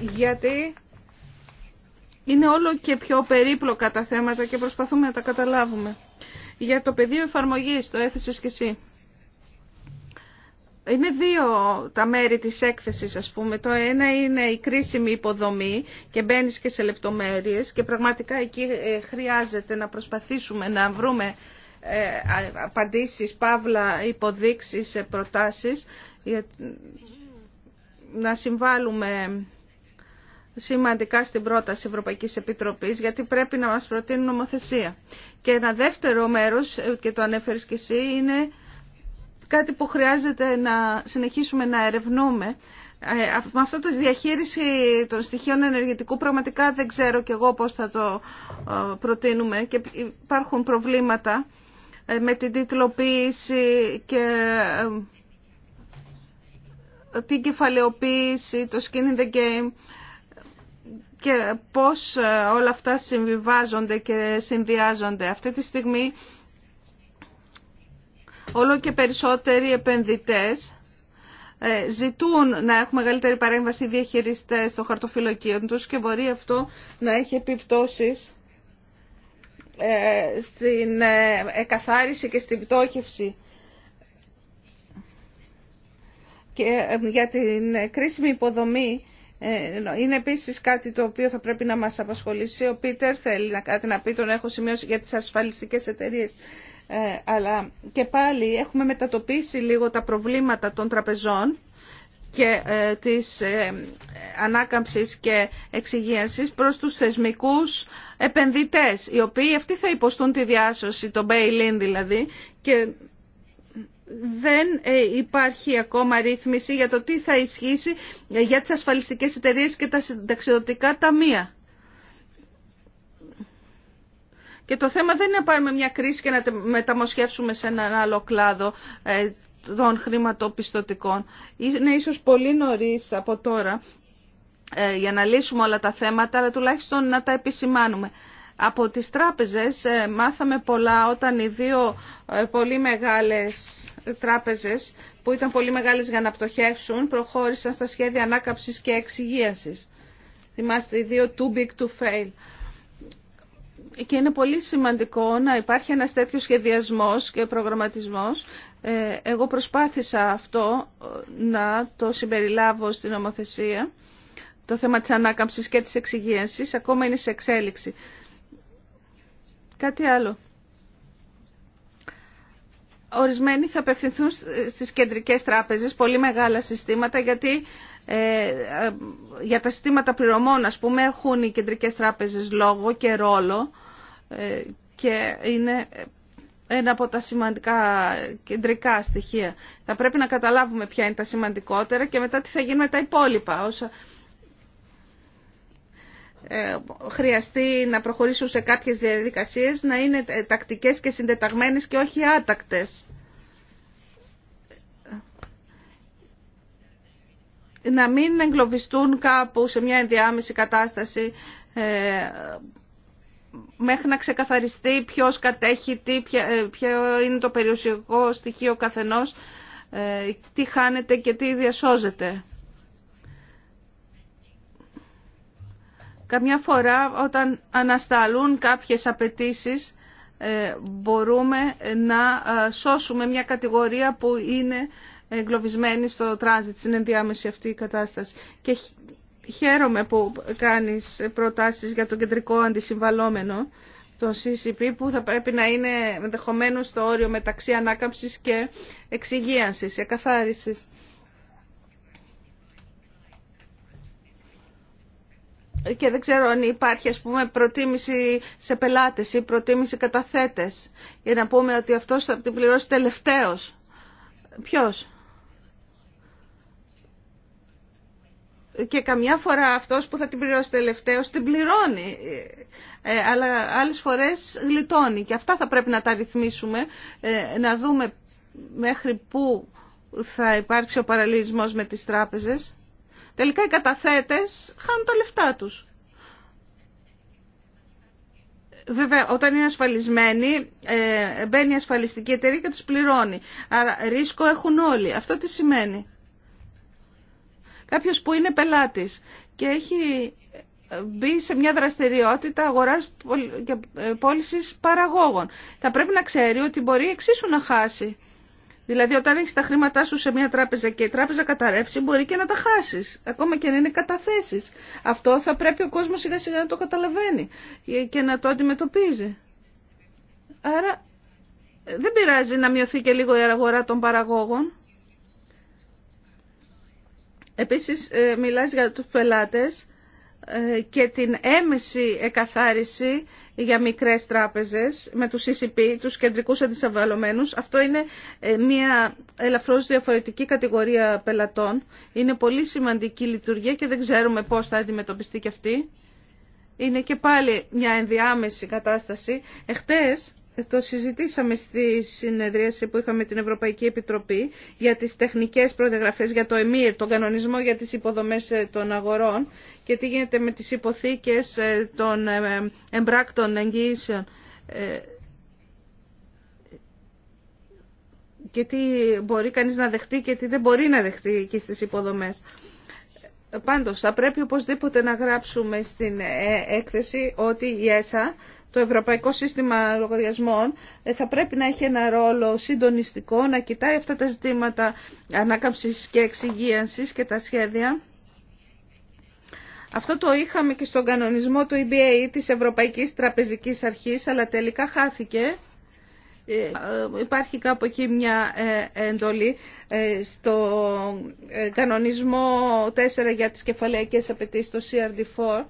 γιατί είναι όλο και πιο περίπλοκα τα θέματα και προσπαθούμε να τα καταλάβουμε. Για το πεδίο εφαρμογής το έθεσες και εσύ. Είναι δύο τα μέρη της έκθεσης ας πούμε. Το ένα είναι η κρίσιμη υποδομή και μπαίνει και σε λεπτομέρειες και πραγματικά εκεί ε, χρειάζεται να προσπαθήσουμε να βρούμε ε, απαντήσεις, παύλα, υποδείξεις, ε, προτάσεις για να συμβάλλουμε σημαντικά στην πρόταση Ευρωπαϊκής Επιτροπής γιατί πρέπει να μας προτείνουν νομοθεσία. Και ένα δεύτερο μέρος, και το ανέφερες και εσύ, είναι κάτι που χρειάζεται να συνεχίσουμε να ερευνούμε. Ε, με αυτό το διαχείριση των στοιχείων ενεργητικού πραγματικά δεν ξέρω κι εγώ πώς θα το ε, προτείνουμε και υπάρχουν προβλήματα ε, με την τίτλοποίηση και την κεφαλαιοποίηση, το skin in the game και πώς όλα αυτά συμβιβάζονται και συνδυάζονται. Αυτή τη στιγμή όλο και περισσότεροι επενδυτές ε, ζητούν να έχουν μεγαλύτερη παρέμβαση οι διαχειριστές των χαρτοφυλακίων τους και μπορεί αυτό να έχει επιπτώσεις ε, στην εκαθάριση ε, και στην πτώχευση και για την κρίσιμη υποδομή είναι επίσης κάτι το οποίο θα πρέπει να μας απασχολήσει. Ο Πίτερ θέλει να, κάτι να πει, τον έχω σημειώσει για τις ασφαλιστικές εταιρείες. Ε, αλλά και πάλι έχουμε μετατοπίσει λίγο τα προβλήματα των τραπεζών και ε, της ε, ανάκαμψης και εξυγίανσης προς τους θεσμικούς επενδυτές, οι οποίοι αυτοί θα υποστούν τη διάσωση, το bail-in δηλαδή, και δεν ε, υπάρχει ακόμα ρύθμιση για το τι θα ισχύσει για τις ασφαλιστικές εταιρείες και τα συνταξιδοτικά ταμεία. Και το θέμα δεν είναι να πάρουμε μια κρίση και να μεταμοσχεύσουμε σε έναν άλλο κλάδο ε, των χρηματοπιστωτικών. Είναι ίσως πολύ νωρίς από τώρα ε, για να λύσουμε όλα τα θέματα, αλλά τουλάχιστον να τα επισημάνουμε. Από τις τράπεζες ε, μάθαμε πολλά όταν οι δύο πολύ μεγάλες τράπεζες που ήταν πολύ μεγάλες για να πτωχεύσουν προχώρησαν στα σχέδια ανάκαψης και εξυγίασης. Θυμάστε οι δύο too big to fail και είναι πολύ σημαντικό να υπάρχει ένας τέτοιος σχεδιασμός και προγραμματισμός. Ε, εγώ προσπάθησα αυτό ε, να το συμπεριλάβω στην νομοθεσία, το θέμα της ανάκαμψης και της εξυγίασης ακόμα είναι σε εξέλιξη. Κάτι άλλο. Ορισμένοι θα απευθυνθούν στις κεντρικές τράπεζες, πολύ μεγάλα συστήματα, γιατί ε, ε, για τα συστήματα πληρωμών, ας πούμε, έχουν οι κεντρικές τράπεζες λόγο και ρόλο ε, και είναι ένα από τα σημαντικά κεντρικά στοιχεία. Θα πρέπει να καταλάβουμε ποια είναι τα σημαντικότερα και μετά τι θα γίνει με τα υπόλοιπα όσα ε, χρειαστεί να προχωρήσουν σε κάποιες διαδικασίες να είναι ε, τακτικές και συντεταγμένες και όχι άτακτες. Να μην εγκλωβιστούν κάπου σε μια ενδιάμεση κατάσταση μέχρι να ξεκαθαριστεί ποιος κατέχει, τι, ε, ποιο είναι το περιουσιακό στοιχείο καθενός, ε, τι χάνεται και τι διασώζεται. Καμιά φορά όταν ανασταλούν κάποιες απαιτήσει ε, μπορούμε να σώσουμε μια κατηγορία που είναι εγκλωβισμένη στο τράζιτ, στην ενδιάμεση αυτή η κατάσταση. Και Χαίρομαι που κάνεις προτάσεις για το κεντρικό αντισυμβαλόμενο, το CCP, που θα πρέπει να είναι ενδεχομένω στο όριο μεταξύ ανάκαμψης και εξυγίανσης, εκαθάρισης. και δεν ξέρω αν υπάρχει ας πούμε προτίμηση σε πελάτες ή προτίμηση καταθέτες για να πούμε ότι αυτός θα την πληρώσει τελευταίος. Ποιος? και καμιά φορά αυτός που θα την πληρώσει τελευταίος την πληρώνει, ε, αλλά άλλες φορές γλιτώνει. Και αυτά θα πρέπει να τα ρυθμίσουμε, ε, να δούμε μέχρι πού θα υπάρξει ο παραλυσμός με τις τράπεζες. Τελικά οι καταθέτες χάνουν τα λεφτά τους. Βέβαια, όταν είναι ασφαλισμένοι, ε, μπαίνει η ασφαλιστική εταιρεία και τους πληρώνει. Άρα ρίσκο έχουν όλοι. Αυτό τι σημαίνει κάποιος που είναι πελάτης και έχει μπει σε μια δραστηριότητα αγοράς και ε, πώλησης παραγόγων. Θα πρέπει να ξέρει ότι μπορεί εξίσου να χάσει. Δηλαδή όταν έχει τα χρήματά σου σε μια τράπεζα και η τράπεζα καταρρεύσει μπορεί και να τα χάσεις, ακόμα και να είναι καταθέσεις. Αυτό θα πρέπει ο κόσμος σιγά σιγά να το καταλαβαίνει και να το αντιμετωπίζει. Άρα ε, δεν πειράζει να μειωθεί και λίγο η αγορά των παραγόγων. Επίσης ε, μιλάς για τους πελάτες ε, και την έμεση εκαθάριση για μικρές τράπεζες με τους CCP, τους κεντρικούς αντισαβαλωμένους. Αυτό είναι ε, μια ελαφρώς διαφορετική κατηγορία πελατών. Είναι πολύ σημαντική λειτουργία και δεν ξέρουμε πώς θα αντιμετωπιστεί και αυτή. Είναι και πάλι μια ενδιάμεση κατάσταση. Εχθές ε, το συζητήσαμε στη συνεδρίαση που είχαμε την Ευρωπαϊκή Επιτροπή για τις τεχνικές προδιαγραφές για το ΕΜΙΡ, τον κανονισμό για τις υποδομές ε, των αγορών και τι γίνεται με τις υποθήκες ε, των εμπράκτων εγγύησεων και τι μπορεί κανείς να δεχτεί και τι δεν μπορεί να δεχτεί εκεί στις υποδομές. Πάντως, θα πρέπει οπωσδήποτε να γράψουμε στην έκθεση ότι η ΕΣΑ το Ευρωπαϊκό Σύστημα Λογαριασμών ε, θα πρέπει να έχει ένα ρόλο συντονιστικό, να κοιτάει αυτά τα ζητήματα ανάκαμψης και εξυγίανσης και τα σχέδια. Αυτό το είχαμε και στον κανονισμό του EBA της Ευρωπαϊκής Τραπεζικής Αρχής, αλλά τελικά χάθηκε. Ε, υπάρχει κάπου εκεί μια ε, εντολή στο κανονισμό 4 για τις κεφαλαϊκές απαιτήσεις, το CRD4,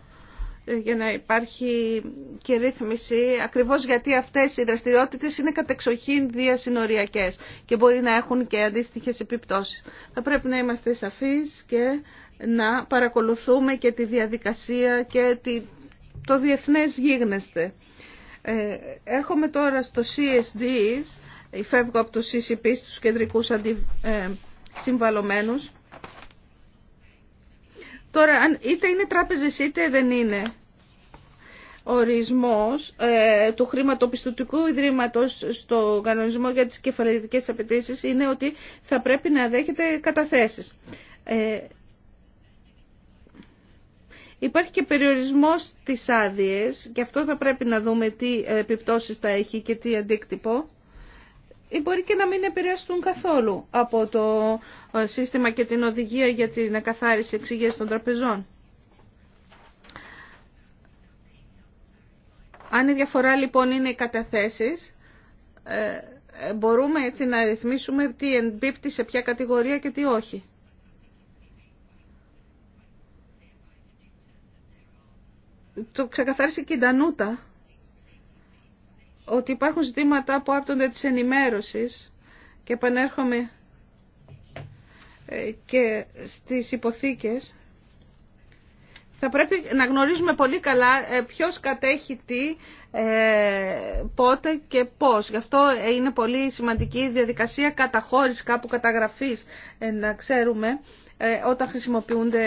για να υπάρχει και ρύθμιση, ακριβώς γιατί αυτές οι δραστηριότητες είναι κατεξοχήν διασυνοριακές και μπορεί να έχουν και αντίστοιχες επιπτώσεις. Θα πρέπει να είμαστε σαφείς και να παρακολουθούμε και τη διαδικασία και το διεθνές γίγνεσθε. Ε, έρχομαι τώρα στο CSD, φεύγω από το CCP στους κεντρικούς αντι, ε, συμβαλωμένους Τώρα, αν είτε είναι τράπεζε, είτε δεν είναι ορισμός ε, του χρηματοπιστωτικού ιδρύματος στο κανονισμό για τις κεφαλαιτικέ απαιτήσει είναι ότι θα πρέπει να δέχεται καταθέσεις. Ε, υπάρχει και περιορισμός της άδειες και αυτό θα πρέπει να δούμε τι επιπτώσεις θα έχει και τι αντίκτυπο ή μπορεί και να μην επηρεαστούν καθόλου από το ε, σύστημα και την οδηγία για την εκαθάριση εξηγίας των τραπεζών. Αν η διαφορά λοιπόν είναι οι καταθέσεις, ε, ε, μπορούμε έτσι να ρυθμίσουμε τι εμπίπτει σε ποια κατηγορία και τι όχι. Το ξεκαθάρισε και η Ντανούτα ότι υπάρχουν ζητήματα που άπτονται της ενημέρωσης και επανέρχομαι ε, και στις υποθήκες θα πρέπει να γνωρίζουμε πολύ καλά ε, ποιος κατέχει τι, ε, πότε και πώς. Γι' αυτό είναι πολύ σημαντική η διαδικασία καταχώρηση κάπου καταγραφής να ξέρουμε όταν χρησιμοποιούνται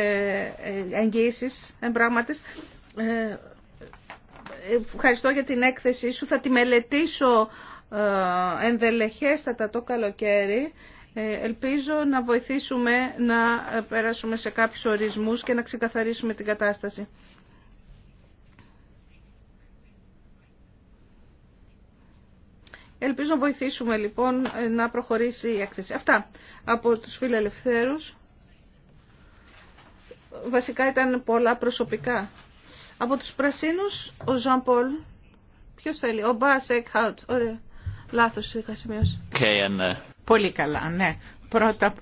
εγγύησεις, εμπράγματες ευχαριστώ για την έκθεσή σου. Θα τη μελετήσω ε, ενδελεχέστατα το καλοκαίρι. Ε, ελπίζω να βοηθήσουμε να ε, περάσουμε σε κάποιους ορισμούς και να ξεκαθαρίσουμε την κατάσταση. Ελπίζω να βοηθήσουμε λοιπόν να προχωρήσει η έκθεση. Αυτά από τους φιλελευθέρους. Βασικά ήταν πολλά προσωπικά από τους πρασίνους, ο Ζαν Πολ. Ποιος θέλει, ο Μπάς Εκχάουτ. Ωραία. Λάθος είχα σημειώσει. Uh, Πολύ καλά, ναι. Πρώτα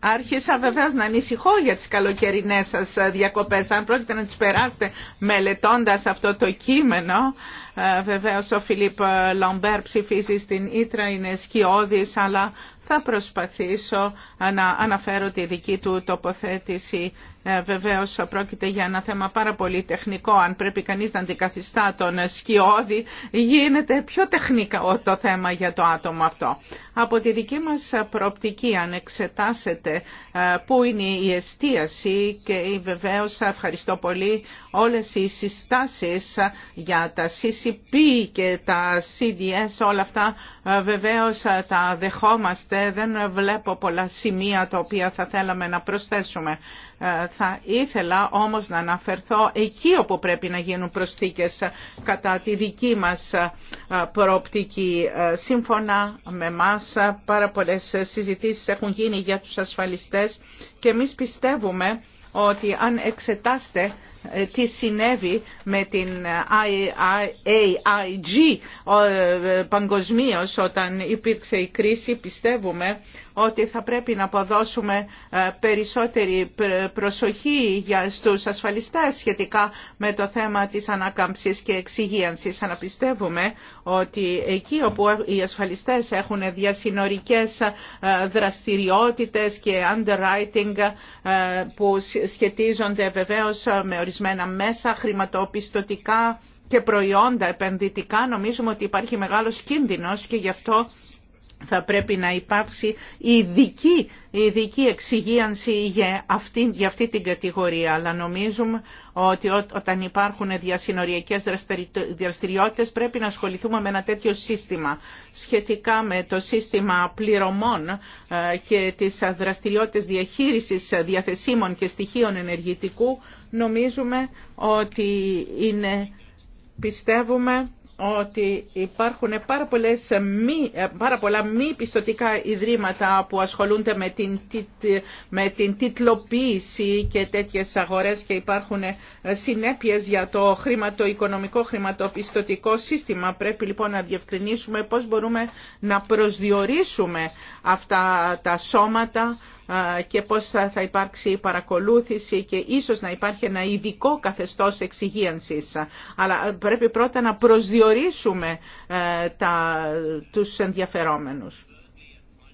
Άρχισα βεβαίως να ανησυχώ για τις καλοκαιρινές σας ε, διακοπές. Αν πρόκειται να τις περάσετε μελετώντας αυτό το κείμενο, ε, βεβαίω, ο Φιλίπ ε, Λαμπέρ ψηφίζει στην Ήτρα, είναι σκιώδη, αλλά θα προσπαθήσω ε, να αναφέρω τη δική του τοποθέτηση. Βεβαίω πρόκειται για ένα θέμα πάρα πολύ τεχνικό. Αν πρέπει κανείς να αντικαθιστά τον σκιώδη, γίνεται πιο τεχνικά το θέμα για το άτομο αυτό. Από τη δική μα προοπτική, αν εξετάσετε πού είναι η εστίαση και βεβαίω ευχαριστώ πολύ όλες οι συστάσεις για τα CCP και τα CDS, όλα αυτά ε, βεβαίως ε, τα δεχόμαστε. Δεν βλέπω πολλά σημεία τα οποία θα θέλαμε να προσθέσουμε. Ε, θα ήθελα όμως να αναφερθώ εκεί όπου πρέπει να γίνουν προσθήκες κατά τη δική μας προοπτική. Σύμφωνα με μας πάρα πολλές συζητήσεις έχουν γίνει για τους ασφαλιστές και εμείς πιστεύουμε ότι αν εξετάστε ε, τι συνέβη με την ε, AIG ε, παγκοσμίως όταν υπήρξε η κρίση πιστεύουμε ότι θα πρέπει να αποδώσουμε περισσότερη προσοχή για στους ασφαλιστές σχετικά με το θέμα της ανακάμψης και εξυγίανσης. Αναπιστεύουμε ότι εκεί όπου οι ασφαλιστές έχουν διασυνορικές δραστηριότητες και underwriting που σχετίζονται βεβαίως με ορισμένες ορισμένα μέσα, χρηματοπιστωτικά και προϊόντα επενδυτικά, νομίζουμε ότι υπάρχει μεγάλος κίνδυνος και γι' αυτό θα πρέπει να υπάρξει ειδική, ειδική εξυγίανση για αυτή, για αυτή την κατηγορία. Αλλά νομίζουμε ότι όταν υπάρχουν διασυνοριακές δραστηριότητες πρέπει να ασχοληθούμε με ένα τέτοιο σύστημα. Σχετικά με το σύστημα πληρωμών ε, και τις δραστηριότητες διαχείρισης διαθεσίμων και στοιχείων ενεργητικού νομίζουμε ότι είναι πιστεύουμε ότι υπάρχουν πάρα, πολλές, μη, πάρα πολλά μη πιστοτικά ιδρύματα που ασχολούνται με την, με την τιτλοποίηση και τέτοιες αγορές και υπάρχουν ε, συνέπειες για το χρηματοοικονομικό χρηματοπιστωτικό σύστημα. Πρέπει λοιπόν να διευκρινίσουμε πώς μπορούμε να προσδιορίσουμε αυτά τα σώματα και πώς θα υπάρξει η παρακολούθηση και ίσως να υπάρχει ένα ειδικό καθεστώς εξυγίανσης. Αλλά πρέπει πρώτα να προσδιορίσουμε ε, τα, τους ενδιαφερόμενους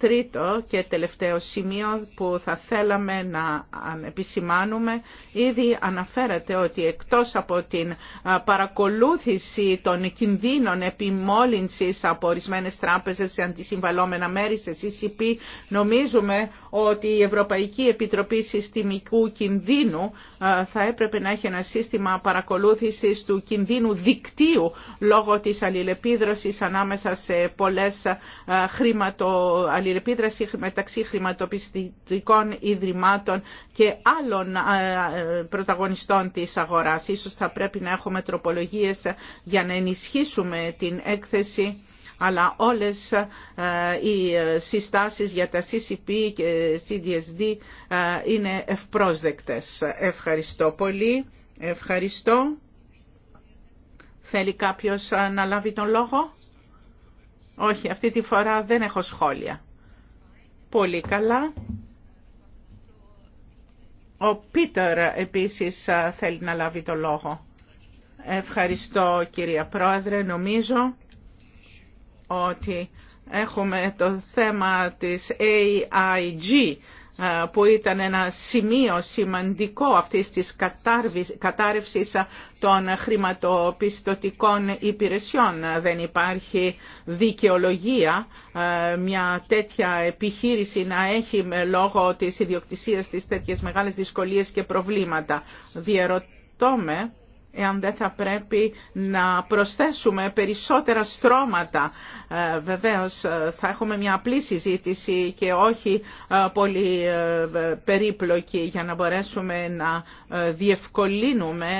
τρίτο και τελευταίο σημείο που θα θέλαμε να επισημάνουμε, ήδη αναφέρατε ότι εκτός από την παρακολούθηση των κινδύνων επιμόλυνσης από ορισμένε τράπεζες σε αντισυμβαλόμενα μέρη, σε CCP, νομίζουμε ότι η Ευρωπαϊκή Επιτροπή Συστημικού Κινδύνου θα έπρεπε να έχει ένα σύστημα παρακολούθησης του κινδύνου δικτύου λόγω της αλληλεπίδρωσης ανάμεσα σε πολλές χρήματο αλληλεπίδραση μεταξύ χρηματοπιστικών ιδρυμάτων και άλλων πρωταγωνιστών της αγοράς. Ίσως θα πρέπει να έχουμε τροπολογίες για να ενισχύσουμε την έκθεση αλλά όλες οι ε, συστάσεις για τα CCP και CDSD είναι ευπρόσδεκτες. Ευχαριστώ πολύ. Ευχαριστώ. Θέλει κάποιος να λάβει τον λόγο. Όχι, αυτή τη φορά δεν έχω σχόλια πολύ καλά. Ο Πίτερ επίσης θέλει να λάβει το λόγο. Ευχαριστώ κυρία Πρόεδρε. Νομίζω ότι έχουμε το θέμα της AIG ε, που ήταν ένα σημείο σημαντικό αυτής της κατάρρευσης των χρηματοπιστωτικών υπηρεσιών. Δεν υπάρχει δικαιολογία ε, μια τέτοια επιχείρηση να έχει με λόγω της ιδιοκτησίας της τέτοιες μεγάλες δυσκολίες και προβλήματα. Διαρωτώ με εάν δεν θα πρέπει να προσθέσουμε περισσότερα στρώματα. Ε, βεβαίως ε, θα έχουμε μια απλή συζήτηση και όχι ε, πολύ περίπλοκη για να μπορέσουμε να διευκολύνουμε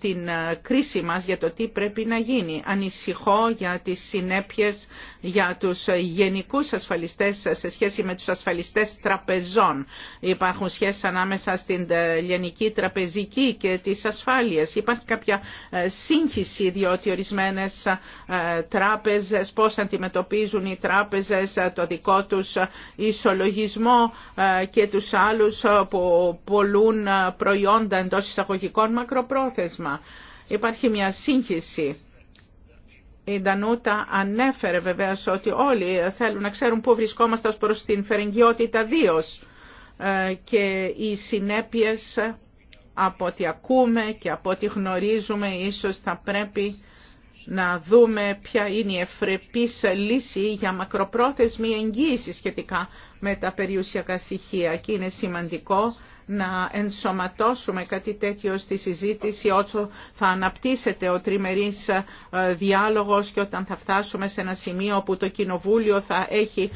την κρίση μας για το τι πρέπει να γίνει. Ανησυχώ για τις συνέπειες για τους γενικούς ασφαλιστές σε σχέση με τους ασφαλιστές τραπεζών. Υπάρχουν σχέσεις ανάμεσα στην γενική τραπεζική και τις ασφάλειες υπάρχει κάποια ε, σύγχυση διότι ορισμένες ε, τράπεζες, πώς αντιμετωπίζουν οι τράπεζες ε, το δικό τους ισολογισμό και τους άλλους που πολλούν προϊόντα εντός εισαγωγικών μακροπρόθεσμα. Υπάρχει μια σύγχυση. Η Ντανούτα ανέφερε βεβαίω ότι όλοι θέλουν να ξέρουν πού βρισκόμαστε ως προς την φερεγγιότητα δύο και οι συνέπειες από ό,τι ακούμε και από ό,τι γνωρίζουμε, ίσως θα πρέπει να δούμε ποια είναι η ευρεπής λύση για μακροπρόθεσμη εγγύηση σχετικά με τα περιουσιακά στοιχεία. Και είναι σημαντικό να ενσωματώσουμε κάτι τέτοιο στη συζήτηση όσο θα αναπτύσσεται ο τριμερής ε, διάλογος και όταν θα φτάσουμε σε ένα σημείο που το Κοινοβούλιο θα έχει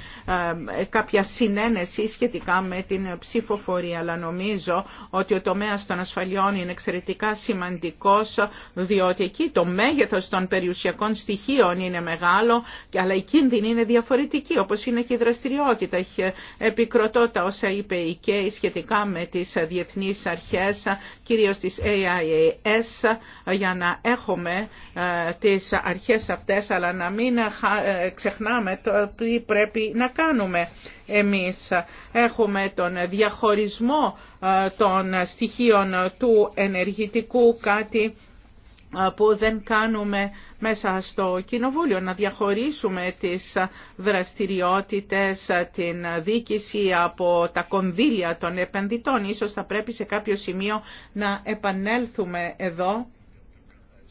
ε, κάποια συνένεση σχετικά με την ψηφοφορία. Αλλά νομίζω ότι ο τομέας των ασφαλιών είναι εξαιρετικά σημαντικός διότι εκεί το μέγεθος των περιουσιακών στοιχείων είναι μεγάλο αλλά η κίνδυνη είναι διαφορετική όπως είναι και η δραστηριότητα. Ε, επικροτώ τα όσα είπε η ΚΕΙ σχετικά με τις διεθνείς αρχές, κυρίως της AIAS, για να έχουμε ε, τις αρχές αυτές, αλλά να μην ε, ξεχνάμε το τι πρέπει να κάνουμε εμείς. Έχουμε τον διαχωρισμό ε, των στοιχείων του ενεργητικού, κάτι που δεν κάνουμε μέσα στο Κοινοβούλιο, να διαχωρίσουμε τις δραστηριότητες, την δίκηση από τα κονδύλια των επενδυτών. Ίσως θα πρέπει σε κάποιο σημείο να επανέλθουμε εδώ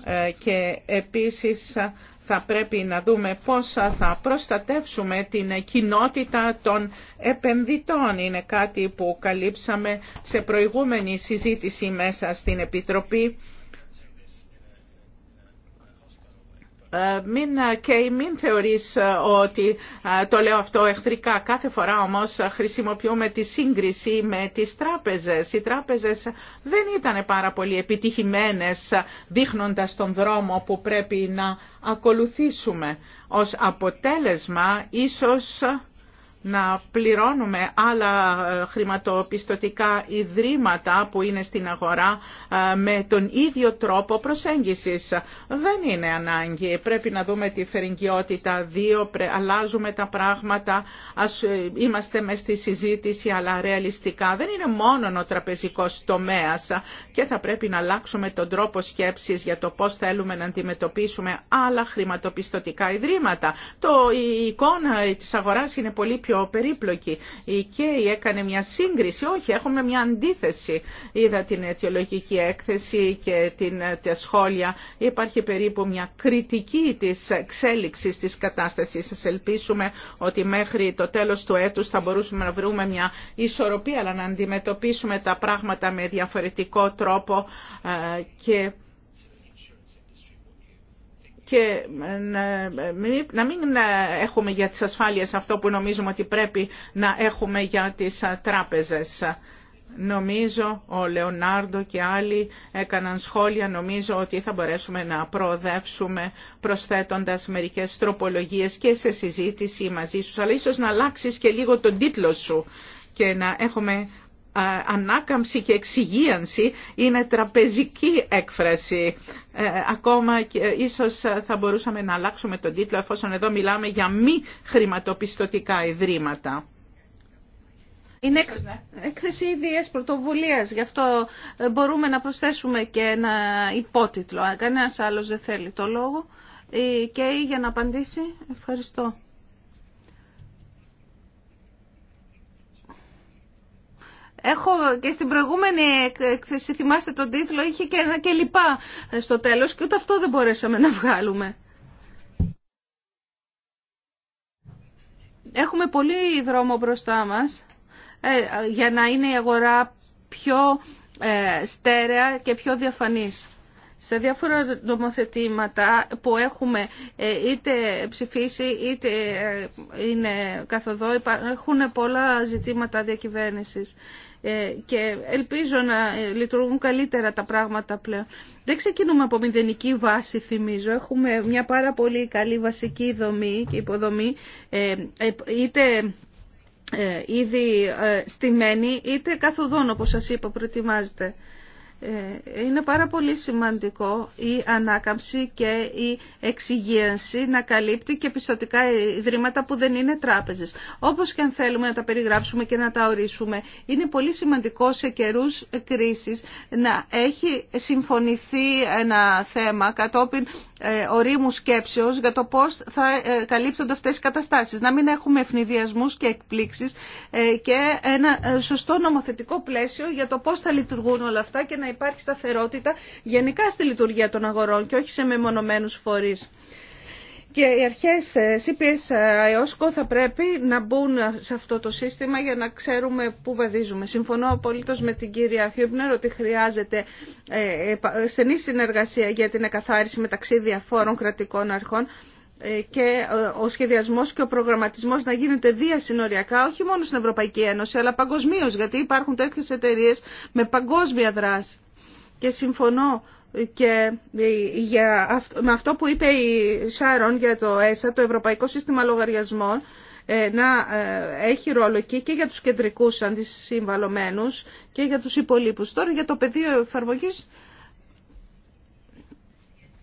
ε, και επίσης θα πρέπει να δούμε πώς θα προστατεύσουμε την κοινότητα των επενδυτών. Είναι κάτι που καλύψαμε σε προηγούμενη συζήτηση μέσα στην Επιτροπή Ε, μην, ε, και μην θεωρείς ε, ότι το λέω αυτό εχθρικά. Κάθε φορά όμως χρησιμοποιούμε τη σύγκριση με τις τράπεζες. Οι τράπεζες δεν ήταν πάρα πολύ επιτυχημένες δείχνοντας τον δρόμο που πρέπει να ακολουθήσουμε. Ως αποτέλεσμα ίσως να πληρώνουμε άλλα ε, χρηματοπιστωτικά ιδρύματα που είναι στην αγορά ε, με τον ίδιο τρόπο προσέγγισης. Δεν είναι ανάγκη. Πρέπει να δούμε τη φερικιότητα δύο, αλλάζουμε τα πράγματα, ε, είμαστε με στη συζήτηση αλλά ρεαλιστικά. Δεν είναι μόνο ο τραπεζικός τομέας και θα πρέπει να αλλάξουμε τον τρόπο σκέψης για το πώς θέλουμε να αντιμετωπίσουμε άλλα χρηματοπιστωτικά ιδρύματα. Το, η εικόνα της αγοράς είναι πολύ πιο πιο περίπλοκη. Η ΚΕΙ έκανε μια σύγκριση, όχι, έχουμε μια αντίθεση. Είδα την αιτιολογική έκθεση και την, τα σχόλια. Υπάρχει περίπου μια κριτική της εξέλιξης της κατάστασης. Σας ελπίσουμε ότι μέχρι το τέλος του έτους θα μπορούσαμε να βρούμε μια ισορροπία, αλλά να αντιμετωπίσουμε τα πράγματα με διαφορετικό τρόπο ε, και και ε, να μην ε, έχουμε για τις ασφάλειες αυτό που νομίζουμε ότι πρέπει να έχουμε για τις ε, τράπεζες. Νομίζω ο Λεωνάρντο και άλλοι έκαναν σχόλια. Νομίζω ότι θα μπορέσουμε να προοδεύσουμε προσθέτοντας μερικές τροπολογίες και σε συζήτηση μαζί σου. Αλλά ίσως να αλλάξεις και λίγο τον τίτλο σου και να έχουμε ανάκαμψη και εξυγίανση είναι τραπεζική έκφραση. Ε, ακόμα και ε, ίσως ε, θα μπορούσαμε να αλλάξουμε τον τίτλο εφόσον εδώ μιλάμε για μη χρηματοπιστωτικά ιδρύματα. Είναι ναι. έκθεση ιδιές πρωτοβουλία, γι' αυτό μπορούμε να προσθέσουμε και ένα υπότιτλο. Κανένας άλλος δεν θέλει το λόγο. Η Κέι για να απαντήσει. Ευχαριστώ. Έχω και στην προηγούμενη έκθεση, θυμάστε τον τίτλο, είχε και ένα και λοιπά στο τέλος και ούτε αυτό δεν μπορέσαμε να βγάλουμε. Έχουμε πολύ δρόμο μπροστά μας ε, για να είναι η αγορά πιο ε, στέρεα και πιο διαφανής. σε διάφορα νομοθετήματα που έχουμε ε, είτε ψηφίσει είτε είναι καθοδό έχουν πολλά ζητήματα διακυβέρνησης. Ε, και ελπίζω να ε, λειτουργούν καλύτερα τα πράγματα πλέον. Δεν ξεκινούμε από μηδενική βάση, θυμίζω. Έχουμε μια πάρα πολύ καλή βασική δομή και υποδομή, ε, είτε ήδη στημένη, είτε καθοδόν, όπως σας είπα, προετοιμάζεται. Ε, είναι πάρα πολύ σημαντικό η ανάκαμψη και η εξυγίανση να καλύπτει και πιστοτικά ιδρύματα που δεν είναι τράπεζες. Όπως και αν θέλουμε να τα περιγράψουμε και να τα ορίσουμε, είναι πολύ σημαντικό σε καιρούς κρίσης να έχει συμφωνηθεί ένα θέμα κατόπιν ε, ορίμου σκέψεως για το πώς θα ε, καλύπτονται αυτές οι καταστάσεις. Να μην έχουμε ευνηδιασμούς και εκπλήξεις ε, και ένα σωστό νομοθετικό πλαίσιο για το πώς θα λειτουργούν όλα αυτά και να υπάρχει σταθερότητα γενικά στη λειτουργία των αγορών και όχι σε μεμονωμένους φορείς. Και οι αρχές ε, CPS IOSCO ε, θα πρέπει να μπουν σε αυτό το σύστημα για να ξέρουμε πού βαδίζουμε. Συμφωνώ απολύτως με την κυρία Χιούμπνερ ότι χρειάζεται ε, στενή συνεργασία για την εκαθάριση μεταξύ διαφόρων κρατικών αρχών και ο σχεδιασμός και ο προγραμματισμός να γίνεται διασυνοριακά, όχι μόνο στην Ευρωπαϊκή Ένωση, αλλά παγκοσμίω, γιατί υπάρχουν τέτοιες εταιρείε με παγκόσμια δράση. Και συμφωνώ και για με αυτό που είπε η Σάρον για το ΕΣΑ, το Ευρωπαϊκό Σύστημα Λογαριασμών, ε, να ε, έχει ρόλο εκεί και για τους κεντρικούς αντισυμβαλωμένους και για τους υπολείπους. Τώρα για το πεδίο εφαρμογή.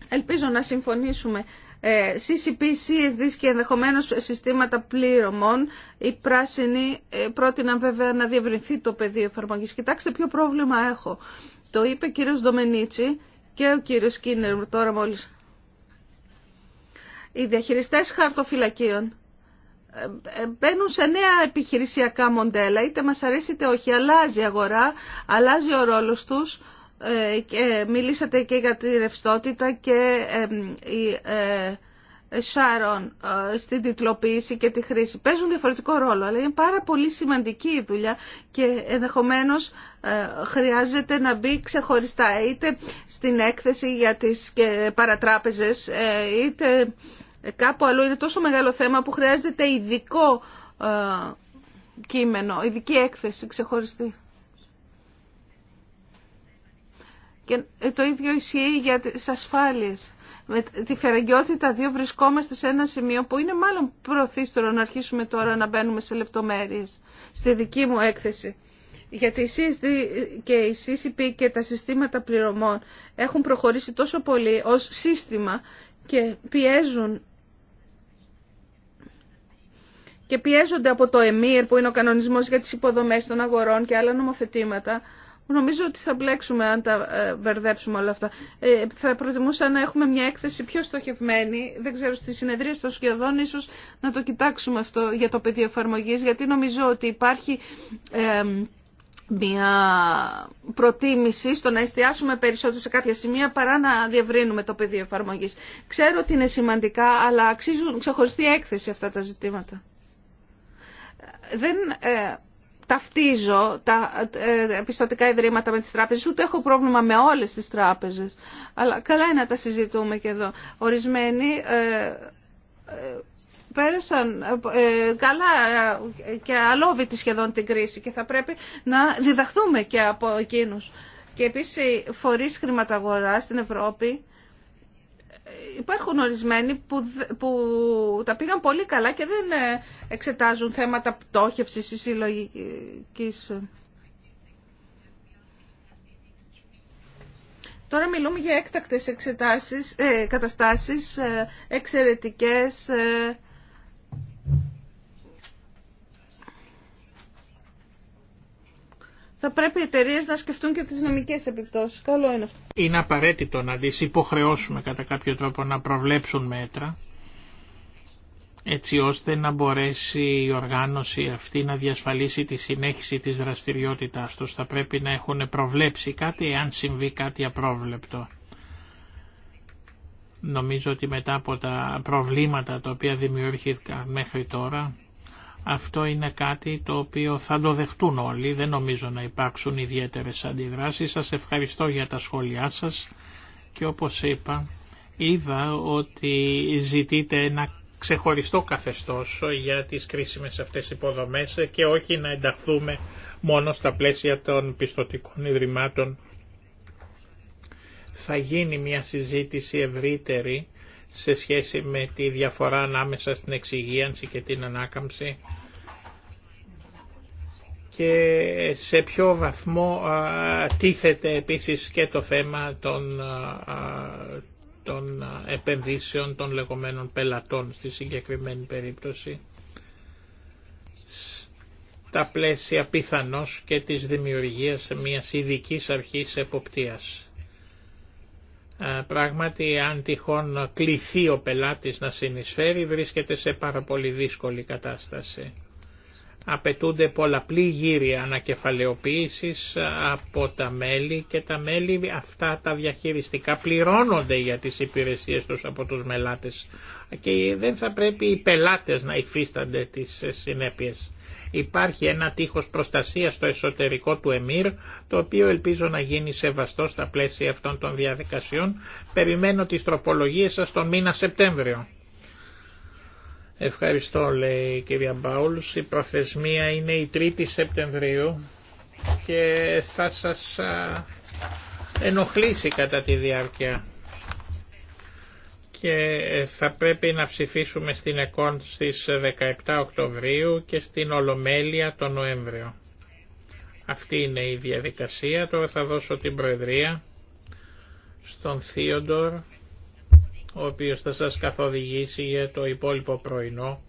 ελπίζω να συμφωνήσουμε. Ε, CCP, CSD και ενδεχομένως συστήματα πλήρωμων, οι πράσινοι πρότειναν βέβαια να διευρυνθεί το πεδίο εφαρμογή. Κοιτάξτε ποιο πρόβλημα έχω. Το είπε ο κύριος Ντομενίτσι και ο κύριος Κίνερ τώρα μόλις. Οι διαχειριστές χαρτοφυλακίων ε, ε, μπαίνουν σε νέα επιχειρησιακά μοντέλα, είτε μας αρέσει είτε όχι, αλλάζει η αγορά, αλλάζει ο ρόλος τους. Ε, και μιλήσατε και για τη ρευστότητα και Σάρων ε, στην τιτλοποίηση και τη χρήση. Παίζουν διαφορετικό ρόλο, αλλά είναι πάρα πολύ σημαντική η δουλειά και ενδεχομένως ε, χρειάζεται να μπει ξεχωριστά είτε στην έκθεση για τις ε, παρατράπεζες, είτε κάπου αλλού. Είναι τόσο μεγάλο θέμα που χρειάζεται ειδικό κείμενο, ειδική έκθεση ξεχωριστή. Και το ίδιο ισχύει για τις ασφάλειες με τη φεραγγιότητα δύο βρισκόμαστε σε ένα σημείο που είναι μάλλον προθύστορο να αρχίσουμε τώρα να μπαίνουμε σε λεπτομέρειες στη δική μου έκθεση. Γιατί η CSD και η CCP και τα συστήματα πληρωμών έχουν προχωρήσει τόσο πολύ ως σύστημα και πιέζουν και πιέζονται από το ΕΜΙΡ που είναι ο κανονισμός για τις υποδομές των αγορών και άλλα νομοθετήματα Νομίζω ότι θα μπλέξουμε αν τα βερδέψουμε ε, όλα αυτά. Ε, θα προτιμούσα να έχουμε μια έκθεση πιο στοχευμένη. Δεν ξέρω, στις συνεδρίες των σχεδόν ίσως να το κοιτάξουμε αυτό για το πεδίο εφαρμογή, γιατί νομίζω ότι υπάρχει... μια προτίμηση στο να εστιάσουμε περισσότερο σε κάποια σημεία παρά να διευρύνουμε το πεδίο εφαρμογή. Ξέρω ότι είναι σημαντικά, αλλά αξίζουν ξεχωριστή έκθεση αυτά τα ζητήματα. Ε, δεν ταυτίζω τα επιστοτικά ε, ιδρύματα με τις τράπεζες, ούτε έχω πρόβλημα με όλες τις τράπεζες. Αλλά καλά είναι να τα συζητούμε και εδώ. Ορισμένοι ε, ε, πέρασαν καλά και αλόβητη σχεδόν την κρίση και θα πρέπει να διδαχθούμε και από εκείνους. Και επίσης οι φορείς χρηματαγοράς στην Ευρώπη υπάρχουν ορισμένοι που, που τα πήγαν πολύ καλά και δεν ε, εξετάζουν θέματα πτώχευσης ή συλλογικής. Τώρα μιλούμε για έκτακτες εξετάσεις, ε, καταστάσεις, ε, εξαιρετικές, θα πρέπει οι εταιρείε να σκεφτούν και τις νομικέ επιπτώσεις. Καλό είναι αυτό. Είναι απαραίτητο να τι υποχρεώσουμε κατά κάποιο τρόπο να προβλέψουν μέτρα έτσι ώστε να μπορέσει η οργάνωση αυτή να διασφαλίσει τη συνέχιση της δραστηριότητάς τους. Θα πρέπει να έχουν προβλέψει κάτι εάν συμβεί κάτι απρόβλεπτο. Νομίζω ότι μετά από τα προβλήματα τα οποία δημιουργήθηκαν μέχρι τώρα αυτό είναι κάτι το οποίο θα το δεχτούν όλοι, δεν νομίζω να υπάρξουν ιδιαίτερες αντιδράσεις. Σας ευχαριστώ για τα σχόλιά σας και όπως είπα είδα ότι ζητείτε ένα ξεχωριστό καθεστώς για τις κρίσιμες αυτές υποδομές και όχι να ενταχθούμε μόνο στα πλαίσια των πιστοτικών ιδρυμάτων. Θα γίνει μια συζήτηση ευρύτερη σε σχέση με τη διαφορά ανάμεσα στην εξυγίανση και την ανάκαμψη και σε ποιο βαθμό τίθεται επίσης και το θέμα των, των επενδύσεων των λεγόμενων πελατών στη συγκεκριμένη περίπτωση τα πλαίσια πιθανώς και της δημιουργίας μιας ειδικής αρχής εποπτείας. Ε, πράγματι, αν τυχόν κληθεί ο πελάτης να συνεισφέρει, βρίσκεται σε πάρα πολύ δύσκολη κατάσταση. Απαιτούνται πολλαπλή γύρια ανακεφαλαιοποίησης από τα μέλη και τα μέλη αυτά τα διαχειριστικά πληρώνονται για τις υπηρεσίες τους από τους μελάτες και δεν θα πρέπει οι πελάτες να υφίστανται τις συνέπειες. Υπάρχει ένα τείχος προστασίας στο εσωτερικό του ΕΜΙΡ, το οποίο ελπίζω να γίνει σεβαστό στα πλαίσια αυτών των διαδικασιών. Περιμένω τις τροπολογίες σας τον μήνα Σεπτέμβριο. Ευχαριστώ λέει η κυρία Μπάουλς. Η προθεσμία είναι η 3η Σεπτεμβρίου και θα σας ενοχλήσει κατά τη διάρκεια και ε, θα πρέπει να ψηφίσουμε στην ΕΚΟΝ στις 17 ε, Οκτωβρίου και στην Ολομέλεια τον Νοέμβριο. Αυτή είναι η διαδικασία. Τώρα θα δώσω την Προεδρία στον Θείοντορ, ο οποίος θα σας καθοδηγήσει για το υπόλοιπο πρωινό,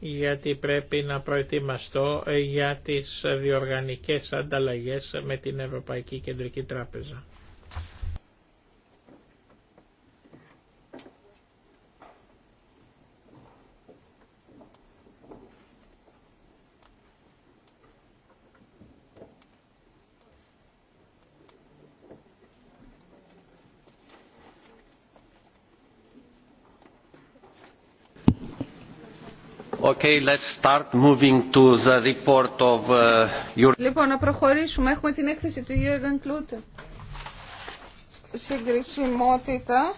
γιατί πρέπει να προετοιμαστώ ε, για τις διοργανικές ανταλλαγές με την Ευρωπαϊκή Κεντρική Τράπεζα. Λοιπόν, να προχωρήσουμε. Έχουμε την έκθεση του Γιώργαν Κλούτε. Συγκρισιμότητα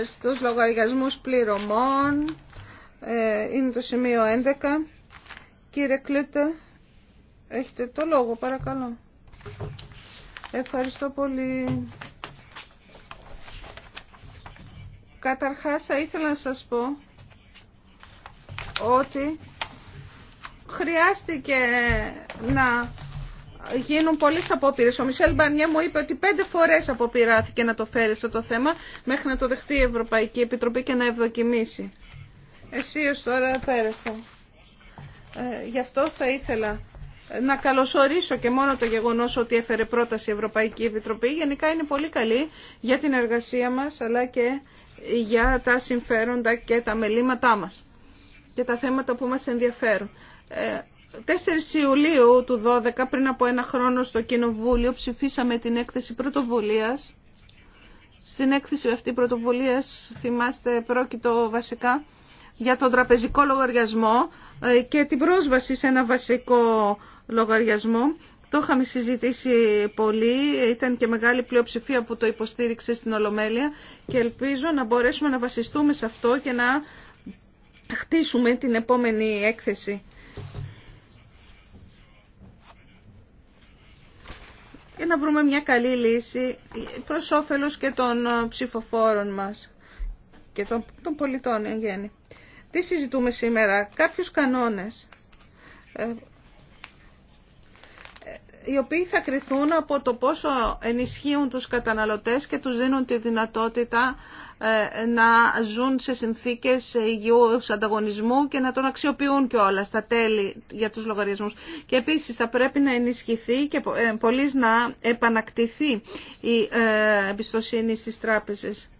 ε, στους λογαριασμούς πληρωμών. Ε, είναι το σημείο 11. Κύριε Κλούτε, έχετε το λόγο, παρακαλώ. Ευχαριστώ πολύ. Καταρχάς θα ήθελα να σας πω ότι χρειάστηκε να γίνουν πολλέ απόπειρε. Ο Μισελ Μπανιέ μου είπε ότι πέντε φορέ αποπειράθηκε να το φέρει αυτό το θέμα μέχρι να το δεχτεί η Ευρωπαϊκή Επιτροπή και να ευδοκιμήσει. Εσύ τώρα πέρασα. Ε, γι' αυτό θα ήθελα να καλωσορίσω και μόνο το γεγονός ότι έφερε πρόταση η Ευρωπαϊκή Επιτροπή. Γενικά είναι πολύ καλή για την εργασία μας αλλά και για τα συμφέροντα και τα μελήματά μας και τα θέματα που μας ενδιαφέρουν. 4 ε, Ιουλίου του 12 πριν από ένα χρόνο στο Κοινοβούλιο ψηφίσαμε την έκθεση πρωτοβουλίας. Στην έκθεση αυτή πρωτοβουλίας θυμάστε πρόκειτο βασικά για τον τραπεζικό λογαριασμό ε, και την πρόσβαση σε ένα βασικό λογαριασμό το είχαμε συζητήσει πολύ, ήταν και μεγάλη πλειοψηφία που το υποστήριξε στην Ολομέλεια και ελπίζω να μπορέσουμε να βασιστούμε σε αυτό και να χτίσουμε την επόμενη έκθεση. Και να βρούμε μια καλή λύση προς όφελος και των ψηφοφόρων μας και των πολιτών εν γέννη. Τι συζητούμε σήμερα, κάποιους κανόνες ε, οι οποίοι θα κρυθούν από το πόσο ενισχύουν τους καταναλωτές και τους δίνουν τη δυνατότητα ε, να ζουν σε συνθήκες υγιούς ανταγωνισμού και να τον αξιοποιούν και όλα στα τέλη για τους λογαριασμούς. Και επίσης θα πρέπει να ενισχυθεί και ε, πολλοί να επανακτηθεί η ε, εμπιστοσύνη στις τράπεζες.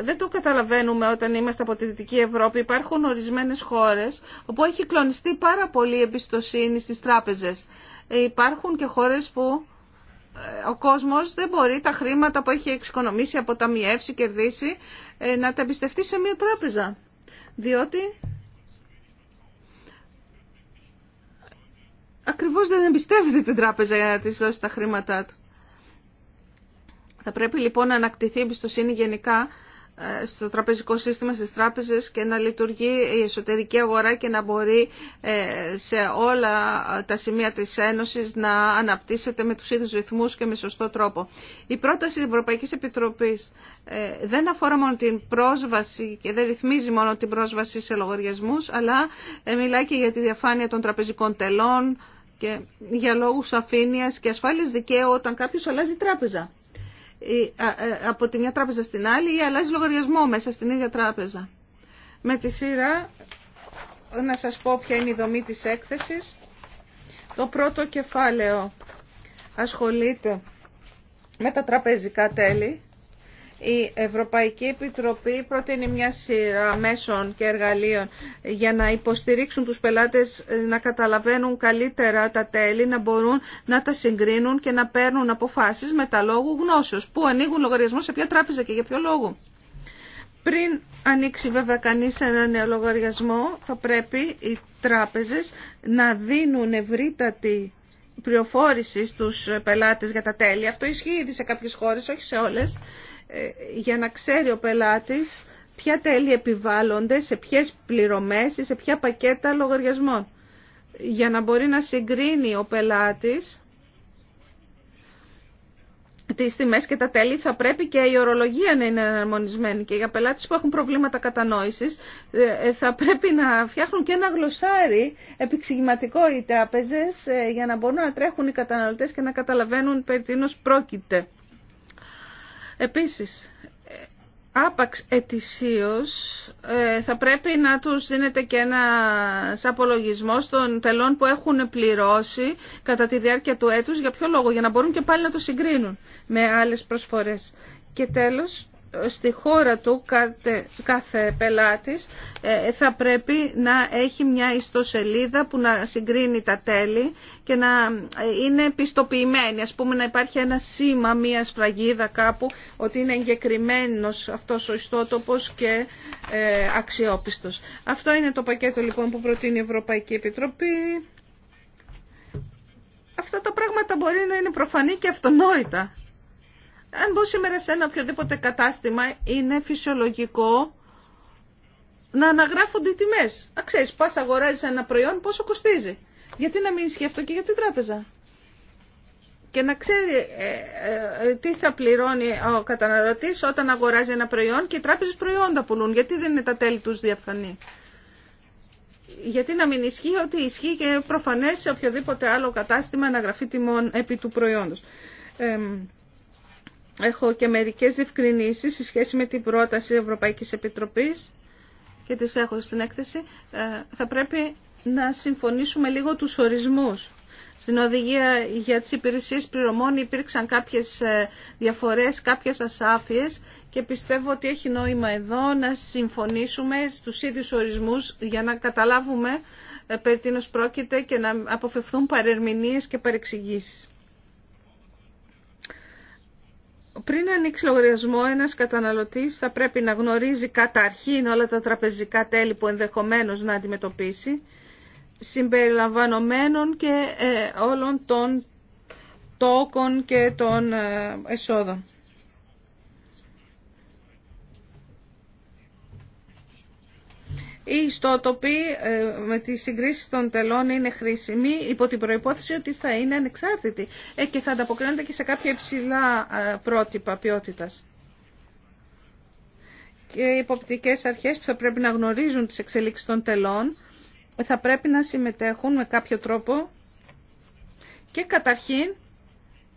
Δεν το καταλαβαίνουμε όταν είμαστε από τη Δυτική Ευρώπη. Υπάρχουν ορισμένες χώρες όπου έχει κλονιστεί πάρα πολύ η εμπιστοσύνη στις τράπεζες υπάρχουν και χώρες που ε, ο κόσμος δεν μπορεί τα χρήματα που έχει εξοικονομήσει, αποταμιεύσει, κερδίσει, ε, να τα εμπιστευτεί σε μια τράπεζα. Διότι ακριβώς δεν εμπιστεύεται την τράπεζα για να της δώσει τα χρήματά του. Θα πρέπει λοιπόν να ανακτηθεί η εμπιστοσύνη γενικά ε, στο τραπεζικό σύστημα στις τράπεζες και να λειτουργεί η εσωτερική αγορά και να μπορεί ε, σε όλα τα σημεία της Ένωσης να αναπτύσσεται με τους ίδιους ρυθμούς και με σωστό τρόπο. Η πρόταση της Ευρωπαϊκής Επιτροπής ε, δεν αφορά μόνο την πρόσβαση και δεν ρυθμίζει μόνο την πρόσβαση σε λογαριασμούς, αλλά μιλάει και για τη διαφάνεια των τραπεζικών τελών και για λόγους αφήνειας και ασφάλειας δικαίου όταν κάποιος αλλάζει τράπεζα. Ε, από τη μια τράπεζα στην άλλη ή αλλάζει λογαριασμό μέσα στην ίδια τράπεζα. Με τη σειρά να σας πω ποια είναι η δομή της έκθεσης. Το πρώτο κεφάλαιο ασχολείται με τα τραπεζικά τέλη η Ευρωπαϊκή Επιτροπή προτείνει μια σειρά μέσων και εργαλείων για να υποστηρίξουν τους πελάτες να καταλαβαίνουν καλύτερα τα τέλη, να μπορούν να τα συγκρίνουν και να παίρνουν αποφάσεις με τα λόγου γνώσεως. Πού ανοίγουν λογαριασμό, σε ποια τράπεζα και για ποιο λόγο. Πριν ανοίξει βέβαια κανείς ένα νέο λογαριασμό, θα πρέπει οι τράπεζες να δίνουν ευρύτατη πληροφόρηση στους πελάτες για τα τέλη. Αυτό ισχύει σε κάποιες χώρες, όχι σε όλες. Ε, για να ξέρει ο πελάτης ποια τέλη επιβάλλονται, σε ποιες πληρωμές ή σε ποια πακέτα λογαριασμών. Για να μπορεί να συγκρίνει ο πελάτης τις τιμές και τα τέλη θα πρέπει και η ορολογία να είναι εναρμονισμένη και για πελάτες που έχουν προβλήματα κατανόησης ε, ε, θα πρέπει να φτιάχνουν και ένα γλωσσάρι επεξηγηματικό οι τράπεζες για να μπορούν να τρέχουν οι καταναλωτές και να καταλαβαίνουν περί τίνος πρόκειται. Επίσης, άπαξ ετησίως ε, θα πρέπει να τους δίνεται και ένα απολογισμό των τελών που έχουν πληρώσει κατά τη διάρκεια του έτους. Για ποιο λόγο, για να μπορούν και πάλι να το συγκρίνουν με άλλες προσφορές. Και τέλος, στη χώρα του κάθε, κάθε πελάτης ε, θα πρέπει να έχει μια ιστοσελίδα που να συγκρίνει τα τέλη και να ε, είναι πιστοποιημένη, ας πούμε να υπάρχει ένα σήμα, μια σφραγίδα κάπου ότι είναι εγκεκριμένος αυτός ο ιστότοπος και ε, αξιόπιστος. Αυτό είναι το πακέτο λοιπόν που προτείνει η Ευρωπαϊκή Επιτροπή. Αυτά τα πράγματα μπορεί να είναι προφανή και αυτονόητα. Αν μπω σήμερα σε ένα οποιοδήποτε κατάστημα, είναι φυσιολογικό να αναγράφονται οι τιμές. Α, ξέρεις, πας ένα προϊόν, πόσο κοστίζει. Γιατί να μην ισχύει αυτό και για την τράπεζα. Και να ξέρει ε, ε, τι θα πληρώνει ο καταναλωτής όταν αγοράζει ένα προϊόν και οι τράπεζε προϊόντα πουλούν. Γιατί δεν είναι τα τέλη του διαφανή. Γιατί να μην ισχύει ότι ισχύει και προφανέ σε οποιοδήποτε άλλο κατάστημα αναγραφή τιμών επί του προϊόντο έχω και μερικές διευκρινήσεις σε σχέση με την πρόταση Ευρωπαϊκής Επιτροπής και τις έχω στην έκθεση. Ε, θα πρέπει να συμφωνήσουμε λίγο τους ορισμούς. Στην οδηγία για τις υπηρεσίες πληρωμών υπήρξαν κάποιες ε, διαφορές, κάποιες ασάφειες και πιστεύω ότι έχει νόημα εδώ να συμφωνήσουμε στους ίδιους ορισμούς για να καταλάβουμε ε, περί τίνος πρόκειται και να αποφευθούν παρερμηνίες και παρεξηγήσεις πριν ανοίξει λογαριασμό ένα καταναλωτή, θα πρέπει να γνωρίζει καταρχήν όλα τα τραπεζικά τέλη που ενδεχομένως να αντιμετωπίσει συμπεριλαμβανομένων και ε, όλων των τόκων και των ε, εσόδων. οι ιστότοποι ε, με τις συγκρίσεις των τελών είναι χρήσιμη υπό την προϋπόθεση ότι θα είναι ανεξάρτητοι ε, και θα ανταποκρίνονται και σε κάποια υψηλά ε, πρότυπα ποιότητας. Και οι υποπτικές αρχές που θα πρέπει να γνωρίζουν τις εξελίξεις των τελών θα πρέπει να συμμετέχουν με κάποιο τρόπο και καταρχήν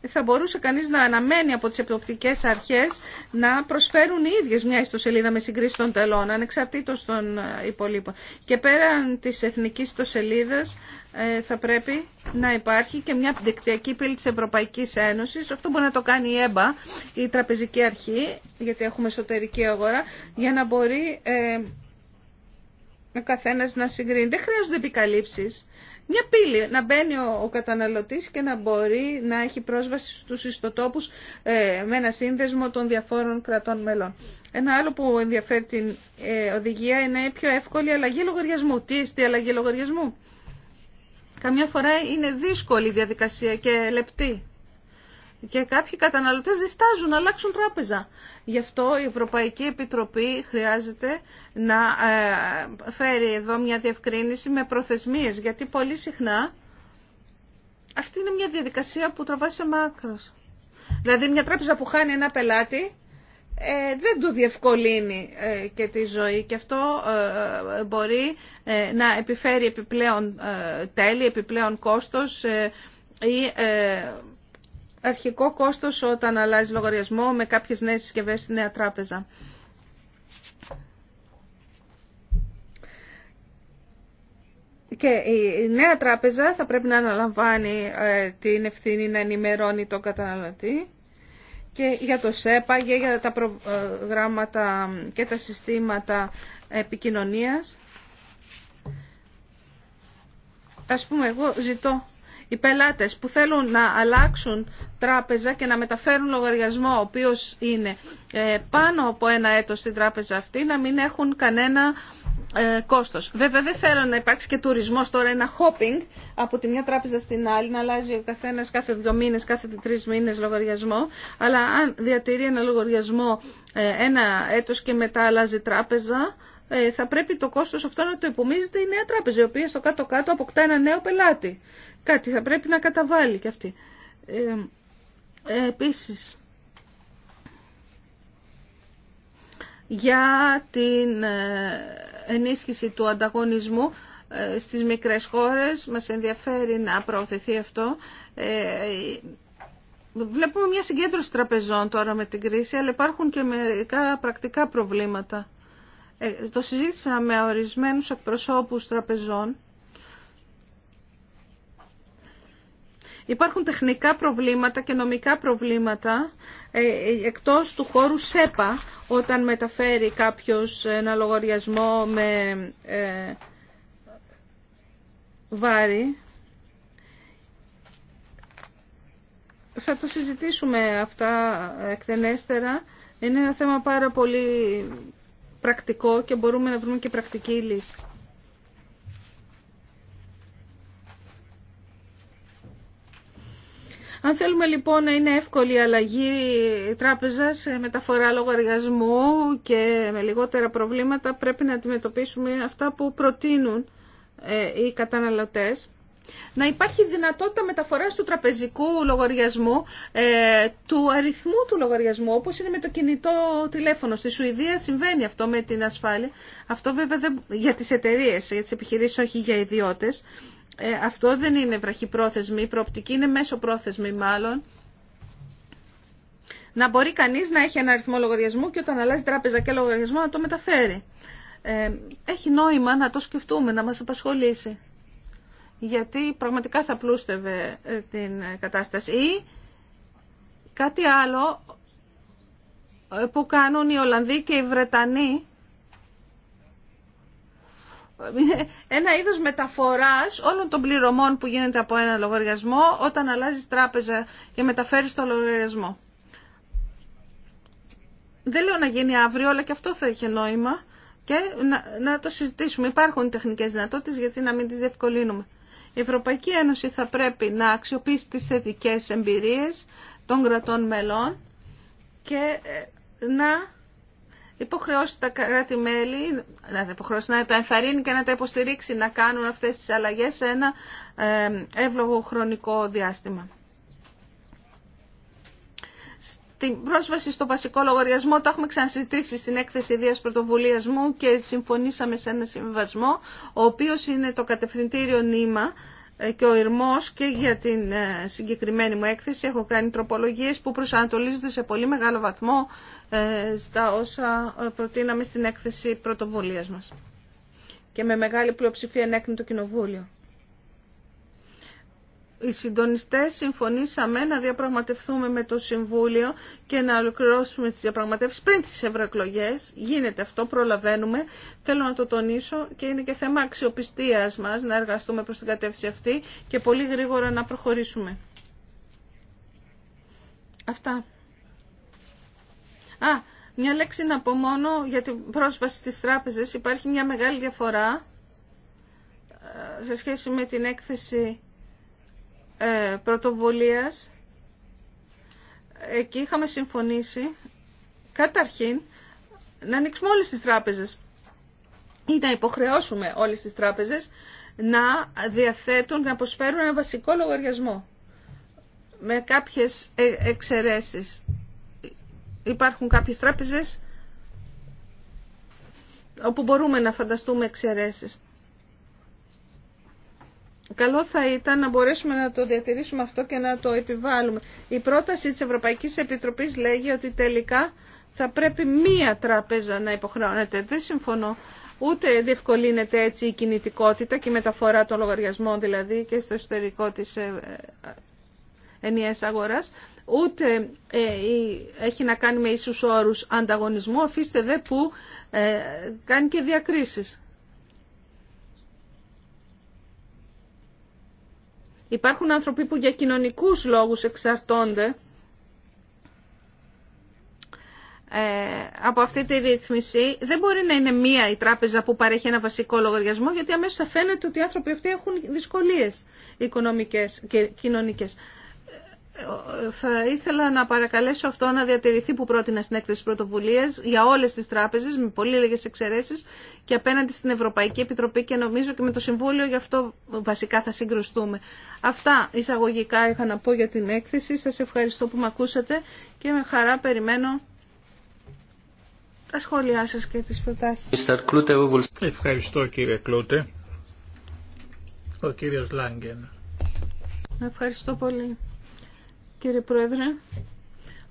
θα μπορούσε κανείς να αναμένει από τις επιοπτικές αρχές να προσφέρουν οι ίδιες μια ιστοσελίδα με συγκρίση των τελών, ανεξαρτήτως των ε, υπολείπων. Και πέραν της εθνικής ιστοσελίδας ε, θα πρέπει να υπάρχει και μια δικτυακή πύλη της Ευρωπαϊκής Ένωσης. Αυτό μπορεί να το κάνει η ΕΜΠΑ, η Τραπεζική Αρχή, γιατί έχουμε εσωτερική αγορά, για να μπορεί ε, ο καθένας να συγκρίνει. Δεν χρειάζονται επικαλύψεις μια πύλη, να μπαίνει ο καταναλωτής και να μπορεί να έχει πρόσβαση στους ιστοτόπους ε, με ένα σύνδεσμο των διαφόρων κρατών μελών. Ένα άλλο που ενδιαφέρει την ε, οδηγία είναι πιο εύκολη αλλαγή λογαριασμού. Τι είστε αλλαγή λογαριασμού. Καμιά φορά είναι δύσκολη η διαδικασία και λεπτή. Και κάποιοι καταναλωτές διστάζουν να αλλάξουν τράπεζα. Γι' αυτό η Ευρωπαϊκή Επιτροπή χρειάζεται να ε, φέρει εδώ μια διευκρίνηση με προθεσμίες, γιατί πολύ συχνά αυτή είναι μια διαδικασία που τραβά σε μάκρος. Δηλαδή μια τράπεζα που χάνει ένα πελάτη ε, δεν του διευκολύνει ε, και τη ζωή και αυτό μπορεί να επιφέρει επιπλέον τέλη, επιπλέον κόστος ή αρχικό κόστος όταν αλλάζει λογαριασμό με κάποιες νέες συσκευέ στη νέα τράπεζα. Και η νέα τράπεζα θα πρέπει να αναλαμβάνει ε, την ευθύνη να ενημερώνει τον καταναλωτή και για το ΣΕΠΑ και για τα προγράμματα και τα συστήματα επικοινωνίας. Ας πούμε, εγώ ζητώ οι πελάτες που θέλουν να αλλάξουν τράπεζα και να μεταφέρουν λογαριασμό ο οποίος είναι ε, πάνω από ένα έτος στην τράπεζα αυτή να μην έχουν κανένα ε, κόστος. Βέβαια δεν θέλω να υπάρξει και τουρισμός τώρα ένα hopping από τη μια τράπεζα στην άλλη να αλλάζει ο καθένας κάθε δύο μήνες, κάθε τρεις μήνες λογαριασμό αλλά αν διατηρεί ένα λογαριασμό ε, ένα έτος και μετά αλλάζει τράπεζα θα πρέπει το κόστος αυτό να το υπομίζεται η νέα τράπεζα, η οποία στο κάτω-κάτω αποκτά ένα νέο πελάτη κάτι θα πρέπει να καταβάλει και αυτή. Ε, ε, επίσης, για την ε, ενίσχυση του ανταγωνισμού ε, στις μικρές χώρες, μας ενδιαφέρει να προωθηθεί αυτό. Βλέπουμε μια συγκέντρωση τραπεζών τώρα με την κρίση, αλλά υπάρχουν και μερικά πρακτικά προβλήματα. Το συζήτησα με ορισμένους εκπροσώπους τραπεζών Υπάρχουν τεχνικά προβλήματα και νομικά προβλήματα ε, εκτός του χώρου ΣΕΠΑ όταν μεταφέρει κάποιος ένα λογαριασμό με ε, βάρη. Θα το συζητήσουμε αυτά εκτενέστερα. Είναι ένα θέμα πάρα πολύ πρακτικό και μπορούμε να βρούμε και πρακτική λύση. Αν θέλουμε λοιπόν να είναι εύκολη η αλλαγή τράπεζας, ε, μεταφορά λογαριασμού και με λιγότερα προβλήματα, πρέπει να αντιμετωπίσουμε αυτά που προτείνουν ε, οι καταναλωτές. Να υπάρχει δυνατότητα μεταφοράς του τραπεζικού λογαριασμού, ε, του αριθμού του λογαριασμού, όπως είναι με το κινητό τηλέφωνο. Στη Σουηδία συμβαίνει αυτό με την ασφάλεια. Αυτό βέβαια για τις εταιρείες, για τις επιχειρήσεις, όχι για ιδιώτες. Ε, αυτό δεν είναι βραχυπρόθεσμη, προοπτική είναι μέσο πρόθεσμη μάλλον. Να μπορεί κανείς να έχει ένα αριθμό λογαριασμού και όταν αλλάζει τράπεζα και λογαριασμό να το μεταφέρει. Ε, έχει νόημα να το σκεφτούμε, να μας απασχολήσει. Γιατί πραγματικά θα πλούστευε ε, την κατάσταση. Ή κάτι άλλο που κάνουν οι Ολλανδοί και οι Βρετανοί ένα είδος μεταφοράς όλων των πληρωμών που γίνεται από ένα λογαριασμό όταν αλλάζει τράπεζα και μεταφέρεις το λογαριασμό. Δεν λέω να γίνει αύριο, αλλά και αυτό θα είχε νόημα και να, να το συζητήσουμε. Υπάρχουν τεχνικές δυνατότητες, γιατί να μην τις διευκολύνουμε. Η Ευρωπαϊκή Ένωση θα πρέπει να αξιοποιήσει τις ειδικές εμπειρίες των κρατών μελών και ε, να υποχρεώσει τα κράτη-μέλη, να υποχρεώσει να τα ενθαρρύνει και να τα υποστηρίξει να κάνουν αυτές τις αλλαγές σε ένα εύλογο χρονικό διάστημα. Την πρόσβαση στο βασικό λογαριασμό το έχουμε ξανασυζητήσει στην έκθεση ιδέα πρωτοβουλία μου και συμφωνήσαμε σε ένα συμβασμό, ο οποίος είναι το κατευθυντήριο νήμα ε, και ο Ιρμός και για την ε, συγκεκριμένη μου έκθεση έχω κάνει τροπολογίες που προσανατολίζονται σε πολύ μεγάλο βαθμό ε, στα όσα προτείναμε στην έκθεση πρωτοβουλίας μας. Και με μεγάλη πλειοψηφία ενέκρινε το Κοινοβούλιο οι συντονιστές συμφωνήσαμε να διαπραγματευτούμε με το Συμβούλιο και να ολοκληρώσουμε τις διαπραγματεύσεις πριν τις ευρωεκλογέ. Γίνεται αυτό, προλαβαίνουμε. Θέλω να το τονίσω και είναι και θέμα αξιοπιστίας μας να εργαστούμε προς την κατεύθυνση αυτή και πολύ γρήγορα να προχωρήσουμε. Αυτά. Α, μια λέξη να πω μόνο για την πρόσβαση στις τράπεζες. Υπάρχει μια μεγάλη διαφορά ε, σε σχέση με την έκθεση ε, πρωτοβουλίας εκεί είχαμε συμφωνήσει καταρχήν να ανοίξουμε όλες τις τράπεζες ή να υποχρεώσουμε όλες τις τράπεζες να διαθέτουν, να προσφέρουν ένα βασικό λογαριασμό με κάποιες ε, εξαιρέσεις. Υπάρχουν κάποιες τράπεζες όπου μπορούμε να φανταστούμε εξαιρέσεις. Καλό θα ήταν να μπορέσουμε να το διατηρήσουμε αυτό και να το επιβάλλουμε. Η πρόταση της Ευρωπαϊκής Επιτροπής λέγει ότι τελικά θα πρέπει μία τράπεζα να υποχρεώνεται. Δεν συμφωνώ. Ούτε διευκολύνεται έτσι η κινητικότητα και η μεταφορά των λογαριασμών δηλαδή και στο εσωτερικό της ε, ε, ενιαίας αγοράς, ούτε ε, έχει να κάνει με ίσους όρους ανταγωνισμού, αφήστε δε που κάνει και διακρίσεις. Υπάρχουν άνθρωποι που για κοινωνικούς λόγους εξαρτώνται ε, από αυτή τη ρύθμιση. Δεν μπορεί να είναι μία η τράπεζα που παρέχει ένα βασικό λογαριασμό γιατί αμέσως θα φαίνεται ότι οι άνθρωποι αυτοί έχουν δυσκολίες οικονομικές και κοινωνικές θα ήθελα να παρακαλέσω αυτό να διατηρηθεί που πρότεινα στην έκθεση πρωτοβουλία για όλε τι τράπεζε, με πολύ λίγε εξαιρέσει και απέναντι στην Ευρωπαϊκή Επιτροπή και νομίζω και με το Συμβούλιο γι' αυτό βασικά θα συγκρουστούμε. Αυτά εισαγωγικά είχα να πω για την έκθεση. Σα ευχαριστώ που με ακούσατε και με χαρά περιμένω τα σχόλιά σα και τι προτάσει. Ευχαριστώ κύριε Κλούτε. Ο κύριος Λάγκεν. Ευχαριστώ πολύ κύριε Πρόεδρε.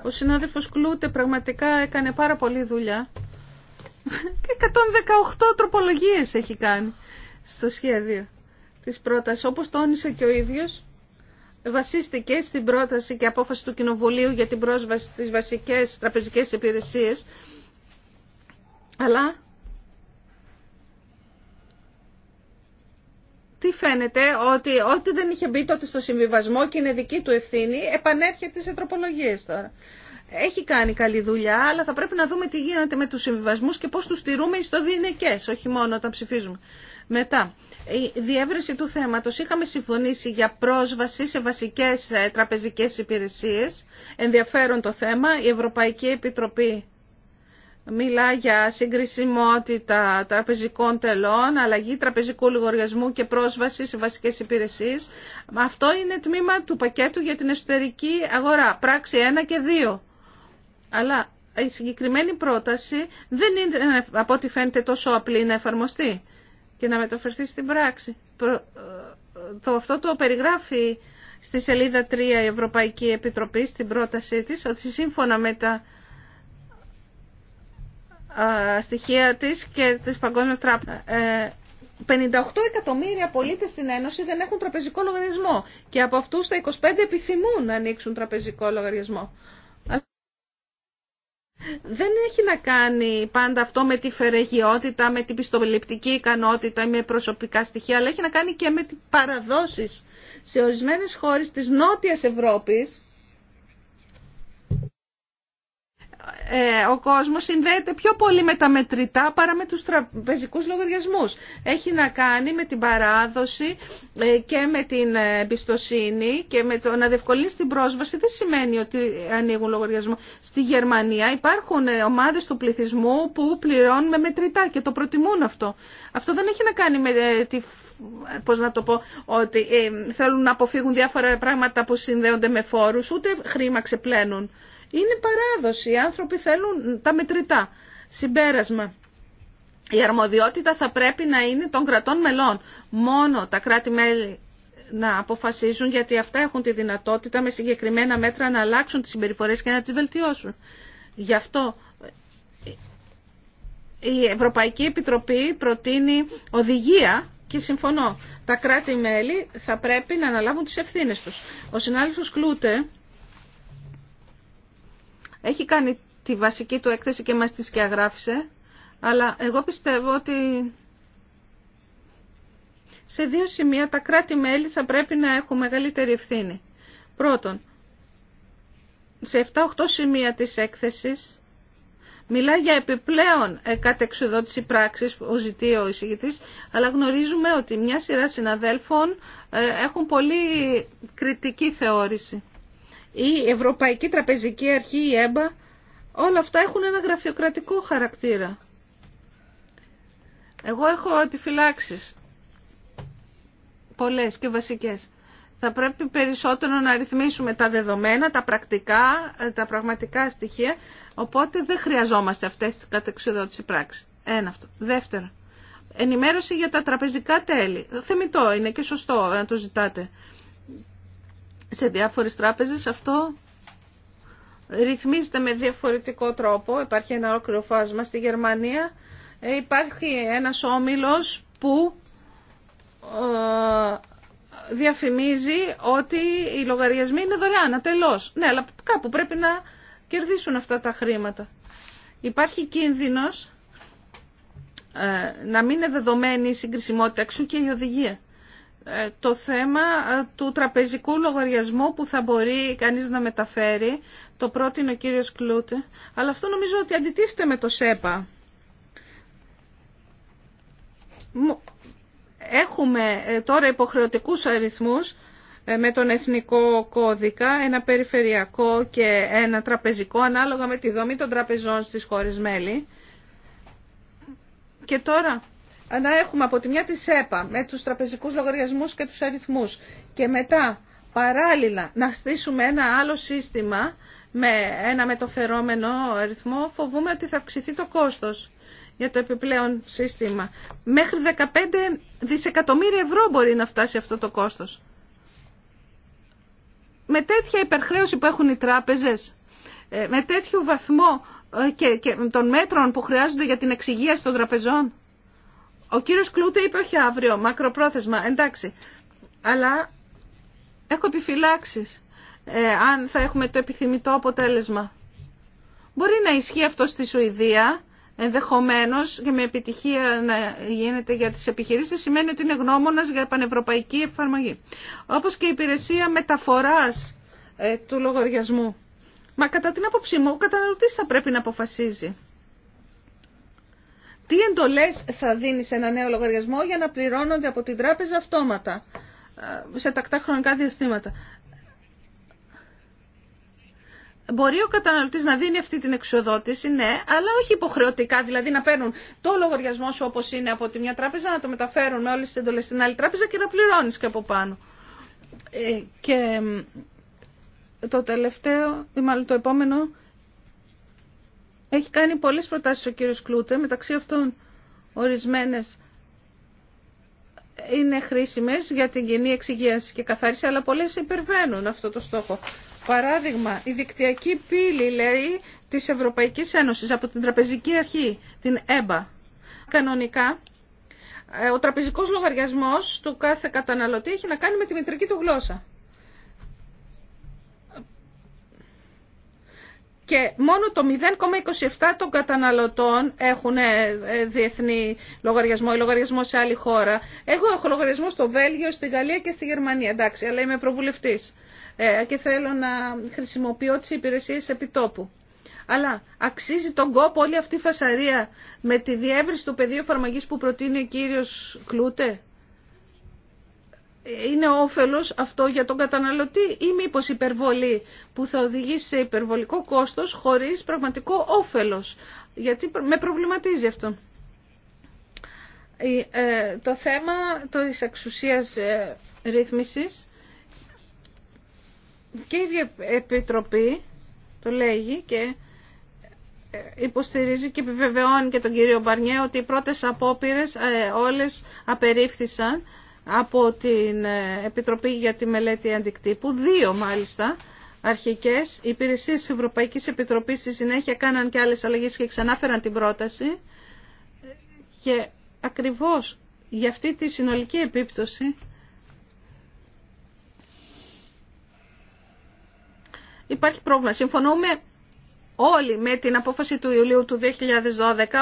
Ο συνάδελφος Κλούτε πραγματικά έκανε πάρα πολλή δουλειά. και 118 τροπολογίες έχει κάνει στο σχέδιο της πρότασης. Όπως τόνισε και ο ίδιος, βασίστηκε στην πρόταση και απόφαση του Κοινοβουλίου για την πρόσβαση στις βασικές τραπεζικές υπηρεσίες, αλλά φαίνεται ότι ό,τι δεν είχε μπει τότε στο συμβιβασμό και είναι δική του ευθύνη, επανέρχεται σε τροπολογίε τώρα. Έχει κάνει καλή δουλειά, αλλά θα πρέπει να δούμε τι γίνεται με τους συμβιβασμούς και πώς τους στηρούμε στο διενεκές, όχι μόνο όταν ψηφίζουμε. Μετά, η διεύρυνση του θέματος. Είχαμε συμφωνήσει για πρόσβαση σε βασικέ ε, τραπεζικέ υπηρεσίε Ενδιαφέρον το θέμα. Η Ευρωπαϊκή Επιτροπή μιλά για συγκρισιμότητα τραπεζικών τελών, αλλαγή τραπεζικού λογαριασμού και πρόσβαση σε βασικές υπηρεσίες. Αυτό είναι τμήμα του πακέτου για την εσωτερική αγορά, πράξη 1 και 2. Αλλά η συγκεκριμένη πρόταση δεν είναι από ό,τι φαίνεται τόσο απλή να εφαρμοστεί και να μεταφερθεί στην πράξη. Ε, το, αυτό το περιγράφει στη σελίδα 3 η Ευρωπαϊκή Επιτροπή στην πρότασή της ότι σύμφωνα με τα στοιχεία της και της Παγκόσμιας Τράπεζας. 58 ε, εκατομμύρια πολίτες στην Ένωση δεν έχουν τραπεζικό λογαριασμό και από αυτούς τα 25 επιθυμούν να ανοίξουν τραπεζικό λογαριασμό. Δεν έχει να κάνει πάντα αυτό με τη φερεγιότητα, με την πιστοληπτική ικανότητα ή με προσωπικά στοιχεία, αλλά έχει να κάνει και με τις παραδόσεις. Σε ορισμένες χώρες της Νότιας Ευρώπης, Ε, ο κόσμος συνδέεται πιο πολύ με τα μετρητά παρά με τους τραπεζικούς λογαριασμούς. Έχει να κάνει με την παράδοση ε, και με την ε, εμπιστοσύνη και με το να διευκολύνει την πρόσβαση δεν σημαίνει ότι ανοίγουν λογαριασμό. Στη Γερμανία υπάρχουν ομάδες του πληθυσμού που πληρώνουν με μετρητά και το προτιμούν αυτό. Αυτό δεν έχει να κάνει με πώς να το πω, ότι θέλουν να αποφύγουν διάφορα πράγματα που συνδέονται με φόρους, ούτε χρήμα ξεπλένουν. Είναι παράδοση. Οι άνθρωποι θέλουν τα μετρητά. Συμπέρασμα. Η αρμοδιότητα θα πρέπει να είναι των κρατών μελών. Μόνο τα κράτη-μέλη να αποφασίζουν γιατί αυτά έχουν τη δυνατότητα με συγκεκριμένα μέτρα να αλλάξουν τις συμπεριφορές και να τις βελτιώσουν. Γι' αυτό η Ευρωπαϊκή Επιτροπή προτείνει οδηγία και συμφωνώ. Τα κράτη-μέλη θα πρέπει να αναλάβουν τις ευθύνες τους. Ο συνάδελφος Κλούτε έχει κάνει τη βασική του έκθεση και μας τη σκιαγράφησε, αλλά εγώ πιστεύω ότι σε δύο σημεία τα κράτη-μέλη θα πρέπει να έχουν μεγαλύτερη ευθύνη. Πρώτον, σε 7-8 σημεία της έκθεσης μιλά για επιπλέον ε, κατεξουδότηση πράξης που ζητεί ο αλλά γνωρίζουμε ότι μια σειρά συναδέλφων ε, έχουν πολύ κριτική θεώρηση η Ευρωπαϊκή Τραπεζική Αρχή, η ΕΜΠΑ, όλα αυτά έχουν ένα γραφειοκρατικό χαρακτήρα. Εγώ έχω επιφυλάξεις, πολλές και βασικές. Θα πρέπει περισσότερο να ρυθμίσουμε τα δεδομένα, τα πρακτικά, τα πραγματικά στοιχεία, οπότε δεν χρειαζόμαστε αυτές τις κατεξουδότηση πράξη. Ένα αυτό. Δεύτερο, ενημέρωση για τα τραπεζικά τέλη. Θεμητό είναι και σωστό ε, να το ζητάτε σε διάφορες τράπεζες. Αυτό ρυθμίζεται με διαφορετικό τρόπο. Υπάρχει ένα ολόκληρο φάσμα στη Γερμανία. Ε, υπάρχει ένας όμιλος που ε, διαφημίζει ότι οι λογαριασμοί είναι δωρεάν, τελώς, Ναι, αλλά κάπου πρέπει να κερδίσουν αυτά τα χρήματα. Υπάρχει κίνδυνος ε, να μην είναι δεδομένη η συγκρισιμότητα εξού και η οδηγία. Ε, το θέμα ε, του τραπεζικού λογαριασμού που θα μπορεί κανείς να μεταφέρει. Το πρότεινε ο κύριος Κλούτε. Αλλά αυτό νομίζω ότι αντιτίθεται με το ΣΕΠΑ. Έχουμε ε, τώρα υποχρεωτικούς αριθμούς με τον εθνικό κώδικα, ένα περιφερειακό και ένα τραπεζικό, ανάλογα με τη δομή των τραπεζών στις χώρες μέλη. Και τώρα να έχουμε από τη μια τη ΣΕΠΑ με τους τραπεζικούς λογαριασμούς και τους αριθμούς και μετά παράλληλα να στήσουμε ένα άλλο σύστημα με ένα μετοφερόμενο αριθμό φοβούμε ότι θα αυξηθεί το κόστος για το επιπλέον σύστημα. Μέχρι 15 δισεκατομμύρια ευρώ μπορεί να φτάσει αυτό το κόστος. Με τέτοια υπερχρέωση που έχουν οι τράπεζες, ε, με τέτοιο βαθμό ε, και των μέτρων που χρειάζονται για την εξυγείαση των τραπεζών, ο κύριο Κλούτε είπε όχι αύριο, μακροπρόθεσμα, εντάξει. Αλλά έχω επιφυλάξει ε, αν θα έχουμε το επιθυμητό αποτέλεσμα. Μπορεί να ισχύει αυτό στη Σουηδία, ενδεχομένω και με επιτυχία να γίνεται για τις επιχειρήσεις, σημαίνει ότι είναι γνώμονα για πανευρωπαϊκή εφαρμογή. Όπως και η υπηρεσία μεταφοράς ε, του λογαριασμού. Μα κατά την άποψή μου, ο καταναλωτή θα πρέπει να αποφασίζει. Τι εντολές θα δίνει σε ένα νέο λογαριασμό για να πληρώνονται από την τράπεζα αυτόματα ε, σε τακτά χρονικά διαστήματα. Μπορεί ο καταναλωτής να δίνει αυτή την εξοδότηση, ναι, αλλά όχι υποχρεωτικά, δηλαδή να παίρνουν το λογαριασμό σου όπως είναι από τη μια τράπεζα, να το μεταφέρουν με όλες τις εντολές στην άλλη τράπεζα και να πληρώνεις και από πάνω. Ε, και το τελευταίο, ή μάλλον το επόμενο, έχει κάνει πολλές προτάσεις ο κύριος Κλούτε, μεταξύ αυτών ορισμένες είναι χρήσιμες για την κοινή εξυγίαση και καθάριση, αλλά πολλές υπερβαίνουν αυτό το στόχο. Παράδειγμα, η δικτυακή πύλη, λέει, της Ευρωπαϊκής Ένωσης από την τραπεζική αρχή, την ΕΜΠΑ. Κανονικά, ε, ο τραπεζικός λογαριασμός του κάθε καταναλωτή έχει να κάνει με τη μητρική του γλώσσα. και μόνο το 0,27 των καταναλωτών έχουν ε, ε, διεθνή λογαριασμό ή λογαριασμό σε άλλη χώρα. Εγώ έχω λογαριασμό στο Βέλγιο, στη Γαλλία και στη Γερμανία, εντάξει, αλλά είμαι προβουλευτής ε, και θέλω να χρησιμοποιώ τις υπηρεσίες επιτόπου. Αλλά αξίζει τον κόπο όλη αυτή η φασαρία με τη διεύρυνση του πεδίου εφαρμογή που προτείνει ο κύριος Κλούτε είναι όφελος αυτό για τον καταναλωτή ή μήπως υπερβολή που θα οδηγήσει σε υπερβολικό κόστος χωρίς πραγματικό όφελος. Γιατί με προβληματίζει αυτό. Ε, το θέμα της εξουσίας ε, ρύθμισης και η Επιτροπή το λέγει και ε, υποστηρίζει και επιβεβαιώνει και τον κύριο Μπαρνιέ ότι οι πρώτες απόπειρες όλες απερίφθησαν από την ε, Επιτροπή για τη Μελέτη Αντικτύπου, δύο μάλιστα, αρχικές υπηρεσίες της Ευρωπαϊκής Επιτροπής στη συνέχεια κάναν και άλλες αλλαγές και ξανάφεραν την πρόταση και ακριβώς για αυτή τη συνολική επίπτωση υπάρχει πρόβλημα. Συμφωνούμε όλοι με την απόφαση του Ιουλίου του 2012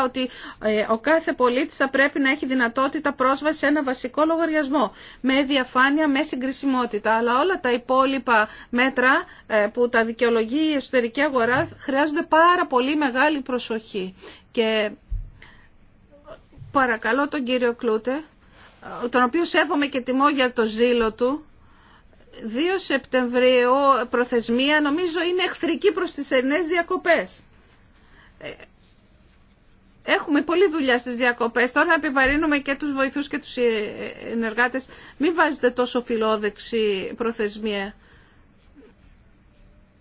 ότι ε, ο κάθε πολίτης θα πρέπει να έχει δυνατότητα πρόσβαση σε ένα βασικό λογαριασμό με διαφάνεια, με συγκρισιμότητα. Αλλά όλα τα υπόλοιπα μέτρα ε, που τα δικαιολογεί η εσωτερική αγορά χρειάζονται πάρα πολύ μεγάλη προσοχή. Και παρακαλώ τον κύριο Κλούτε, ε, τον οποίο σέβομαι και τιμώ για το ζήλο του, 2 Σεπτεμβρίου προθεσμία νομίζω είναι εχθρική προς τις ελληνές διακοπές. Ε, έχουμε πολλή δουλειά στις διακοπές. Τώρα επιβαρύνουμε και τους βοηθούς και τους ε, ενεργάτες. Μην βάζετε τόσο φιλόδεξη προθεσμία.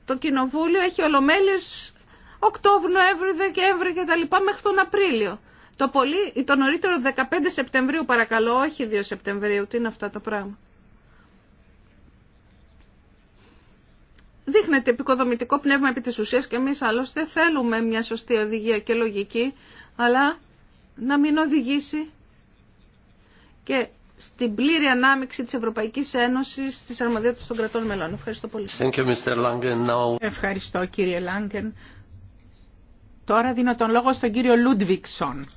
Το Κοινοβούλιο έχει ολομέλειες Οκτώβριο, Νοέμβριο, Δεκέμβριο και τα λοιπά μέχρι τον Απρίλιο. Το, πολύ, το νωρίτερο 15 Σεπτεμβρίου παρακαλώ, όχι 2 Σεπτεμβρίου. Τι είναι αυτά τα πράγματα. δείχνεται επικοδομητικό πνεύμα επί της ουσίας και εμείς άλλωστε θέλουμε μια σωστή οδηγία και λογική, αλλά να μην οδηγήσει και στην πλήρη ανάμειξη της Ευρωπαϊκής Ένωσης στις αρμοδιότητες των κρατών μελών. Ευχαριστώ πολύ. Ευχαριστώ κύριε Λάγκεν. Τώρα δίνω τον λόγο στον κύριο Λούντβικσον.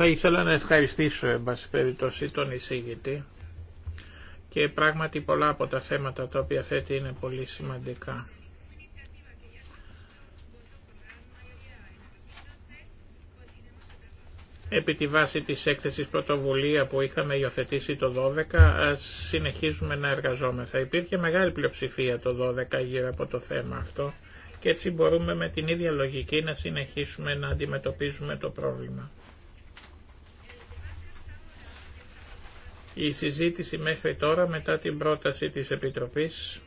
Θα ήθελα να ευχαριστήσω, εν πάση περιπτώσει, τον εισήγητη και πράγματι πολλά από τα θέματα τα οποία θέτει είναι πολύ σημαντικά. Επί τη βάση της έκθεσης πρωτοβουλία που είχαμε υιοθετήσει το 12, συνεχίζουμε να εργαζόμεθα. Υπήρχε μεγάλη πλειοψηφία το 12 γύρω από το θέμα αυτό και έτσι μπορούμε με την ίδια λογική να συνεχίσουμε να αντιμετωπίζουμε το πρόβλημα. Η συζήτηση μέχρι τώρα μετά την πρόταση της Επιτροπής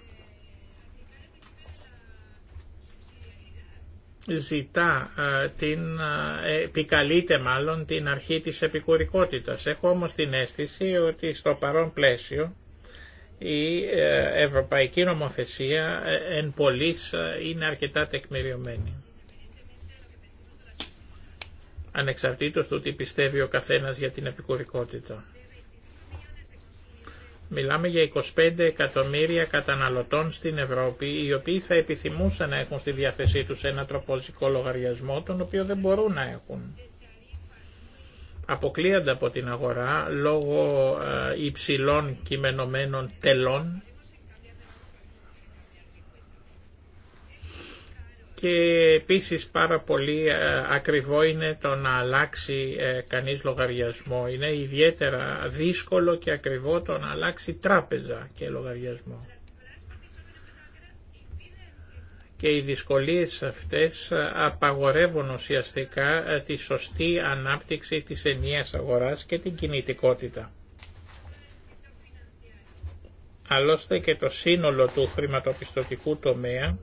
ζητά ε, την, ε, επικαλείται μάλλον την αρχή της επικουρικότητας. Έχω όμως την αίσθηση ότι στο παρόν πλαίσιο η ε, ευρωπαϊκή νομοθεσία εν πολλής είναι αρκετά τεκμηριωμένη. Ανεξαρτήτως του τι πιστεύει ο καθένας για την επικουρικότητα. Μιλάμε για 25 εκατομμύρια καταναλωτών στην Ευρώπη, οι οποίοι θα επιθυμούσαν να έχουν στη διάθεσή τους ένα τροπόζικο λογαριασμό, τον οποίο δεν μπορούν να έχουν. Αποκλείονται από την αγορά λόγω ε, υψηλών κειμενωμένων τελών και επίσης πάρα πολύ ε, ακριβό είναι το να αλλάξει ε, κανείς λογαριασμό. Είναι ιδιαίτερα δύσκολο και ακριβό το να αλλάξει τράπεζα και λογαριασμό. Και οι δυσκολίες αυτές ε, απαγορεύουν ουσιαστικά τη σωστή ανάπτυξη της ενίας αγοράς και την κινητικότητα. Άλλωστε και το σύνολο του χρηματοπιστωτικού τομέα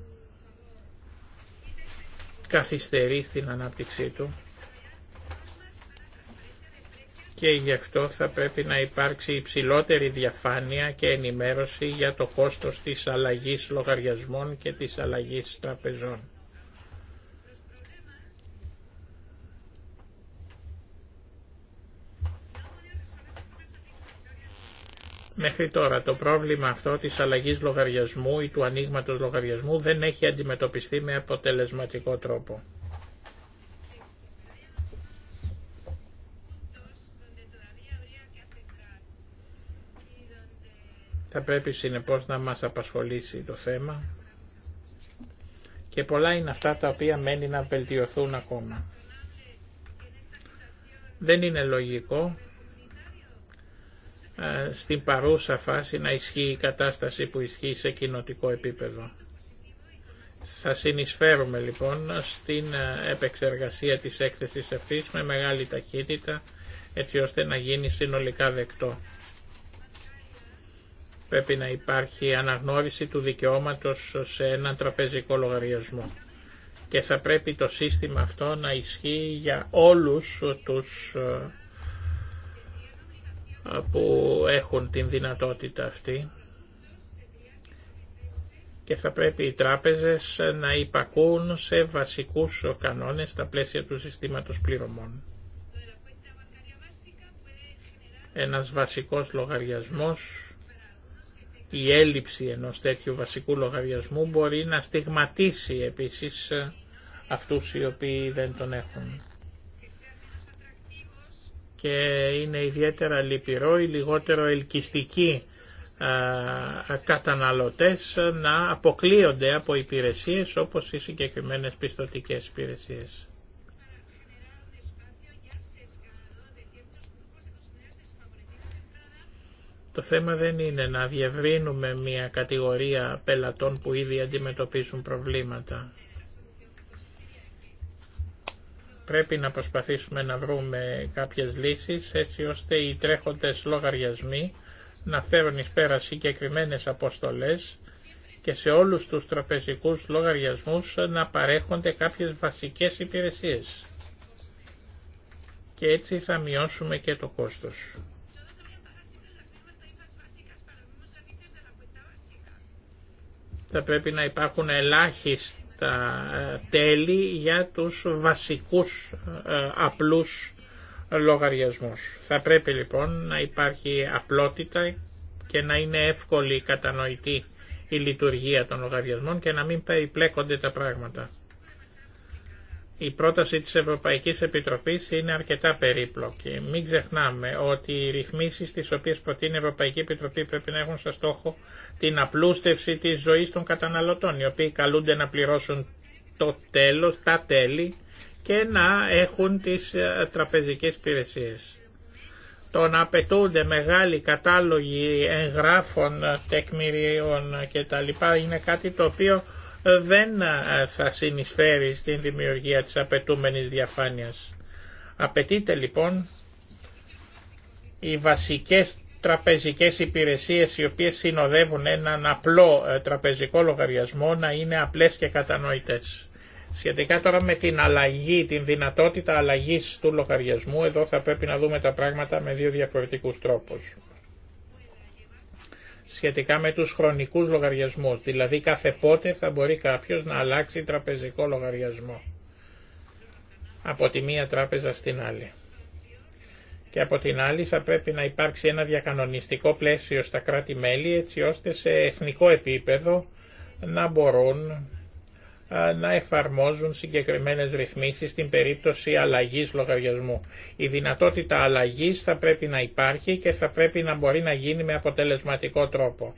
καθυστερεί στην ανάπτυξή του και γι' αυτό θα πρέπει να υπάρξει υψηλότερη διαφάνεια και ενημέρωση για το κόστος της αλλαγής λογαριασμών και της αλλαγής τραπεζών. Μέχρι τώρα το πρόβλημα αυτό της αλλαγής λογαριασμού ή του ανοίγματο λογαριασμού δεν έχει αντιμετωπιστεί με αποτελεσματικό τρόπο. Θα πρέπει συνεπώς να μας απασχολήσει το θέμα και πολλά είναι αυτά τα οποία μένει να βελτιωθούν ακόμα. Δεν είναι λογικό ε, στην παρούσα φάση να ισχύει η κατάσταση που ισχύει σε κοινοτικό επίπεδο. Θα συνεισφέρουμε λοιπόν στην ε, επεξεργασία της έκθεσης αυτής με μεγάλη ταχύτητα έτσι ώστε να γίνει συνολικά δεκτό. Πρέπει να υπάρχει αναγνώριση του δικαιώματος σε έναν τραπεζικό λογαριασμό και θα πρέπει το σύστημα αυτό να ισχύει για όλους τους ε, που έχουν την δυνατότητα αυτή και θα πρέπει οι τράπεζες να υπακούν σε βασικούς κανόνες στα πλαίσια του συστήματος πληρωμών. Ένας βασικός λογαριασμός, η έλλειψη ενός τέτοιου βασικού λογαριασμού μπορεί να στιγματίσει επίσης αυτούς οι οποίοι δεν τον έχουν και είναι ιδιαίτερα λυπηρό οι λιγότερο ελκυστικοί καταναλωτές να αποκλείονται από υπηρεσίες όπως οι συγκεκριμένες πιστοτικές υπηρεσίες. Το θέμα δεν είναι να διευρύνουμε μια κατηγορία πελατών που ήδη αντιμετωπίζουν προβλήματα πρέπει να προσπαθήσουμε να βρούμε κάποιες λύσεις έτσι ώστε οι τρέχοντες λογαριασμοί να φέρουν εις πέρα συγκεκριμένε αποστολές και σε όλους τους τραπεζικούς λογαριασμούς να παρέχονται κάποιες βασικές υπηρεσίες. Και έτσι θα μειώσουμε και το κόστος. Θα πρέπει να υπάρχουν ελάχιστοι τα ε, τέλη για τους βασικούς ε, απλούς λογαριασμούς. Θα πρέπει λοιπόν να υπάρχει απλότητα και να είναι εύκολη κατανοητή η λειτουργία των λογαριασμών και να μην περιπλέκονται τα πράγματα η πρόταση της Ευρωπαϊκής Επιτροπής είναι αρκετά περίπλοκη. Μην ξεχνάμε ότι οι ρυθμίσεις τις οποίες προτείνει η Ευρωπαϊκή Επιτροπή πρέπει να έχουν στο στόχο την απλούστευση της ζωής των καταναλωτών, οι οποίοι καλούνται να πληρώσουν το τέλος, τα τέλη και να έχουν τις ε, τραπεζικές υπηρεσίε. Το να απαιτούνται μεγάλοι κατάλογοι εγγράφων, τεκμηρίων κτλ. είναι κάτι το οποίο δεν ε, θα συνεισφέρει στην δημιουργία της απαιτούμενης διαφάνειας. Απαιτείται λοιπόν οι βασικές τραπεζικές υπηρεσίες οι οποίες συνοδεύουν έναν απλό ε, τραπεζικό λογαριασμό να είναι απλές και κατανοητές. Σχετικά τώρα με την αλλαγή, την δυνατότητα αλλαγής του λογαριασμού, εδώ θα πρέπει να δούμε τα πράγματα με δύο διαφορετικούς τρόπους σχετικά με τους χρονικούς λογαριασμούς, δηλαδή κάθε πότε θα μπορεί κάποιος να αλλάξει τραπεζικό λογαριασμό από τη μία τράπεζα στην άλλη. Και από την άλλη θα πρέπει να υπάρξει ένα διακανονιστικό πλαίσιο στα κράτη-μέλη έτσι ώστε σε εθνικό επίπεδο να μπορούν να εφαρμόζουν συγκεκριμένες ρυθμίσεις στην περίπτωση αλλαγής λογαριασμού. Η δυνατότητα αλλαγής θα πρέπει να υπάρχει και θα πρέπει να μπορεί να γίνει με αποτελεσματικό τρόπο.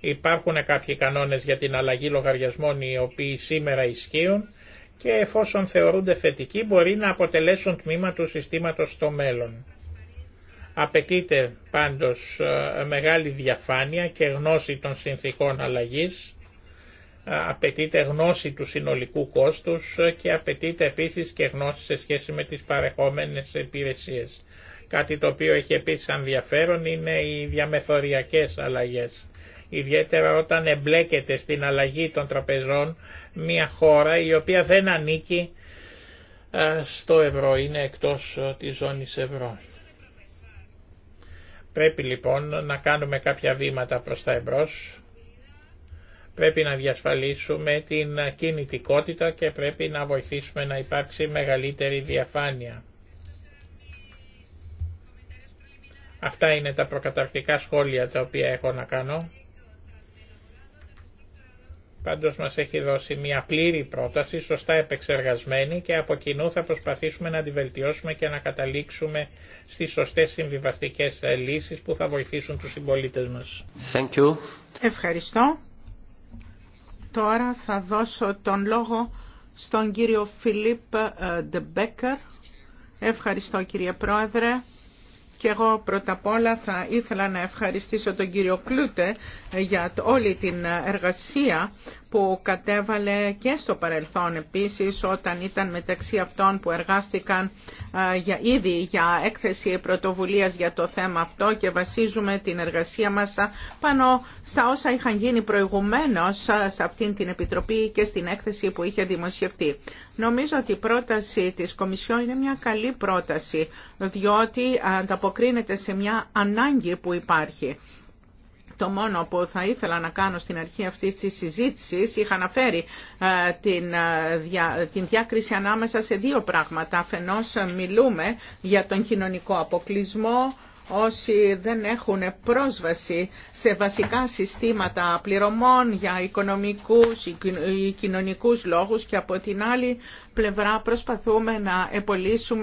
Υπάρχουν κάποιοι κανόνες για την αλλαγή λογαριασμών οι οποίοι σήμερα ισχύουν και εφόσον θεωρούνται θετικοί μπορεί να αποτελέσουν τμήμα του συστήματος στο μέλλον. Απαιτείται πάντως μεγάλη διαφάνεια και γνώση των συνθήκων αλλαγής απαιτείται γνώση του συνολικού κόστους και απαιτείται επίσης και γνώση σε σχέση με τις παρεχόμενες υπηρεσίες. Κάτι το οποίο έχει επίσης ενδιαφέρον είναι οι διαμεθοριακές αλλαγές. Ιδιαίτερα όταν εμπλέκεται στην αλλαγή των τραπεζών μια χώρα η οποία δεν ανήκει στο ευρώ, είναι εκτός της ζώνης ευρώ. Πρέπει λοιπόν να κάνουμε κάποια βήματα προς τα εμπρός Πρέπει να διασφαλίσουμε την κινητικότητα και πρέπει να βοηθήσουμε να υπάρξει μεγαλύτερη διαφάνεια. Αυτά είναι τα προκαταρκτικά σχόλια τα οποία έχω να κάνω. Πάντως μας έχει δώσει μια πλήρη πρόταση, σωστά επεξεργασμένη και από κοινού θα προσπαθήσουμε να τη βελτιώσουμε και να καταλήξουμε στις σωστές συμβιβαστικές λύσεις που θα βοηθήσουν τους συμπολίτες μας. Thank Ευχαριστώ. Τώρα θα δώσω τον λόγο στον κύριο Φιλίπ Ντεμπέκερ. Ευχαριστώ κύριε Πρόεδρε. Και εγώ πρώτα απ' όλα θα ήθελα να ευχαριστήσω τον κύριο Κλούτε ε, για όλη την εργασία που κατέβαλε και στο παρελθόν επίσης όταν ήταν μεταξύ αυτών που εργάστηκαν για, ήδη για έκθεση πρωτοβουλίας για το θέμα αυτό και βασίζουμε την εργασία μας πάνω στα όσα είχαν γίνει προηγουμένως σε αυτήν την Επιτροπή και στην έκθεση που είχε δημοσιευτεί. Νομίζω ότι η πρόταση της Κομισιόν είναι μια καλή πρόταση διότι ανταποκρίνεται σε μια ανάγκη που υπάρχει. Το μόνο που θα ήθελα να κάνω στην αρχή αυτής της συζήτησης είχα αναφέρει ε, την, ε, την διάκριση ανάμεσα σε δύο πράγματα. Αφενός ε, μιλούμε για τον κοινωνικό αποκλεισμό, όσοι δεν έχουν πρόσβαση σε βασικά συστήματα πληρωμών για οικονομικούς ή κοινωνικούς λόγους και από την άλλη πλευρά προσπαθούμε να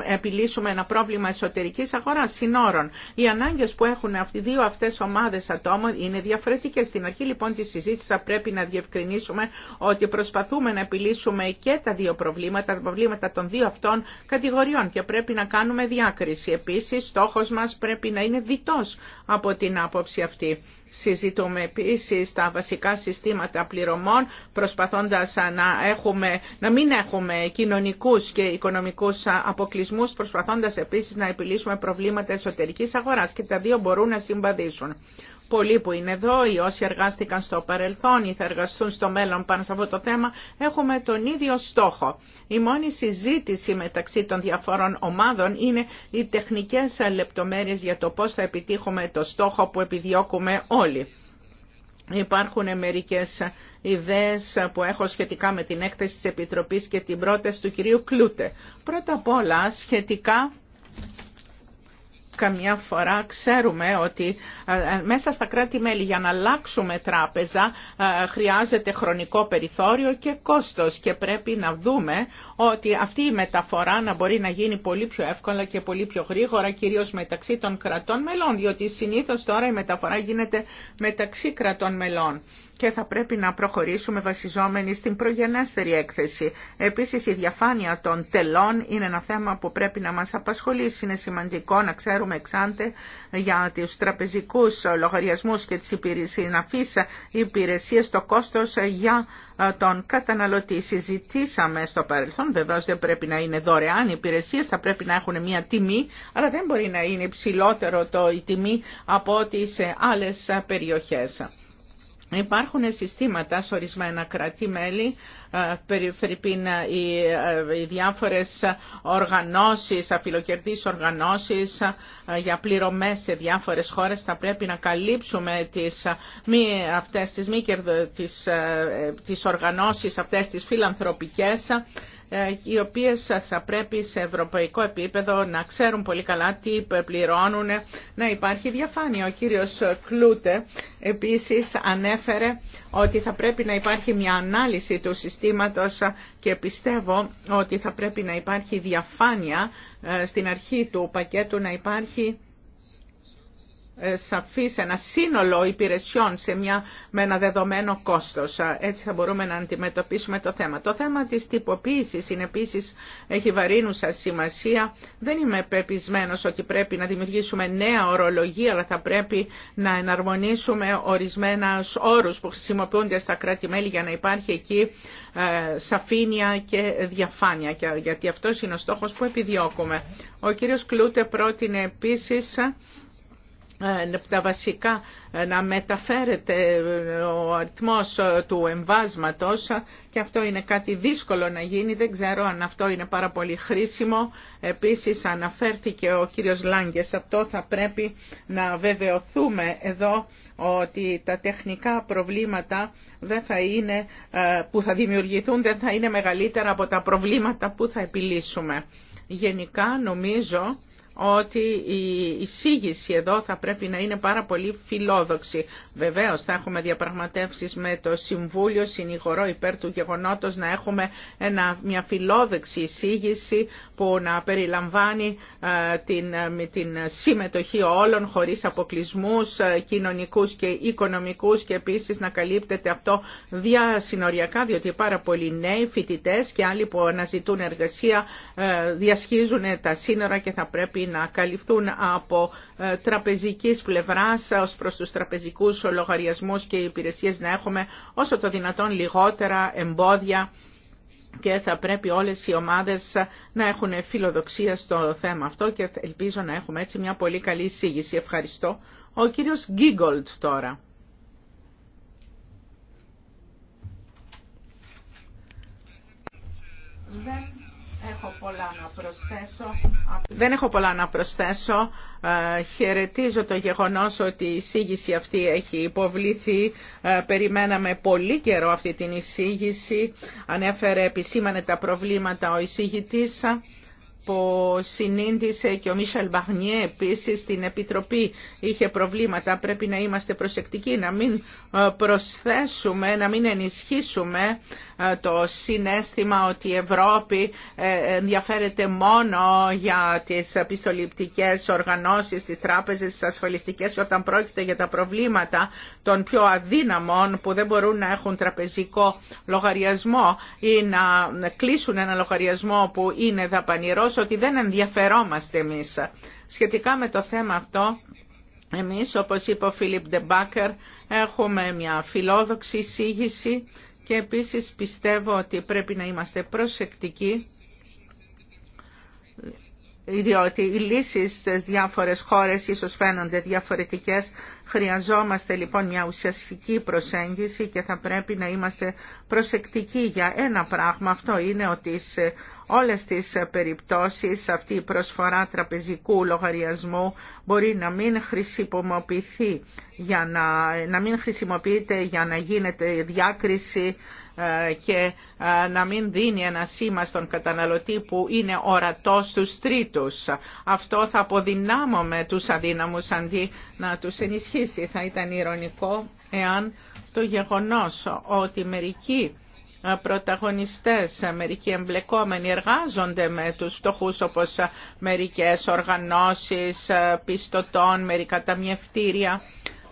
επιλύσουμε ένα πρόβλημα εσωτερικής αγοράς συνόρων. Οι ανάγκες που έχουν αυτοί δύο αυτές ομάδες ατόμων είναι διαφορετικές. Στην αρχή λοιπόν τη συζήτηση θα πρέπει να διευκρινίσουμε ότι προσπαθούμε να επιλύσουμε και τα δύο προβλήματα, τα προβλήματα των δύο αυτών κατηγοριών και πρέπει να κάνουμε διάκριση. Επίσης, στόχος μας πρέπει να είναι διτός από την άποψη αυτή. Συζητούμε επίση τα βασικά συστήματα πληρωμών, προσπαθώντα να, να μην έχουμε κοινωνικού και οικονομικού αποκλεισμού, προσπαθώντα επίση να επιλύσουμε προβλήματα εσωτερική αγορά και τα δύο μπορούν να συμβαδίσουν πολλοί που είναι εδώ, οι όσοι εργάστηκαν στο παρελθόν ή θα εργαστούν στο μέλλον πάνω σε αυτό το θέμα, έχουμε τον ίδιο στόχο. Η μόνη συζήτηση μεταξύ των διαφόρων ομάδων είναι οι τεχνικές λεπτομέρειες για το πώς θα επιτύχουμε το στόχο που επιδιώκουμε όλοι. Υπάρχουν μερικές ιδέες που έχω σχετικά με την έκθεση της Επιτροπής και την πρόταση του κυρίου Κλούτε. Πρώτα απ' όλα σχετικά Καμιά φορά ξέρουμε ότι ε, ε, μέσα στα κράτη-μέλη για να αλλάξουμε τράπεζα ε, χρειάζεται χρονικό περιθώριο και κόστος και πρέπει να δούμε ότι αυτή η μεταφορά να μπορεί να γίνει πολύ πιο εύκολα και πολύ πιο γρήγορα κυρίως μεταξύ των κρατών μελών διότι συνήθως τώρα η μεταφορά γίνεται μεταξύ κρατών μελών και θα πρέπει να προχωρήσουμε βασιζόμενοι στην προγενέστερη έκθεση. Επίσης η διαφάνεια των τελών είναι ένα θέμα που πρέπει να μας απασχολήσει. Είναι σημαντικό να ξέρουμε ξέρουμε εξάντε για τους τραπεζικούς λογαριασμούς και τις συναφείς υπηρεσίες το κόστος για ε, τον καταναλωτή. Συζητήσαμε στο παρελθόν, Βεβαίω δεν πρέπει να είναι δωρεάν οι υπηρεσίες, θα πρέπει να έχουν μια τιμή, αλλά δεν μπορεί να είναι υψηλότερο το, η τιμή από ό,τι σε άλλες περιοχές. Υπάρχουν συστήματα σε ορισμένα κράτη-μέλη, ε, ε, ε, οι διάφορες οργανώσεις, αφιλοκερδείς οργανώσεις για πληρωμές σε διάφορες χώρες. Θα πρέπει να καλύψουμε τις, μη, αυτές τις, μη, τις, τις οργανώσεις, αυτές τις φιλανθρωπικές ε, οι οποίες θα πρέπει σε ευρωπαϊκό επίπεδο να ξέρουν πολύ καλά τι πληρώνουν, να υπάρχει διαφάνεια. Ο κύριος Κλούτε επίσης ανέφερε ότι θα πρέπει να υπάρχει μια ανάλυση του συστήματος και πιστεύω ότι θα πρέπει να υπάρχει διαφάνεια ε, στην αρχή του πακέτου, να υπάρχει ε, σαφής ένα σύνολο υπηρεσιών σε μια, με ένα δεδομένο κόστος. Έτσι θα μπορούμε να αντιμετωπίσουμε το θέμα. Το θέμα της τυποποίησης είναι επίσης έχει βαρύνουσα σημασία. Δεν είμαι πεπισμένος ότι πρέπει να δημιουργήσουμε νέα ορολογία, αλλά θα πρέπει να εναρμονίσουμε ορισμένα όρους που χρησιμοποιούνται στα κράτη-μέλη για να υπάρχει εκεί ε, σαφήνεια και διαφάνεια, γιατί αυτός είναι ο στόχος που επιδιώκουμε. Ο κύριος Κλούτε πρότεινε επίσης ε, τα βασικά ε, να μεταφέρεται ε, ο αριθμός του εμβάσματος και αυτό είναι κάτι δύσκολο να γίνει, δεν ξέρω αν αυτό είναι πάρα πολύ χρήσιμο. Επίσης αναφέρθηκε ο κύριος Λάγκες, αυτό θα πρέπει να βεβαιωθούμε εδώ ότι τα τεχνικά προβλήματα δεν θα είναι, που θα δημιουργηθούν δεν θα είναι μεγαλύτερα από τα προβλήματα που θα επιλύσουμε. Γενικά νομίζω ότι η εισήγηση εδώ θα πρέπει να είναι πάρα πολύ φιλόδοξη. Βεβαίως θα έχουμε διαπραγματεύσεις με το Συμβούλιο, συνηγορό υπέρ του γεγονότος να έχουμε μια φιλόδοξη εισήγηση που να περιλαμβάνει ε, την, ε, την συμμετοχή όλων χωρίς αποκλεισμούς ε, κοινωνικούς και οικονομικούς και επίσης να καλύπτεται αυτό διασυνοριακά διότι πάρα πολλοί νέοι φοιτητέ και άλλοι που αναζητούν εργασία ε, διασχίζουν τα σύνορα και θα πρέπει να καλυφθούν από ε, τραπεζικής πλευράς ω προς τους τραπεζικούς λογαριασμούς και οι υπηρεσίες να έχουμε όσο το δυνατόν λιγότερα εμπόδια και θα πρέπει όλες οι ομάδες να έχουν φιλοδοξία στο θέμα αυτό και ελπίζω να έχουμε έτσι μια πολύ καλή εισήγηση. Ευχαριστώ. Ο κύριος Γκίγκολτ τώρα. Έχω πολλά να προσθέσω. Δεν έχω πολλά να προσθέσω. Ε, χαιρετίζω το γεγονός ότι η εισήγηση αυτή έχει υποβλήθει. Ε, περιμέναμε πολύ καιρό αυτή την εισήγηση. Ανέφερε, επισήμανε τα προβλήματα ο εισήγητής που συνήντησε και ο Μίσελ Μπαγνιέ επίσης στην Επιτροπή είχε προβλήματα. Πρέπει να είμαστε προσεκτικοί, να μην ε, προσθέσουμε, να μην ενισχύσουμε ε, το συνέστημα ότι η Ευρώπη ε, ενδιαφέρεται μόνο για τις επιστοληπτικές οργανώσεις, τις τράπεζες, τις ασφαλιστικές όταν πρόκειται για τα προβλήματα των πιο αδύναμων που δεν μπορούν να έχουν τραπεζικό λογαριασμό ή να κλείσουν ένα λογαριασμό που είναι δαπανηρός, ότι δεν ενδιαφερόμαστε εμείς. Σχετικά με το θέμα αυτό, εμείς, όπως είπε ο Φίλιπ Ντεμπάκερ, έχουμε μια φιλόδοξη εισήγηση και επίσης πιστεύω ότι πρέπει να είμαστε προσεκτικοί διότι οι λύσεις στις διάφορες χώρες ίσως φαίνονται διαφορετικές. Χρειαζόμαστε λοιπόν μια ουσιαστική προσέγγιση και θα πρέπει να είμαστε προσεκτικοί για ένα πράγμα. Αυτό είναι ότι σε όλες τις περιπτώσεις αυτή η προσφορά τραπεζικού λογαριασμού μπορεί να μην χρησιμοποιηθεί για να, να μην χρησιμοποιείται για να γίνεται διάκριση ε, και ε, να μην δίνει ένα σήμα στον καταναλωτή που είναι ορατός στους τρίτους. Αυτό θα αποδυνάμωμε τους αδύναμους αντί να τους ενισχύσει. Θα ήταν ηρωνικό εάν το γεγονός ότι μερικοί πρωταγωνιστές. Μερικοί εμπλεκόμενοι εργάζονται με τους φτωχούς όπως μερικές οργανώσεις πιστωτών, μερικά ταμιευτήρια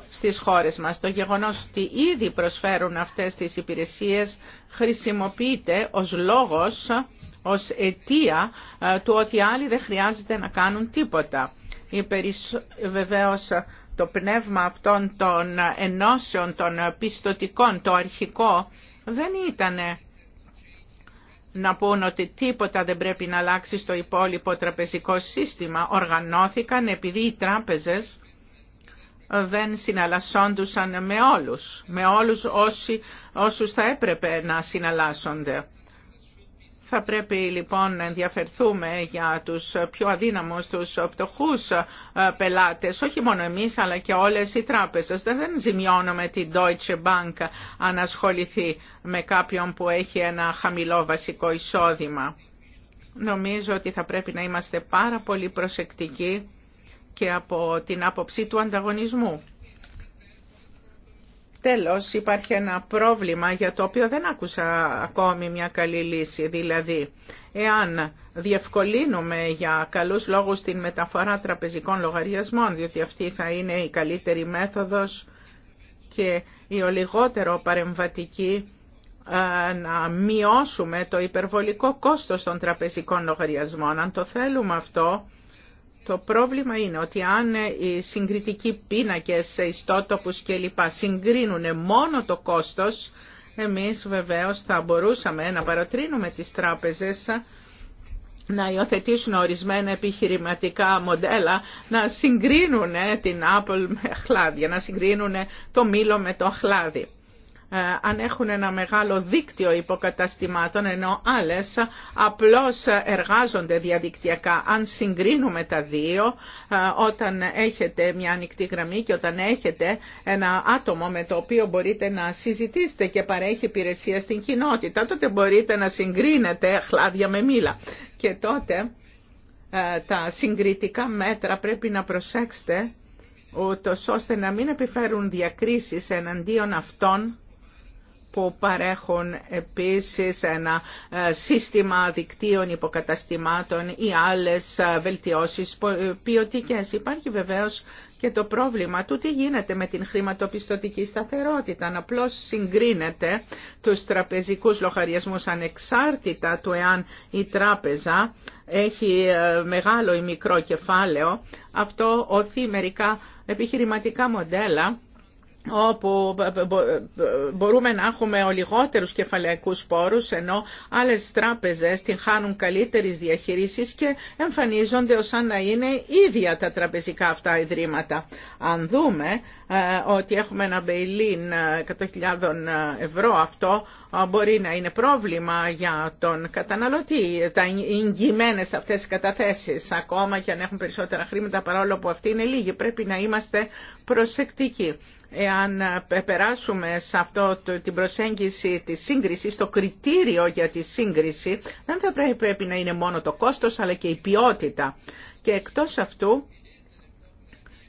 στις χώρες μας. Το γεγονός ότι ήδη προσφέρουν αυτές τις υπηρεσίες χρησιμοποιείται ως λόγος, ως αιτία του ότι άλλοι δεν χρειάζεται να κάνουν τίποτα. Βεβαίως το πνεύμα αυτών των ενώσεων, των πιστοτικών, το αρχικό δεν ήταν να πούν ότι τίποτα δεν πρέπει να αλλάξει στο υπόλοιπο τραπεζικό σύστημα. Οργανώθηκαν επειδή οι τράπεζες δεν συναλλασσόντουσαν με όλους, με όλους όσοι, όσους θα έπρεπε να συναλλάσσονται. Θα πρέπει λοιπόν να ενδιαφερθούμε για τους πιο αδύναμους, τους πτωχούς ε, πελάτες, όχι μόνο εμείς αλλά και όλες οι τράπεζες. Δεν ζημιώνουμε την Deutsche Bank ανασχοληθεί με κάποιον που έχει ένα χαμηλό βασικό εισόδημα. Νομίζω ότι θα πρέπει να είμαστε πάρα πολύ προσεκτικοί και από την άποψη του ανταγωνισμού. Τέλος, υπάρχει ένα πρόβλημα για το οποίο δεν άκουσα ακόμη μια καλή λύση. Δηλαδή, εάν διευκολύνουμε για καλούς λόγους την μεταφορά τραπεζικών λογαριασμών, διότι αυτή θα είναι η καλύτερη μέθοδος και η ολιγότερο παρεμβατική να μειώσουμε το υπερβολικό κόστος των τραπεζικών λογαριασμών. Αν το θέλουμε αυτό, το πρόβλημα είναι ότι αν οι συγκριτικοί πίνακες, ιστότοπους κλπ. συγκρίνουν μόνο το κόστος, εμείς βεβαίως θα μπορούσαμε να παροτρύνουμε τις τράπεζες να υιοθετήσουν ορισμένα επιχειρηματικά μοντέλα, να συγκρίνουν την Apple με χλάδια, να συγκρίνουν το μήλο με το χλάδι. Ε, αν έχουν ένα μεγάλο δίκτυο υποκαταστημάτων, ενώ άλλες απλώς εργάζονται διαδικτυακά. Αν συγκρίνουμε τα δύο, ε, όταν έχετε μια ανοιχτή γραμμή και όταν έχετε ένα άτομο με το οποίο μπορείτε να συζητήσετε και παρέχει υπηρεσία στην κοινότητα, τότε μπορείτε να συγκρίνετε χλάδια με μήλα. Και τότε ε, τα συγκριτικά μέτρα πρέπει να προσέξετε ούτως ώστε να μην επιφέρουν διακρίσεις εναντίον αυτών που παρέχουν επίσης ένα ε, σύστημα δικτύων υποκαταστημάτων ή άλλες ε, βελτιώσεις ε, ποιοτικέ. Υπάρχει βεβαίως και το πρόβλημα του τι γίνεται με την χρηματοπιστωτική σταθερότητα. Να απλώς συγκρίνεται τους τραπεζικούς λογαριασμούς ανεξάρτητα του εάν η τράπεζα έχει μεγάλο ή μικρό κεφάλαιο. Αυτό οθεί μερικά επιχειρηματικά μοντέλα όπου μπορούμε να έχουμε λιγότερου κεφαλαϊκούς πόρους, ενώ άλλες τράπεζες την χάνουν καλύτερης διαχείρισης και εμφανίζονται ως να είναι ίδια τα τραπεζικά αυτά ιδρύματα. Αν δούμε ε, ότι έχουμε ένα μπεϊλίν 100.000 ε, ε, ευρώ, αυτό μπορεί να είναι πρόβλημα για τον καταναλωτή. Τα εγγυημένες αυτές οι καταθέσεις, ακόμα και αν έχουν περισσότερα χρήματα, παρόλο που αυτοί είναι λίγοι, πρέπει να είμαστε προσεκτικοί εάν ε, περάσουμε σε αυτό την προσέγγιση της σύγκρισης, το κριτήριο για τη σύγκριση δεν θα πρέπει, να είναι μόνο το κόστος αλλά και η ποιότητα. Και εκτός αυτού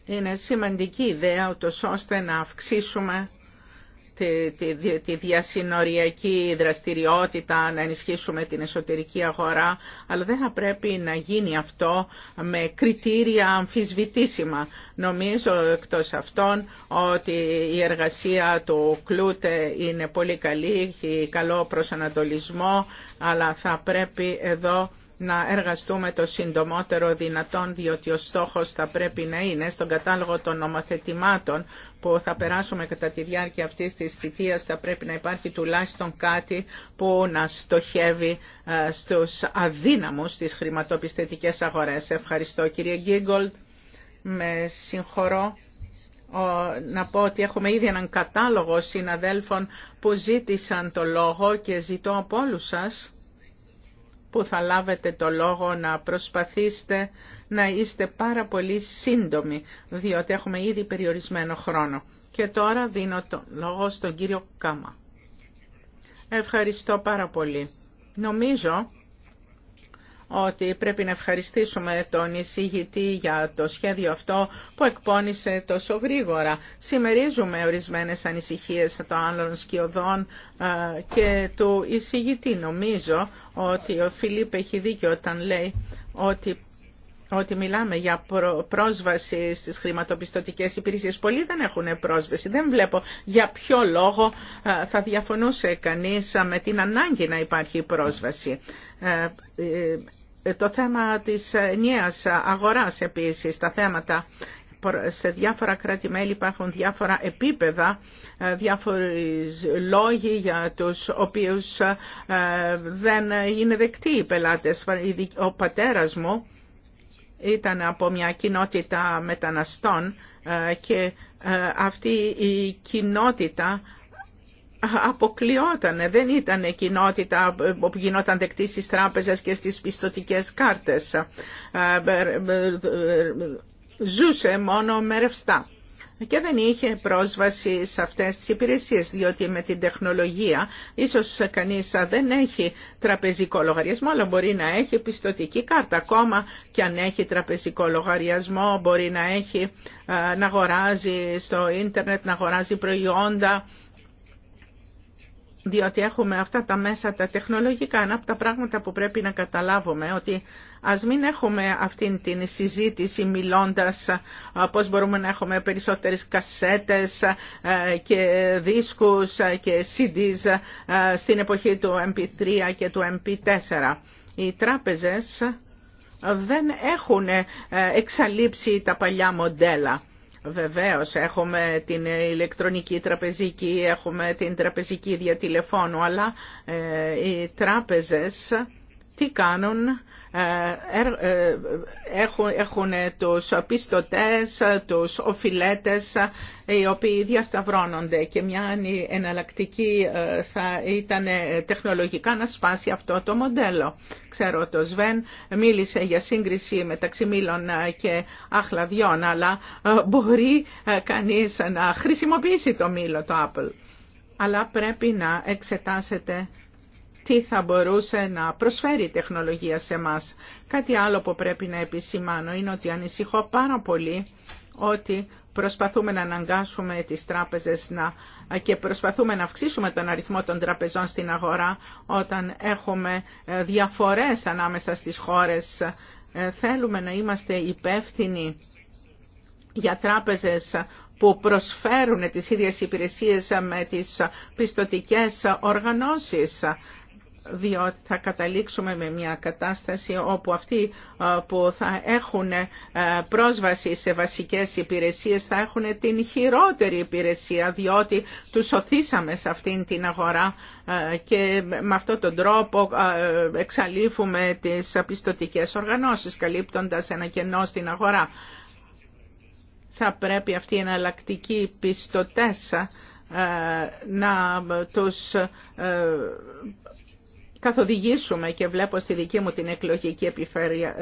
είναι σημαντική ιδέα ούτως ώστε να αυξήσουμε τη, διασυνοριακή δραστηριότητα, να ενισχύσουμε την εσωτερική αγορά, αλλά δεν θα πρέπει να γίνει αυτό με κριτήρια αμφισβητήσιμα. Νομίζω εκτός αυτών ότι η εργασία του Κλούτε είναι πολύ καλή, έχει καλό προσανατολισμό, αλλά θα πρέπει εδώ να εργαστούμε το συντομότερο δυνατόν, διότι ο στόχος θα πρέπει να είναι στον κατάλογο των νομοθετημάτων που θα περάσουμε κατά τη διάρκεια αυτής της θητείας, θα πρέπει να υπάρχει τουλάχιστον κάτι που να στοχεύει ε, στους αδύναμους στις χρηματοπιστωτικές αγορές. Ευχαριστώ κύριε Γκίγκολτ. Με συγχωρώ να πω ότι έχουμε ήδη έναν κατάλογο συναδέλφων που ζήτησαν το λόγο και ζητώ από όλους σας που θα λάβετε το λόγο να προσπαθήσετε να είστε πάρα πολύ σύντομοι, διότι έχουμε ήδη περιορισμένο χρόνο. Και τώρα δίνω το λόγο στον κύριο Κάμα. Ευχαριστώ πάρα πολύ. Νομίζω ότι πρέπει να ευχαριστήσουμε τον εισηγητή για το σχέδιο αυτό που εκπώνησε τόσο γρήγορα. Σημερίζουμε ορισμένες ανησυχίες των άλλων σκιωδών και του εισηγητή. Νομίζω ότι ο Φιλίπ έχει δίκιο όταν λέει ότι ότι μιλάμε για πρόσβαση στις χρηματοπιστωτικές υπηρεσίες. Πολλοί δεν έχουν πρόσβαση. Δεν βλέπω για ποιο λόγο θα διαφωνούσε κανείς με την ανάγκη να υπάρχει πρόσβαση. Ε, ε, ε, το θέμα της ε, νέας αγοράς επίσης, τα θέματα σε διάφορα κράτη-μέλη υπάρχουν διάφορα επίπεδα, ε, διάφοροι λόγοι για τους οποίους δεν είναι δεκτοί οι πελάτες. Ο πατέρας μου ήταν από μια κοινότητα μεταναστών και αυτή η κοινότητα αποκλειόταν, δεν ήταν κοινότητα που γινόταν δεκτή στις τράπεζες και στις πιστοτικές κάρτες. Ε, ε, ε, ζούσε μόνο με ρευστά και δεν είχε πρόσβαση σε αυτές τις υπηρεσίες, διότι με την τεχνολογία ίσως κανείς δεν έχει τραπεζικό λογαριασμό, αλλά μπορεί να έχει πιστοτική κάρτα. Ακόμα και αν έχει τραπεζικό λογαριασμό, μπορεί να, έχει, να αγοράζει στο ίντερνετ, να αγοράζει προϊόντα, διότι έχουμε αυτά τα μέσα τα τεχνολογικά. Ένα από τα πράγματα που πρέπει να καταλάβουμε ότι ας μην έχουμε αυτήν την συζήτηση μιλώντας πώς μπορούμε να έχουμε περισσότερες κασέτες και δίσκους και CDs στην εποχή του MP3 και του MP4. Οι τράπεζες δεν έχουν ε, εξαλείψει τα παλιά μοντέλα Βεβαίως, έχουμε την ηλεκτρονική τραπεζική, έχουμε την τραπεζική διατηλεφώνου, αλλά ε, οι τράπεζες τι κάνουν, ε, ε, ε, έχουν, έχουν τους πιστωτές, τους οι οποίοι διασταυρώνονται και μια εναλλακτική θα ήταν τεχνολογικά να σπάσει αυτό το μοντέλο. Ξέρω ο Σβέν μίλησε για σύγκριση μεταξύ μήλων και αχλαδιών, αλλά μπορεί κανείς να χρησιμοποιήσει το μήλο το Apple. Αλλά πρέπει να εξετάσετε τι θα μπορούσε να προσφέρει η τεχνολογία σε μας. Κάτι άλλο που πρέπει να επισημάνω είναι ότι ανησυχώ πάρα πολύ ότι προσπαθούμε να αναγκάσουμε τις τράπεζες να, και προσπαθούμε να αυξήσουμε τον αριθμό των τραπεζών στην αγορά όταν έχουμε ε, διαφορές ανάμεσα στις χώρες. Ε, θέλουμε να είμαστε υπεύθυνοι για τράπεζες που προσφέρουν τις ίδιες υπηρεσίες με τις πιστοτικές οργανώσεις διότι θα καταλήξουμε με μια κατάσταση όπου αυτοί που θα έχουν πρόσβαση σε βασικές υπηρεσίες θα έχουν την χειρότερη υπηρεσία διότι τους σωθήσαμε σε αυτήν την αγορά και με αυτόν τον τρόπο εξαλείφουμε τις πιστοτικές οργανώσεις καλύπτοντας ένα κενό στην αγορά. Θα πρέπει αυτοί οι εναλλακτικοί πιστωτές να τους καθοδηγήσουμε και βλέπω στη δική μου την εκλογική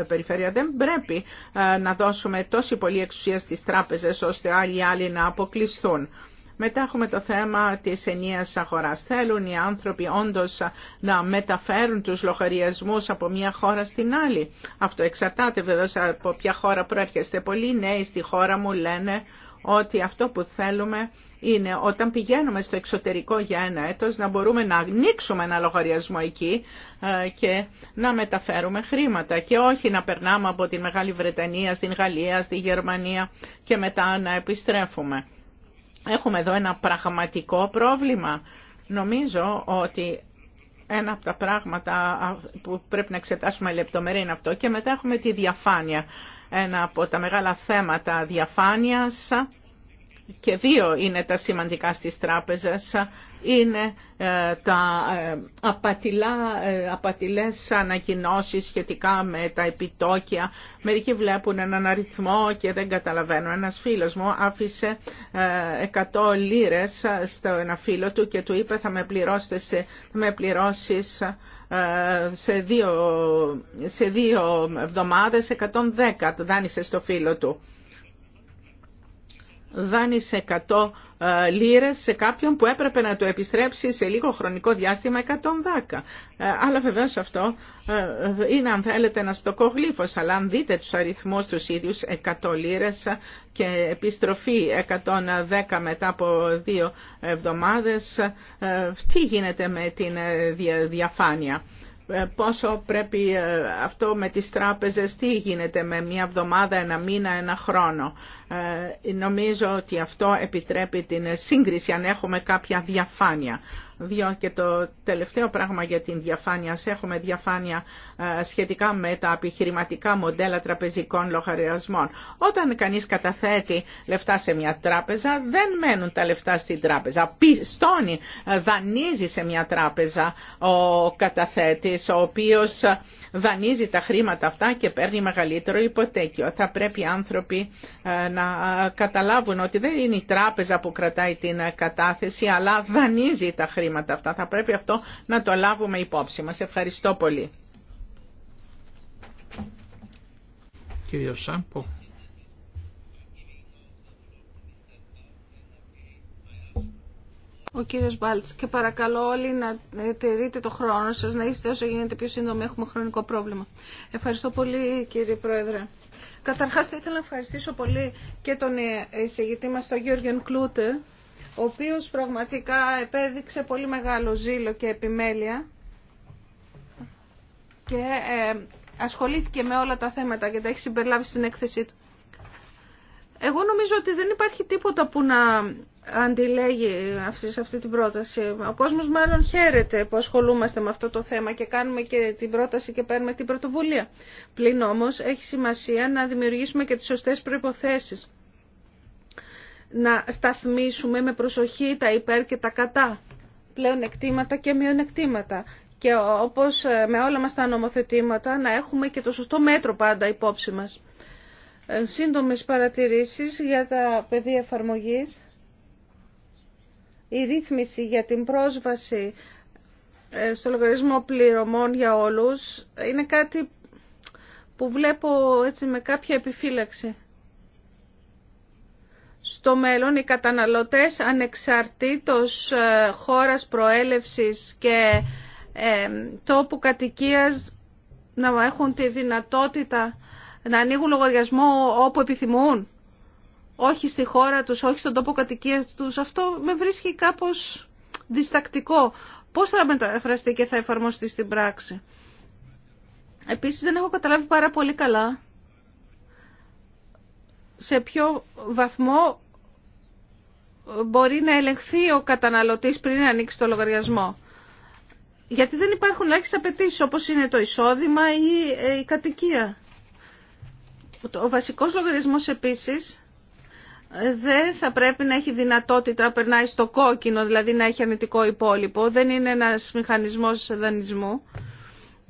περιφέρεια δεν πρέπει ε, να δώσουμε τόση πολλή εξουσία στις τράπεζες ώστε άλλοι άλλοι να αποκλειστούν. Μετά έχουμε το θέμα της ενίας αγοράς. Θέλουν οι άνθρωποι όντως να μεταφέρουν τους λογαριασμούς από μια χώρα στην άλλη. Αυτό εξαρτάται βεβαίω από ποια χώρα προέρχεστε. Πολλοί νέοι στη χώρα μου λένε ότι αυτό που θέλουμε είναι όταν πηγαίνουμε στο εξωτερικό για ένα έτος να μπορούμε να ανοίξουμε ένα λογαριασμό εκεί ε, και να μεταφέρουμε χρήματα και όχι να περνάμε από τη Μεγάλη Βρετανία στην Γαλλία, στη Γερμανία και μετά να επιστρέφουμε. Έχουμε εδώ ένα πραγματικό πρόβλημα. Νομίζω ότι ένα από τα πράγματα που πρέπει να εξετάσουμε λεπτομερή είναι αυτό και μετά έχουμε τη διαφάνεια ένα από τα μεγάλα θέματα διαφάνειας και δύο είναι τα σημαντικά στις τράπεζες είναι ε, τα ε, απατηλά, ε, απατηλές ανακοινώσεις σχετικά με τα επιτόκια. Μερικοί βλέπουν έναν αριθμό και δεν καταλαβαίνω. Ένας φίλος μου άφησε 100 λίρες στο ένα φίλο του και του είπε θα με, πληρώσετε σε, με πληρώσεις σε δύο, σε δύο εβδομάδες 110 δάνεισε στο φίλο του δάνεισε 100 λίρες σε κάποιον που έπρεπε να το επιστρέψει σε λίγο χρονικό διάστημα 110. Ε, αλλά βεβαίως αυτό ε, είναι αν θέλετε ένα στοκογλύφος, αλλά αν δείτε τους αριθμούς τους ίδιους 100 λίρες και επιστροφή 110 μετά από δύο εβδομάδες, ε, τι γίνεται με την διαφάνεια πόσο πρέπει ε, αυτό με τις τράπεζες, τι γίνεται με μια εβδομάδα, ένα μήνα, ένα χρόνο. Ε, νομίζω ότι αυτό επιτρέπει την σύγκριση αν έχουμε κάποια διαφάνεια. Δύο και το τελευταίο πράγμα για την διαφάνεια. Έχουμε διαφάνεια ε, σχετικά με τα επιχειρηματικά μοντέλα τραπεζικών λογαριασμών. Όταν κανείς καταθέτει λεφτά σε μια τράπεζα, δεν μένουν τα λεφτά στην τράπεζα. Πιστώνει, ε, δανείζει σε μια τράπεζα ο καταθέτης, ο οποίος ε, δανείζει τα χρήματα αυτά και παίρνει μεγαλύτερο υποτέκιο. Θα πρέπει οι άνθρωποι να καταλάβουν ότι δεν είναι η τράπεζα που κρατάει την κατάθεση, αλλά δανείζει τα χρήματα προβλήματα αυτά. Θα πρέπει αυτό να το λάβουμε υπόψη μας. Ευχαριστώ πολύ. Κύριο Σάμπο. Ο κύριος Μπάλτς και παρακαλώ όλοι να τηρείτε το χρόνο σας, να είστε όσο γίνεται πιο σύντομοι, έχουμε χρονικό πρόβλημα. Ευχαριστώ πολύ κύριε Πρόεδρε. Καταρχάς θα ήθελα να ευχαριστήσω πολύ και τον εισηγητή μας τον Γιώργιον Κλούτε ο οποίος πραγματικά επέδειξε πολύ μεγάλο ζήλο και επιμέλεια και ε, ασχολήθηκε με όλα τα θέματα και τα έχει συμπεριλάβει στην έκθεσή του. Εγώ νομίζω ότι δεν υπάρχει τίποτα που να αντιλέγει αυτή, σε αυτή την πρόταση. Ο κόσμος μάλλον χαίρεται που ασχολούμαστε με αυτό το θέμα και κάνουμε και την πρόταση και παίρνουμε την πρωτοβουλία. Πλην όμως έχει σημασία να δημιουργήσουμε και τις σωστές προϋποθέσεις να σταθμίσουμε με προσοχή τα υπέρ και τα κατά πλέον εκτήματα και μειονεκτήματα. Και όπως ε, με όλα μας τα νομοθετήματα να έχουμε και το σωστό μέτρο πάντα υπόψη μας. Ε, σύντομες παρατηρήσεις για τα πεδία εφαρμογής. Η ρύθμιση για την πρόσβαση ε, στο λογαριασμό πληρωμών για όλους είναι κάτι που βλέπω έτσι με κάποια επιφύλαξη στο μέλλον οι καταναλωτές ανεξαρτήτως ε, χώρας προέλευσης και ε, τόπου κατοικίας να έχουν τη δυνατότητα να ανοίγουν λογαριασμό όπου επιθυμούν. Όχι στη χώρα τους, όχι στον τόπο κατοικίας τους. Αυτό με βρίσκει κάπως διστακτικό. Πώς θα μεταφραστεί και θα εφαρμοστεί στην πράξη. Επίσης δεν έχω καταλάβει πάρα πολύ καλά σε ποιο βαθμό μπορεί να ελεγχθεί ο καταναλωτής πριν να ανοίξει το λογαριασμό. Γιατί δεν υπάρχουν ελάχιστε απαιτήσει όπως είναι το εισόδημα ή ε, η κατοικία. Ο βασικός λογαριασμός επίσης ε, δεν θα πρέπει να έχει δυνατότητα να περνάει στο κόκκινο, δηλαδή να έχει αρνητικό υπόλοιπο. Δεν είναι ένας μηχανισμός δανεισμού.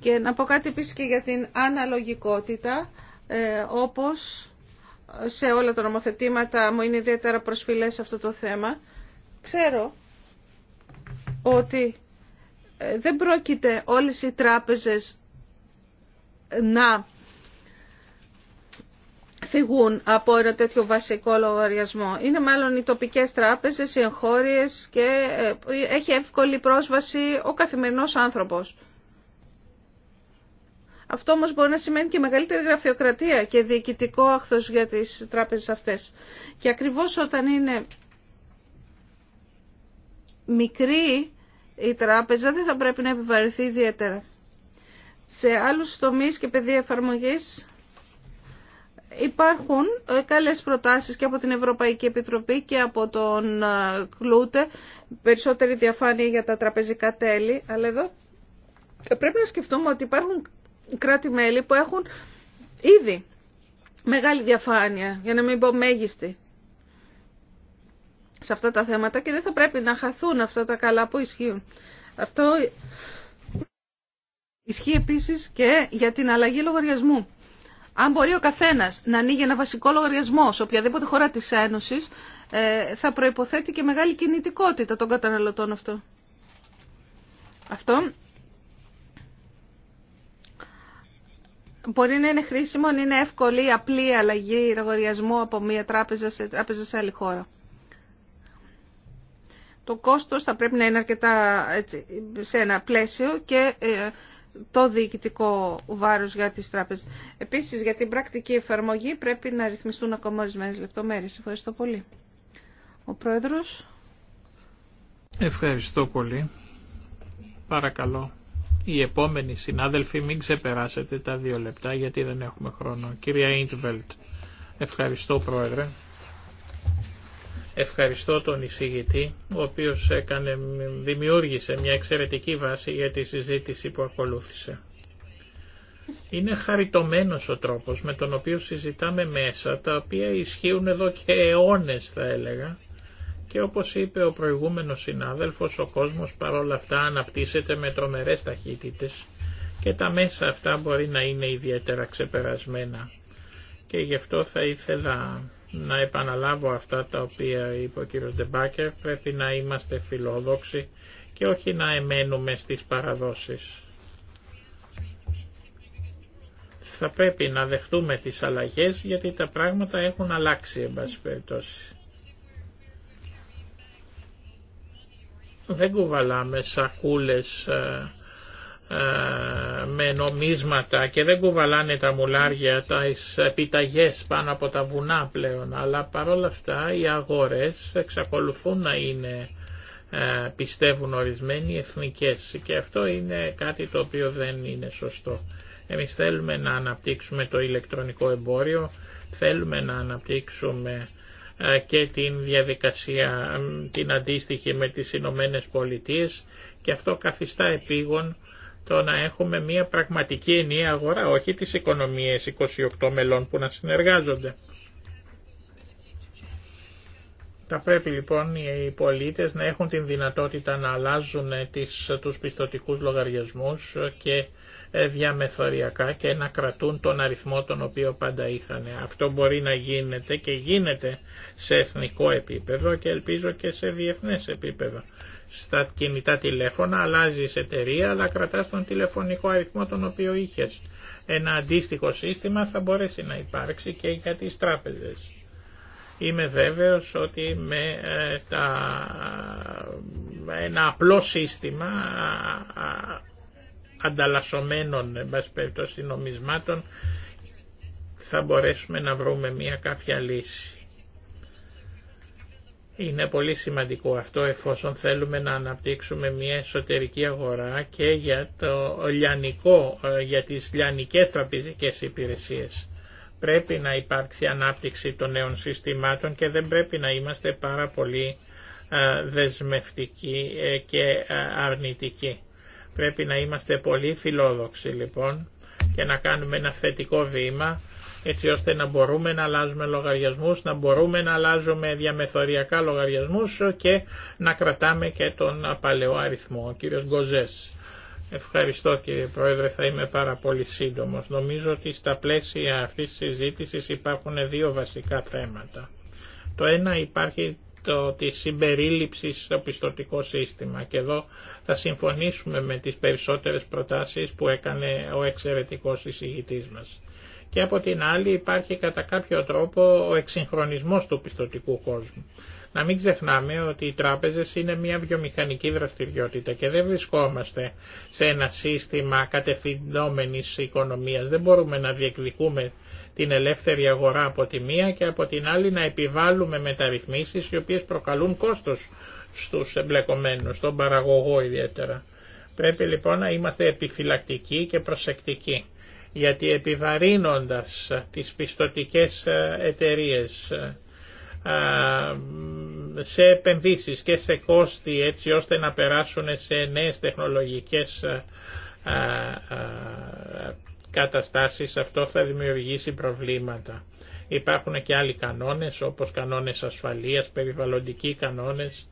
Και να πω κάτι επίσης και για την αναλογικότητα, ε, όπως σε όλα τα νομοθετήματα μου είναι ιδιαίτερα προσφυλές αυτό το θέμα. Ξέρω ότι ε, δεν πρόκειται όλες οι τράπεζες να θυγούν από ένα τέτοιο βασικό λογαριασμό. Είναι μάλλον οι τοπικές τράπεζες, οι εγχώριες και ε, ε, έχει εύκολη πρόσβαση ο καθημερινός άνθρωπος. Αυτό όμω μπορεί να σημαίνει και μεγαλύτερη γραφειοκρατία και διοικητικό άχθος για τις τράπεζες αυτές. Και ακριβώς όταν είναι μικρή η τράπεζα δεν θα πρέπει να επιβαρυνθεί ιδιαίτερα. Σε άλλους τομείς και πεδία εφαρμογή υπάρχουν ε, καλές προτάσεις και από την Ευρωπαϊκή Επιτροπή και από τον ε, Κλούτε, περισσότερη διαφάνεια για τα τραπεζικά τέλη, αλλά εδώ πρέπει να σκεφτούμε ότι υπάρχουν κράτη-μέλη που έχουν ήδη μεγάλη διαφάνεια, για να μην πω μέγιστη, σε αυτά τα θέματα και δεν θα πρέπει να χαθούν αυτά τα καλά που ισχύουν. Αυτό ισχύει επίσης και για την αλλαγή λογαριασμού. Αν μπορεί ο καθένας να ανοίγει ένα βασικό λογαριασμό σε οποιαδήποτε χώρα της Ένωσης, ε, θα προϋποθέτει και μεγάλη κινητικότητα των καταναλωτών αυτό. Αυτό μπορεί να είναι χρήσιμο αν είναι εύκολη, απλή αλλαγή λογαριασμού από μία τράπεζα σε τράπεζα σε άλλη χώρα. Το κόστος θα πρέπει να είναι αρκετά έτσι, σε ένα πλαίσιο και ε, το διοικητικό βάρος για τις τράπεζες. Επίσης για την πρακτική εφαρμογή πρέπει να ρυθμιστούν ακόμα ορισμένε λεπτομέρειες. Ευχαριστώ πολύ. Ο Πρόεδρος. Ευχαριστώ πολύ. Παρακαλώ. Οι επόμενοι συνάδελφοι μην ξεπεράσετε τα δύο λεπτά γιατί δεν έχουμε χρόνο. Κυρία Ιντβελτ, ευχαριστώ Πρόεδρε. Ευχαριστώ τον εισηγητή, ο οποίος δημιούργησε μια εξαιρετική βάση για τη συζήτηση που ακολούθησε. Είναι χαριτωμένος ο τρόπος με τον οποίο συζητάμε μέσα, τα οποία ισχύουν εδώ και αιώνες θα έλεγα, και όπως είπε ο προηγούμενος συνάδελφος ο κόσμος παρόλα αυτά αναπτύσσεται με τρομερές ταχύτητες και τα μέσα αυτά μπορεί να είναι ιδιαίτερα ξεπερασμένα. Και γι' αυτό θα ήθελα να επαναλάβω αυτά τα οποία είπε ο κ. Ντεμπάκερ, πρέπει να είμαστε φιλόδοξοι και όχι να εμένουμε στις παραδόσεις. Θα πρέπει να δεχτούμε τις αλλαγές γιατί τα πράγματα έχουν αλλάξει εν δεν κουβαλάμε σακούλες ε, ε, με νομίσματα και δεν κουβαλάνε τα μουλάρια τα επιταγές πάνω από τα βουνά πλέον αλλά παρόλα αυτά οι αγορές εξακολουθούν να είναι ε, πιστεύουν ορισμένοι εθνικές και αυτό είναι κάτι το οποίο δεν είναι σωστό. Εμείς θέλουμε να αναπτύξουμε το ηλεκτρονικό εμπόριο, θέλουμε να αναπτύξουμε και την διαδικασία την αντίστοιχη με τις Ηνωμένε Πολιτείε και αυτό καθιστά επίγον το να έχουμε μια πραγματική ενιαία αγορά, όχι τις οικονομίες 28 μελών που να συνεργάζονται. Θα πρέπει λοιπόν οι πολίτες να έχουν την δυνατότητα να αλλάζουν τις, τους πιστοτικούς λογαριασμούς και ε, διαμεθοριακά και να κρατούν τον αριθμό τον οποίο πάντα είχαν. Αυτό μπορεί να γίνεται και γίνεται σε εθνικό επίπεδο και ελπίζω και σε διεθνές επίπεδο. Στα κινητά τηλέφωνα αλλάζει εταιρεία αλλά κρατάς τον τηλεφωνικό αριθμό τον οποίο είχες. Ένα αντίστοιχο σύστημα θα μπορέσει να υπάρξει και για τις τράπεζες. Είμαι βέβαιος ότι με ε, τα, ένα απλό σύστημα ανταλλασσομένων με περιπτώσει νομισμάτων θα μπορέσουμε να βρούμε μια κάποια λύση. Είναι πολύ σημαντικό αυτό εφόσον θέλουμε να αναπτύξουμε μια εσωτερική αγορά και για, το λιανικό, ε, για τις λιανικές τραπεζικές υπηρεσίες. Πρέπει να υπάρξει ανάπτυξη των νέων συστημάτων και δεν πρέπει να είμαστε πάρα πολύ ε, δεσμευτικοί ε, και αρνητικοί. Πρέπει να είμαστε πολύ φιλόδοξοι λοιπόν και να κάνουμε ένα θετικό βήμα έτσι ώστε να μπορούμε να αλλάζουμε λογαριασμούς, να μπορούμε να αλλάζουμε διαμεθοριακά λογαριασμούς και να κρατάμε και τον παλαιό αριθμό. Ο κύριος Γκοζές. Ευχαριστώ κύριε Πρόεδρε, θα είμαι πάρα πολύ σύντομος. Νομίζω ότι στα πλαίσια αυτής της συζήτησης υπάρχουν δύο βασικά θέματα. Το ένα υπάρχει το, της συμπερίληψης στο πιστοτικό σύστημα και εδώ θα συμφωνήσουμε με τις περισσότερες προτάσεις που έκανε ο εξαιρετικός εισηγητής μας. Και από την άλλη υπάρχει κατά κάποιο τρόπο ο εξυγχρονισμός του πιστοτικού κόσμου. Να μην ξεχνάμε ότι οι τράπεζες είναι μια βιομηχανική δραστηριότητα και δεν βρισκόμαστε σε ένα σύστημα κατευθυνόμενης οικονομίας. Δεν μπορούμε να διεκδικούμε την ελεύθερη αγορά από τη μία και από την άλλη να επιβάλλουμε μεταρρυθμίσεις οι οποίες προκαλούν κόστος στους εμπλεκομένους, στον παραγωγό ιδιαίτερα. Πρέπει λοιπόν να είμαστε επιφυλακτικοί και προσεκτικοί γιατί επιβαρύνοντας τις πιστοτικές εταιρείες σε επενδύσεις και σε κόστη έτσι ώστε να περάσουν σε νέες τεχνολογικές καταστάσεις αυτό θα δημιουργήσει προβλήματα. Υπάρχουν και άλλοι κανόνες όπως κανόνες ασφαλείας, περιβαλλοντικοί κανόνες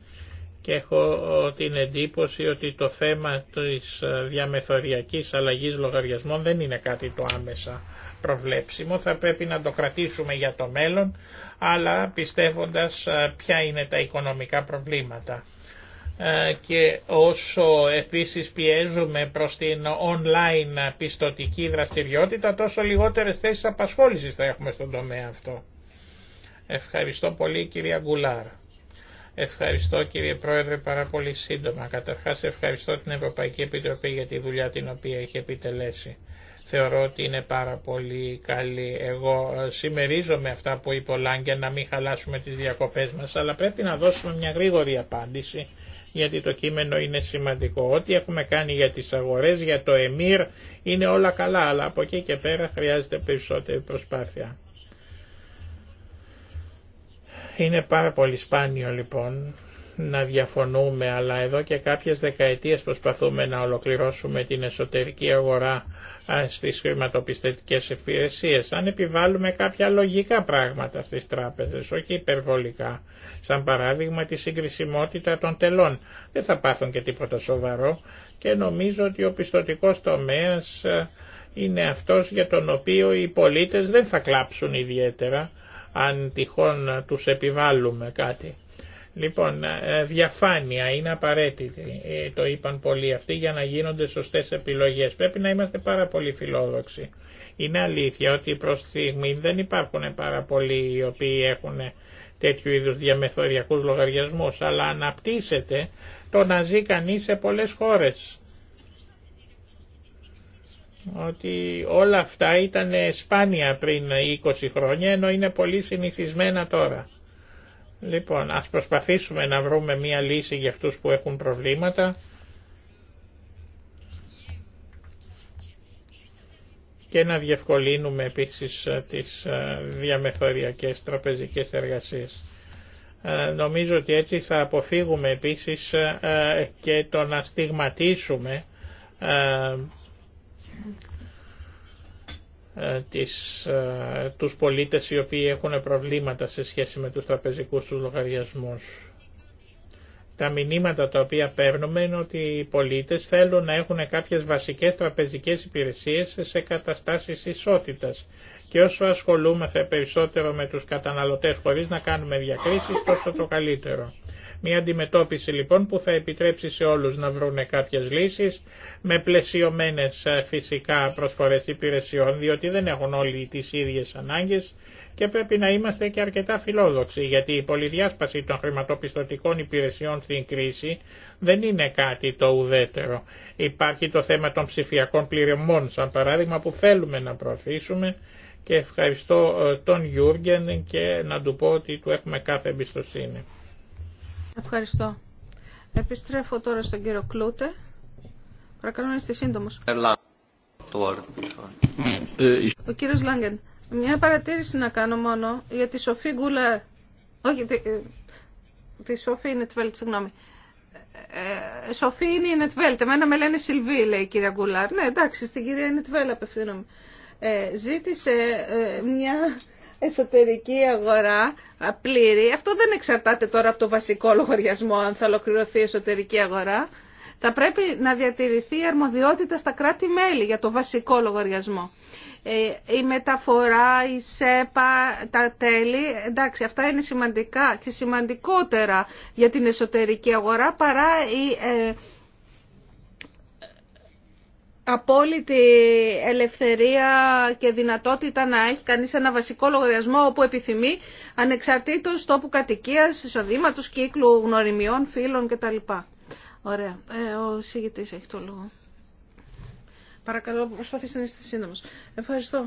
και έχω την εντύπωση ότι το θέμα της διαμεθοριακής αλλαγής λογαριασμών δεν είναι κάτι το άμεσα προβλέψιμο. Θα πρέπει να το κρατήσουμε για το μέλλον, αλλά πιστεύοντας ποια είναι τα οικονομικά προβλήματα. Ε, και όσο επίσης πιέζουμε προς την online πιστοτική δραστηριότητα τόσο λιγότερες θέσεις απασχόλησης θα έχουμε στον τομέα αυτό. Ευχαριστώ πολύ κυρία Γκουλάρ. Ευχαριστώ κύριε Πρόεδρε πάρα πολύ σύντομα. Καταρχάς ευχαριστώ την Ευρωπαϊκή Επιτροπή για τη δουλειά την οποία έχει επιτελέσει. Θεωρώ ότι είναι πάρα πολύ καλή. Εγώ ε, συμμερίζομαι αυτά που είπε ο Λάγκια να μην χαλάσουμε τις διακοπές μας, αλλά πρέπει να δώσουμε μια γρήγορη απάντηση γιατί το κείμενο είναι σημαντικό. Ό,τι έχουμε κάνει για τις αγορές, για το ΕΜΙΡ είναι όλα καλά, αλλά από εκεί και πέρα χρειάζεται περισσότερη προσπάθεια. Είναι πάρα πολύ σπάνιο λοιπόν να διαφωνούμε, αλλά εδώ και κάποιες δεκαετίες προσπαθούμε να ολοκληρώσουμε την εσωτερική αγορά στις χρηματοπιστωτικές υπηρεσίες, αν επιβάλλουμε κάποια λογικά πράγματα στις τράπεζες, όχι υπερβολικά, σαν παράδειγμα τη συγκρισιμότητα των τελών. Δεν θα πάθουν και τίποτα σοβαρό και νομίζω ότι ο πιστωτικός τομέας είναι αυτός για τον οποίο οι πολίτες δεν θα κλάψουν ιδιαίτερα αν τυχόν τους επιβάλλουμε κάτι. Λοιπόν, ε, διαφάνεια είναι απαραίτητη, ε, το είπαν πολλοί αυτοί, για να γίνονται σωστές επιλογές. Πρέπει να είμαστε πάρα πολύ φιλόδοξοι. Είναι αλήθεια ότι προς στιγμή δεν υπάρχουν πάρα πολλοί οι οποίοι έχουν τέτοιου είδους διαμεθοριακούς λογαριασμούς, αλλά αναπτύσσεται το να ζει κανείς σε πολλές χώρες. Ότι όλα αυτά ήταν σπάνια πριν 20 χρόνια, ενώ είναι πολύ συνηθισμένα τώρα. Λοιπόν, ας προσπαθήσουμε να βρούμε μία λύση για αυτούς που έχουν προβλήματα. και να διευκολύνουμε επίσης ε, τις ε, διαμεθοριακές τραπεζικές εργασίες. Ε, νομίζω ότι έτσι θα αποφύγουμε επίσης και το να στιγματίσουμε ε, τις, ε, τους πολίτες οι οποίοι έχουν προβλήματα σε σχέση με τους τραπεζικούς τους λογαριασμούς. Τα μηνύματα τα οποία παίρνουμε είναι ότι οι πολίτες θέλουν να έχουν κάποιες βασικές τραπεζικές υπηρεσίες σε καταστάσεις ισότητας και όσο ασχολούμαστε περισσότερο με τους καταναλωτές χωρίς να κάνουμε διακρίσεις τόσο το καλύτερο. Μια αντιμετώπιση λοιπόν που θα επιτρέψει σε όλους να βρουν κάποιες λύσεις με πλαισιωμένες ε, φυσικά προσφορές υπηρεσιών διότι δεν έχουν όλοι τις ίδιες ανάγκες και πρέπει να είμαστε και αρκετά φιλόδοξοι γιατί η πολυδιάσπαση των χρηματοπιστωτικών υπηρεσιών στην κρίση δεν είναι κάτι το ουδέτερο. Υπάρχει το θέμα των ψηφιακών πληρωμών σαν παράδειγμα που θέλουμε να προωθήσουμε και ευχαριστώ ε, τον Γιούργεν και να του πω ότι του έχουμε κάθε εμπιστοσύνη. Ευχαριστώ. Επιστρέφω τώρα στον κύριο Κλούτε. Παρακαλώ να είστε σύντομο. Ο κύριο Λάγκεν. Μια παρατήρηση να κάνω μόνο για τη Σοφή Γκουλάρ. Όχι, τη, τη Σοφή Νετβέλτ, συγγνώμη. Ε, Σοφή είναι η Νετβέλτ. Εμένα με λένε Σιλβί, λέει η κυρία Γκουλάρ. Ναι, εντάξει, στην κυρία Νετβέλ απευθύνομαι. Ε, ζήτησε ε, μια εσωτερική αγορά πλήρη. Αυτό δεν εξαρτάται τώρα από το βασικό λογαριασμό αν θα ολοκληρωθεί η εσωτερική αγορά. Θα πρέπει να διατηρηθεί η αρμοδιότητα στα κράτη-μέλη για το βασικό λογαριασμό. Ε, η μεταφορά, η ΣΕΠΑ, τα τέλη, εντάξει αυτά είναι σημαντικά και σημαντικότερα για την εσωτερική αγορά παρά η ε, απόλυτη ελευθερία και δυνατότητα να έχει κανείς ένα βασικό λογαριασμό όπου επιθυμεί, ανεξαρτήτως τόπου κατοικίας, εισοδήματος, κύκλου γνωριμιών, φίλων κτλ. Ωραία. Ε, ο συγητής έχει το λόγο. Παρακαλώ, προσπαθήστε να είστε σύντομος. Ευχαριστώ.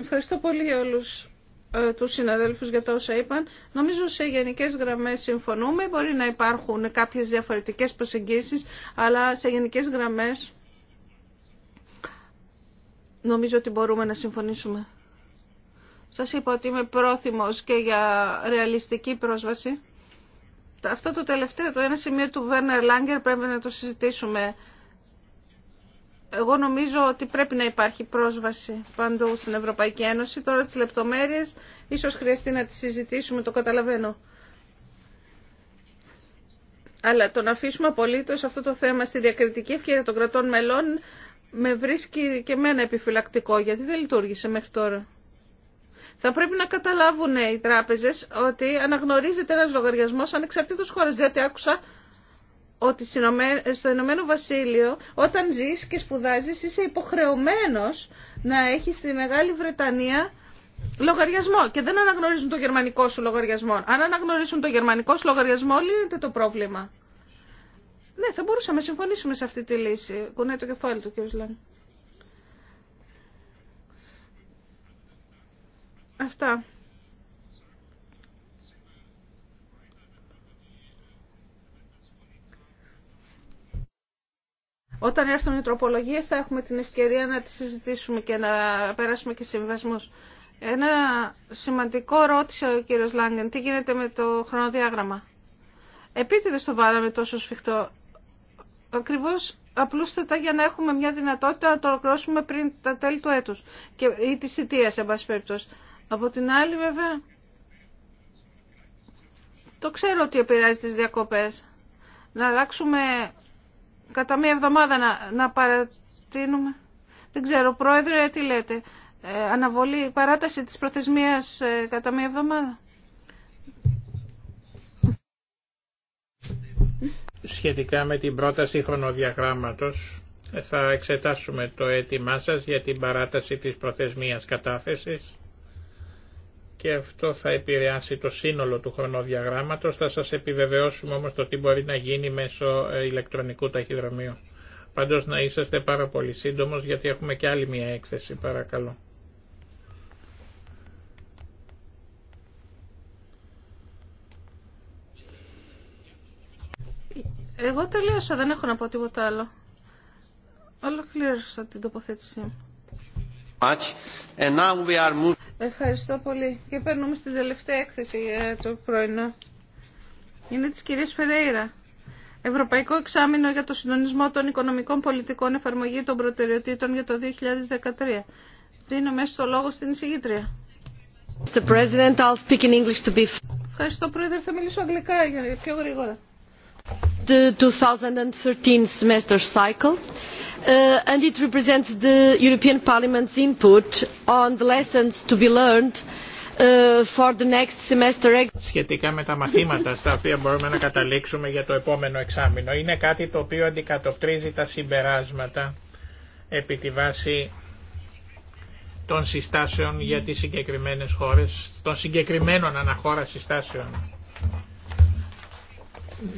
Ευχαριστώ πολύ όλους ε, τους συναδέλφους για τα όσα είπαν. Νομίζω σε γενικές γραμμές συμφωνούμε. Μπορεί να υπάρχουν κάποιες διαφορετικές προσεγγίσεις, αλλά σε γενικές γραμμές νομίζω ότι μπορούμε να συμφωνήσουμε. Σας είπα ότι είμαι πρόθυμος και για ρεαλιστική πρόσβαση. Αυτό το τελευταίο, το ένα σημείο του Βέρνερ Λάγκερ πρέπει να το συζητήσουμε εγώ νομίζω ότι πρέπει να υπάρχει πρόσβαση παντού στην Ευρωπαϊκή Ένωση. Τώρα τις λεπτομέρειες ίσως χρειαστεί να τις συζητήσουμε, το καταλαβαίνω. Αλλά το να αφήσουμε απολύτω αυτό το θέμα στη διακριτική ευκαιρία των κρατών μελών με βρίσκει και μένα επιφυλακτικό, γιατί δεν λειτουργήσε μέχρι τώρα. Θα πρέπει να καταλάβουν οι τράπεζες ότι αναγνωρίζεται ένα λογαριασμό ανεξαρτήτως χώρα. Διότι άκουσα ότι στο Ηνωμένο Βασίλειο όταν ζεις και σπουδάζεις είσαι υποχρεωμένος να έχεις στη Μεγάλη Βρετανία λογαριασμό και δεν αναγνωρίζουν το γερμανικό σου λογαριασμό. Αν αναγνωρίζουν το γερμανικό σου λογαριασμό λύνεται το πρόβλημα. Ναι, θα μπορούσαμε να συμφωνήσουμε σε αυτή τη λύση. Κουνάει το κεφάλι του κ. Λαν. Αυτά. Όταν έρθουν οι τροπολογίε θα έχουμε την ευκαιρία να τις συζητήσουμε και να περάσουμε και συμβασμούς. Ένα σημαντικό ρώτησε ο κύριος Λάγκεν, τι γίνεται με το χρονοδιάγραμμα. Επίτηδες το βάλαμε τόσο σφιχτό. Ακριβώς απλούστατα για να έχουμε μια δυνατότητα να το ολοκληρώσουμε πριν τα τέλη του έτους και, ή της θητείας, εν Από την άλλη, βέβαια, το ξέρω ότι επηρεάζει τις διακοπές. Να αλλάξουμε κατά μία εβδομάδα να, να παρατείνουμε. Δεν ξέρω, πρόεδρε, τι λέτε. Ε, αναβολή, παράταση της προθεσμίας ε, κατά μία εβδομάδα. Σχετικά με την πρόταση χρονοδιαγράμματος, θα εξετάσουμε το αίτημά σας για την παράταση της προθεσμίας κατάθεσης και αυτό θα επηρεάσει το σύνολο του χρονοδιαγράμματος. Θα σας επιβεβαιώσουμε όμως το τι μπορεί να γίνει μέσω ε, ηλεκτρονικού ταχυδρομείου. Πάντως να είσαστε πάρα πολύ σύντομος γιατί έχουμε και άλλη μια έκθεση παρακαλώ. Εγώ τελείωσα, δεν έχω να πω τίποτα άλλο. Ολοκλήρωσα την τοποθέτησή μου. Ευχαριστώ πολύ. Και παίρνουμε στην τελευταία έκθεση για ε, το πρωινό. Είναι της κυρίας Φερέιρα. Ευρωπαϊκό Εξάμεινο για το Συντονισμό των Οικονομικών Πολιτικών Εφαρμογή των Προτεραιοτήτων για το 2013. Δίνω μέσα στο λόγο στην εισηγήτρια. Ευχαριστώ, Πρόεδρε. Θα μιλήσω αγγλικά για πιο γρήγορα. The 2013 semester cycle. Uh, and it represents the European Parliament's input on lessons to be learned uh, for the next semester. Σχετικά με τα μαθήματα στα οποία μπορούμε να καταλήξουμε για το επόμενο εξάμεινο. Είναι κάτι το οποίο αντικατοπτρίζει τα συμπεράσματα επί τη βάση των συστάσεων για τις συγκεκριμένες χώρες, των συγκεκριμένων αναχώρα συστάσεων.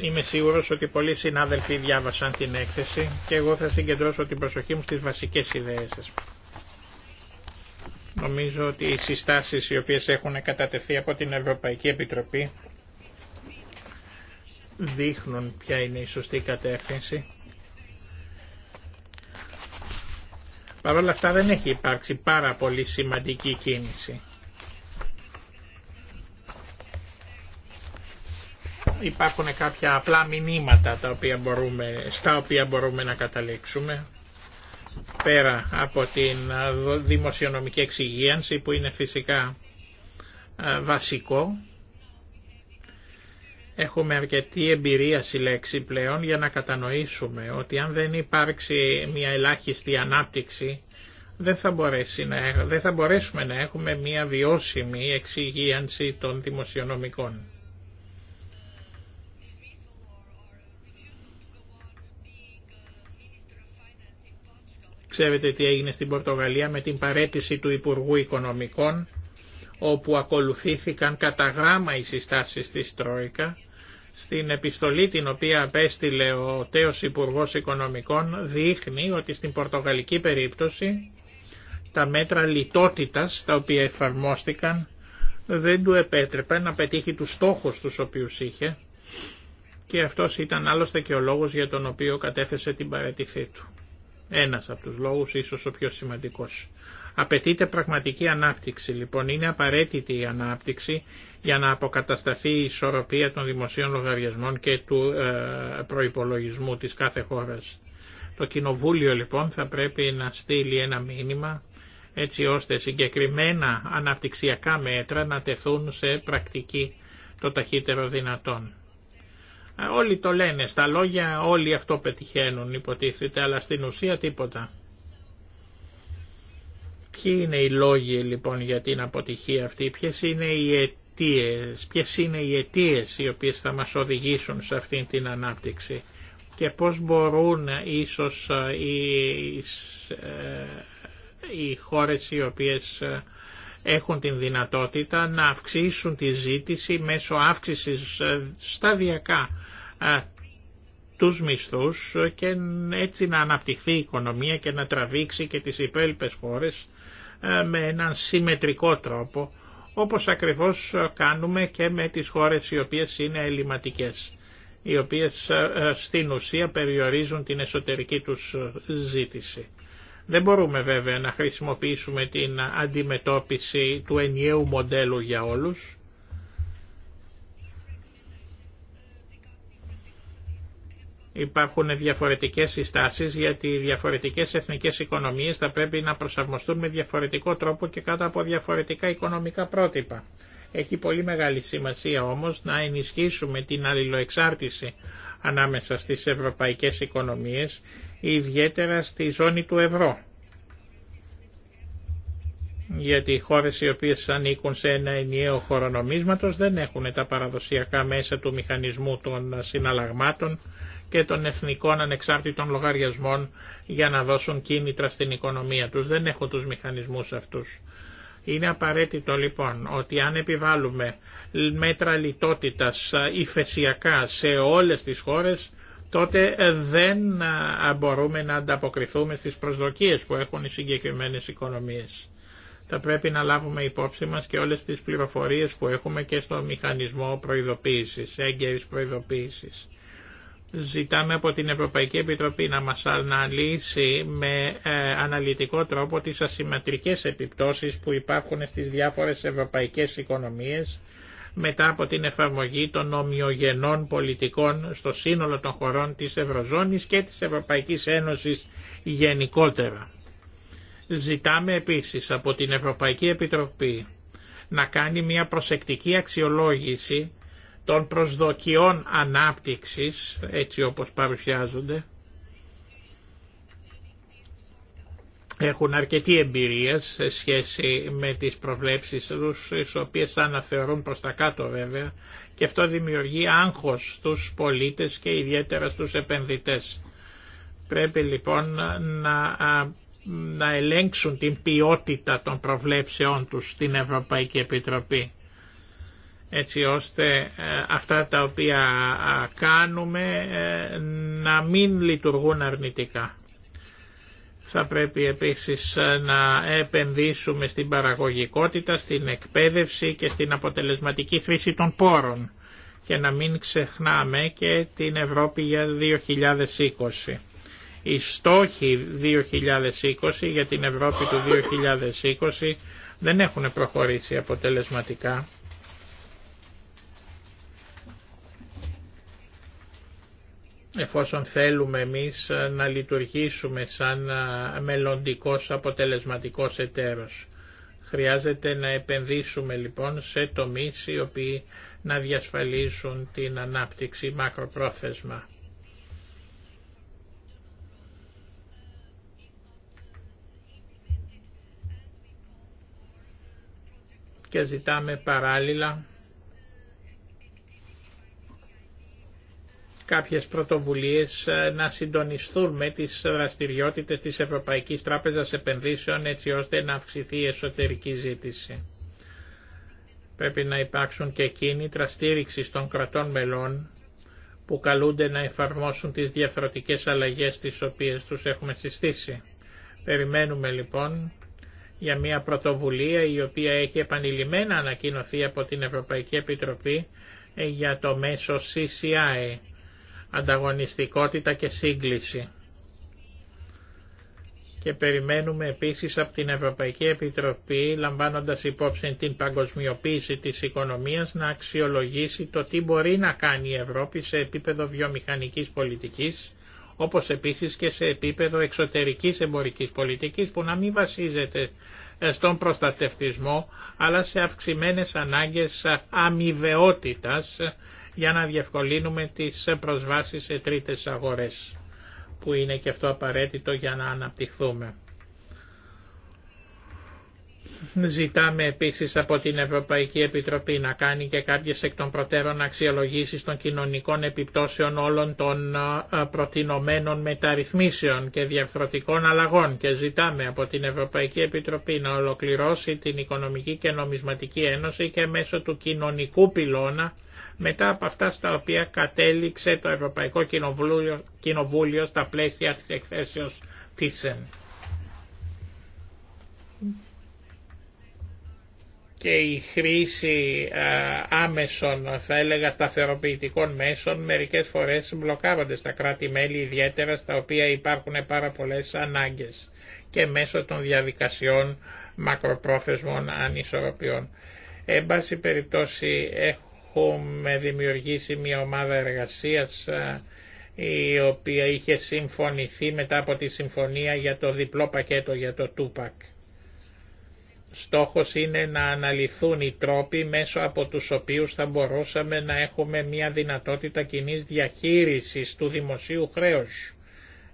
Είμαι σίγουρος ότι πολλοί συνάδελφοι διάβασαν την έκθεση και εγώ θα συγκεντρώσω την προσοχή μου στις βασικές ιδέες σας. Νομίζω ότι οι συστάσεις οι οποίες έχουν κατατεθεί από την Ευρωπαϊκή Επιτροπή δείχνουν ποια είναι η σωστή κατεύθυνση. Παρ' όλα αυτά δεν έχει υπάρξει πάρα πολύ σημαντική κίνηση. υπάρχουν κάποια απλά μηνύματα τα οποία μπορούμε, στα οποία μπορούμε να καταλήξουμε πέρα από την δημοσιονομική εξυγίανση που είναι φυσικά βασικό. Έχουμε αρκετή εμπειρία λέξη πλέον για να κατανοήσουμε ότι αν δεν υπάρξει μια ελάχιστη ανάπτυξη δεν θα, να, δεν θα μπορέσουμε να έχουμε μια βιώσιμη εξυγίανση των δημοσιονομικών. Ξέρετε τι έγινε στην Πορτογαλία με την παρέτηση του Υπουργού Οικονομικών όπου ακολουθήθηκαν κατά γράμμα οι συστάσεις της Τρόικα. Στην επιστολή την οποία απέστειλε ο τέος Υπουργός Οικονομικών δείχνει ότι στην Πορτογαλική περίπτωση τα μέτρα λιτότητας τα οποία εφαρμόστηκαν δεν του επέτρεπε να πετύχει τους στόχους τους οποίους είχε και αυτός ήταν άλλωστε και ο λόγος για τον οποίο κατέθεσε την παρέτησή του. Ένας από τους λόγους, ίσως ο πιο σημαντικός. Απαιτείται πραγματική ανάπτυξη, λοιπόν είναι απαραίτητη η ανάπτυξη για να αποκατασταθεί η ισορροπία των δημοσίων λογαριασμών και του ε, προϋπολογισμού της κάθε χώρας. Το Κοινοβούλιο λοιπόν θα πρέπει να στείλει ένα μήνυμα έτσι ώστε συγκεκριμένα αναπτυξιακά μέτρα να τεθούν σε πρακτική το ταχύτερο δυνατόν. Όλοι το λένε, στα λόγια όλοι αυτό πετυχαίνουν υποτίθεται, αλλά στην ουσία τίποτα. Ποιοι είναι οι λόγοι λοιπόν για την αποτυχία αυτή, ποιες είναι οι αιτίες, ποιες είναι οι αιτίες οι οποίες θα μας οδηγήσουν σε αυτήν την ανάπτυξη και πώς μπορούν ε, ίσως ε, οι, ε, οι χώρες οι οποίες έχουν την δυνατότητα να αυξήσουν τη ζήτηση μέσω αύξησης ε, σταδιακά ε, τους μισθούς και έτσι να αναπτυχθεί η οικονομία και να τραβήξει και τις υπέλπες χώρες ε, με έναν συμμετρικό τρόπο όπως ακριβώς κάνουμε και με τις χώρες οι οποίες είναι ελληματικές οι οποίες στην ουσία περιορίζουν την εσωτερική τους ζήτηση. Δεν μπορούμε βέβαια να χρησιμοποιήσουμε την αντιμετώπιση του ενιαίου μοντέλου για όλους. Υπάρχουν διαφορετικές συστάσεις γιατί οι διαφορετικές εθνικές οικονομίες θα πρέπει να προσαρμοστούν με διαφορετικό τρόπο και κάτω από διαφορετικά οικονομικά πρότυπα. Έχει πολύ μεγάλη σημασία όμως να ενισχύσουμε την αλληλοεξάρτηση ανάμεσα στις ευρωπαϊκές οικονομίες ιδιαίτερα στη ζώνη του ευρώ. Γιατί οι χώρες οι οποίες ανήκουν σε ένα ενιαίο χωρονομίσματος δεν έχουν τα παραδοσιακά μέσα του μηχανισμού των συναλλαγμάτων και των εθνικών ανεξάρτητων λογαριασμών για να δώσουν κίνητρα στην οικονομία τους. Δεν έχουν τους μηχανισμούς αυτούς. Είναι απαραίτητο λοιπόν ότι αν επιβάλλουμε μέτρα λιτότητας ηφεσιακά ε, σε όλες τις χώρες τότε ε, δεν μπορούμε να ανταποκριθούμε στις προσδοκίες που έχουν οι συγκεκριμένες οικονομίες. Θα πρέπει να λάβουμε υπόψη μας και όλες τις πληροφορίες που έχουμε και στο μηχανισμό προειδοποίησης, έγκαιρης προειδοποίησης. Ζητάμε από την Ευρωπαϊκή Επιτροπή να μας αναλύσει με ε, αναλυτικό τρόπο τις ασυμμετρικές επιπτώσεις που υπάρχουν στις διάφορες ευρωπαϊκές οικονομίες μετά από την εφαρμογή των ομοιογενών πολιτικών στο σύνολο των χωρών της Ευρωζώνης και της Ευρωπαϊκής Ένωσης γενικότερα. Ζητάμε επίσης από την Ευρωπαϊκή Επιτροπή να κάνει μια προσεκτική αξιολόγηση των προσδοκιών ανάπτυξης, έτσι όπως παρουσιάζονται, έχουν αρκετή εμπειρία σε σχέση με τις προβλέψεις τους, τις οποίες αναθεωρούν προς τα κάτω βέβαια, και αυτό δημιουργεί άγχος στους πολίτες και ιδιαίτερα στους επενδυτές. Πρέπει λοιπόν να, να ελέγξουν την ποιότητα των προβλέψεών τους στην Ευρωπαϊκή Επιτροπή έτσι ώστε ε, αυτά τα οποία κάνουμε ε, να μην λειτουργούν αρνητικά. Θα πρέπει επίσης ε, να επενδύσουμε στην παραγωγικότητα, στην εκπαίδευση και στην αποτελεσματική χρήση των πόρων και να μην ξεχνάμε και την Ευρώπη για 2020. Οι στόχοι 2020 για την Ευρώπη του 2020 δεν έχουν προχωρήσει αποτελεσματικά εφόσον θέλουμε εμείς ε, να λειτουργήσουμε σαν ε, μελλοντικός αποτελεσματικός εταίρος. Χρειάζεται να επενδύσουμε λοιπόν σε τομείς οι οποίοι να διασφαλίσουν την ανάπτυξη μακροπρόθεσμα. Και ζητάμε παράλληλα κάποιες πρωτοβουλίες ε, να συντονιστούν με τις δραστηριότητες της Ευρωπαϊκής Τράπεζας Επενδύσεων έτσι ώστε να αυξηθεί η εσωτερική ζήτηση. Πρέπει να υπάρξουν και κίνητρα στήριξη των κρατών μελών που καλούνται να εφαρμόσουν τις διαφορετικές αλλαγές τις οποίες τους έχουμε συστήσει. Περιμένουμε λοιπόν για μια πρωτοβουλία η οποία έχει επανειλημμένα ανακοινωθεί από την Ευρωπαϊκή Επιτροπή ε, για το μέσο CCI ανταγωνιστικότητα και σύγκληση. Και περιμένουμε επίσης από την Ευρωπαϊκή Επιτροπή, λαμβάνοντας υπόψη την παγκοσμιοποίηση της οικονομίας, να αξιολογήσει το τι μπορεί να κάνει η Ευρώπη σε επίπεδο βιομηχανικής πολιτικής, όπως επίσης και σε επίπεδο εξωτερικής εμπορικής πολιτικής που να μην βασίζεται στον προστατευτισμό αλλά σε αυξημένες ανάγκες αμοιβαιότητας για να διευκολύνουμε τις προσβάσεις σε τρίτες αγορές που είναι και αυτό απαραίτητο για να αναπτυχθούμε. Ζητάμε επίσης από την Ευρωπαϊκή Επιτροπή να κάνει και κάποιες εκ των προτέρων αξιολογήσεις των κοινωνικών επιπτώσεων όλων των προτινομένων μεταρρυθμίσεων και διαφορετικών αλλαγών και ζητάμε από την Ευρωπαϊκή Επιτροπή να ολοκληρώσει την Οικονομική και Νομισματική Ένωση και μέσω του κοινωνικού πυλώνα μετά από αυτά στα οποία κατέληξε το Ευρωπαϊκό Κοινοβούλιο, στα πλαίσια της εκθέσεως της και η χρήση άμεσων θα έλεγα σταθεροποιητικών μέσων μερικές φορές μπλοκάρονται στα κράτη-μέλη ιδιαίτερα στα οποία υπάρχουν πάρα πολλές ανάγκες και μέσω των διαδικασιών μακροπρόθεσμων ανισορροπιών. Εν πάση περιπτώσει έχω έχουμε δημιουργήσει μια ομάδα εργασίας ε, η οποία είχε συμφωνηθεί μετά από τη συμφωνία για το διπλό πακέτο για το Τούπακ. Στόχος είναι να αναλυθούν οι τρόποι μέσω από τους οποίους θα μπορούσαμε να έχουμε μια δυνατότητα κοινή διαχείρισης του δημοσίου χρέους.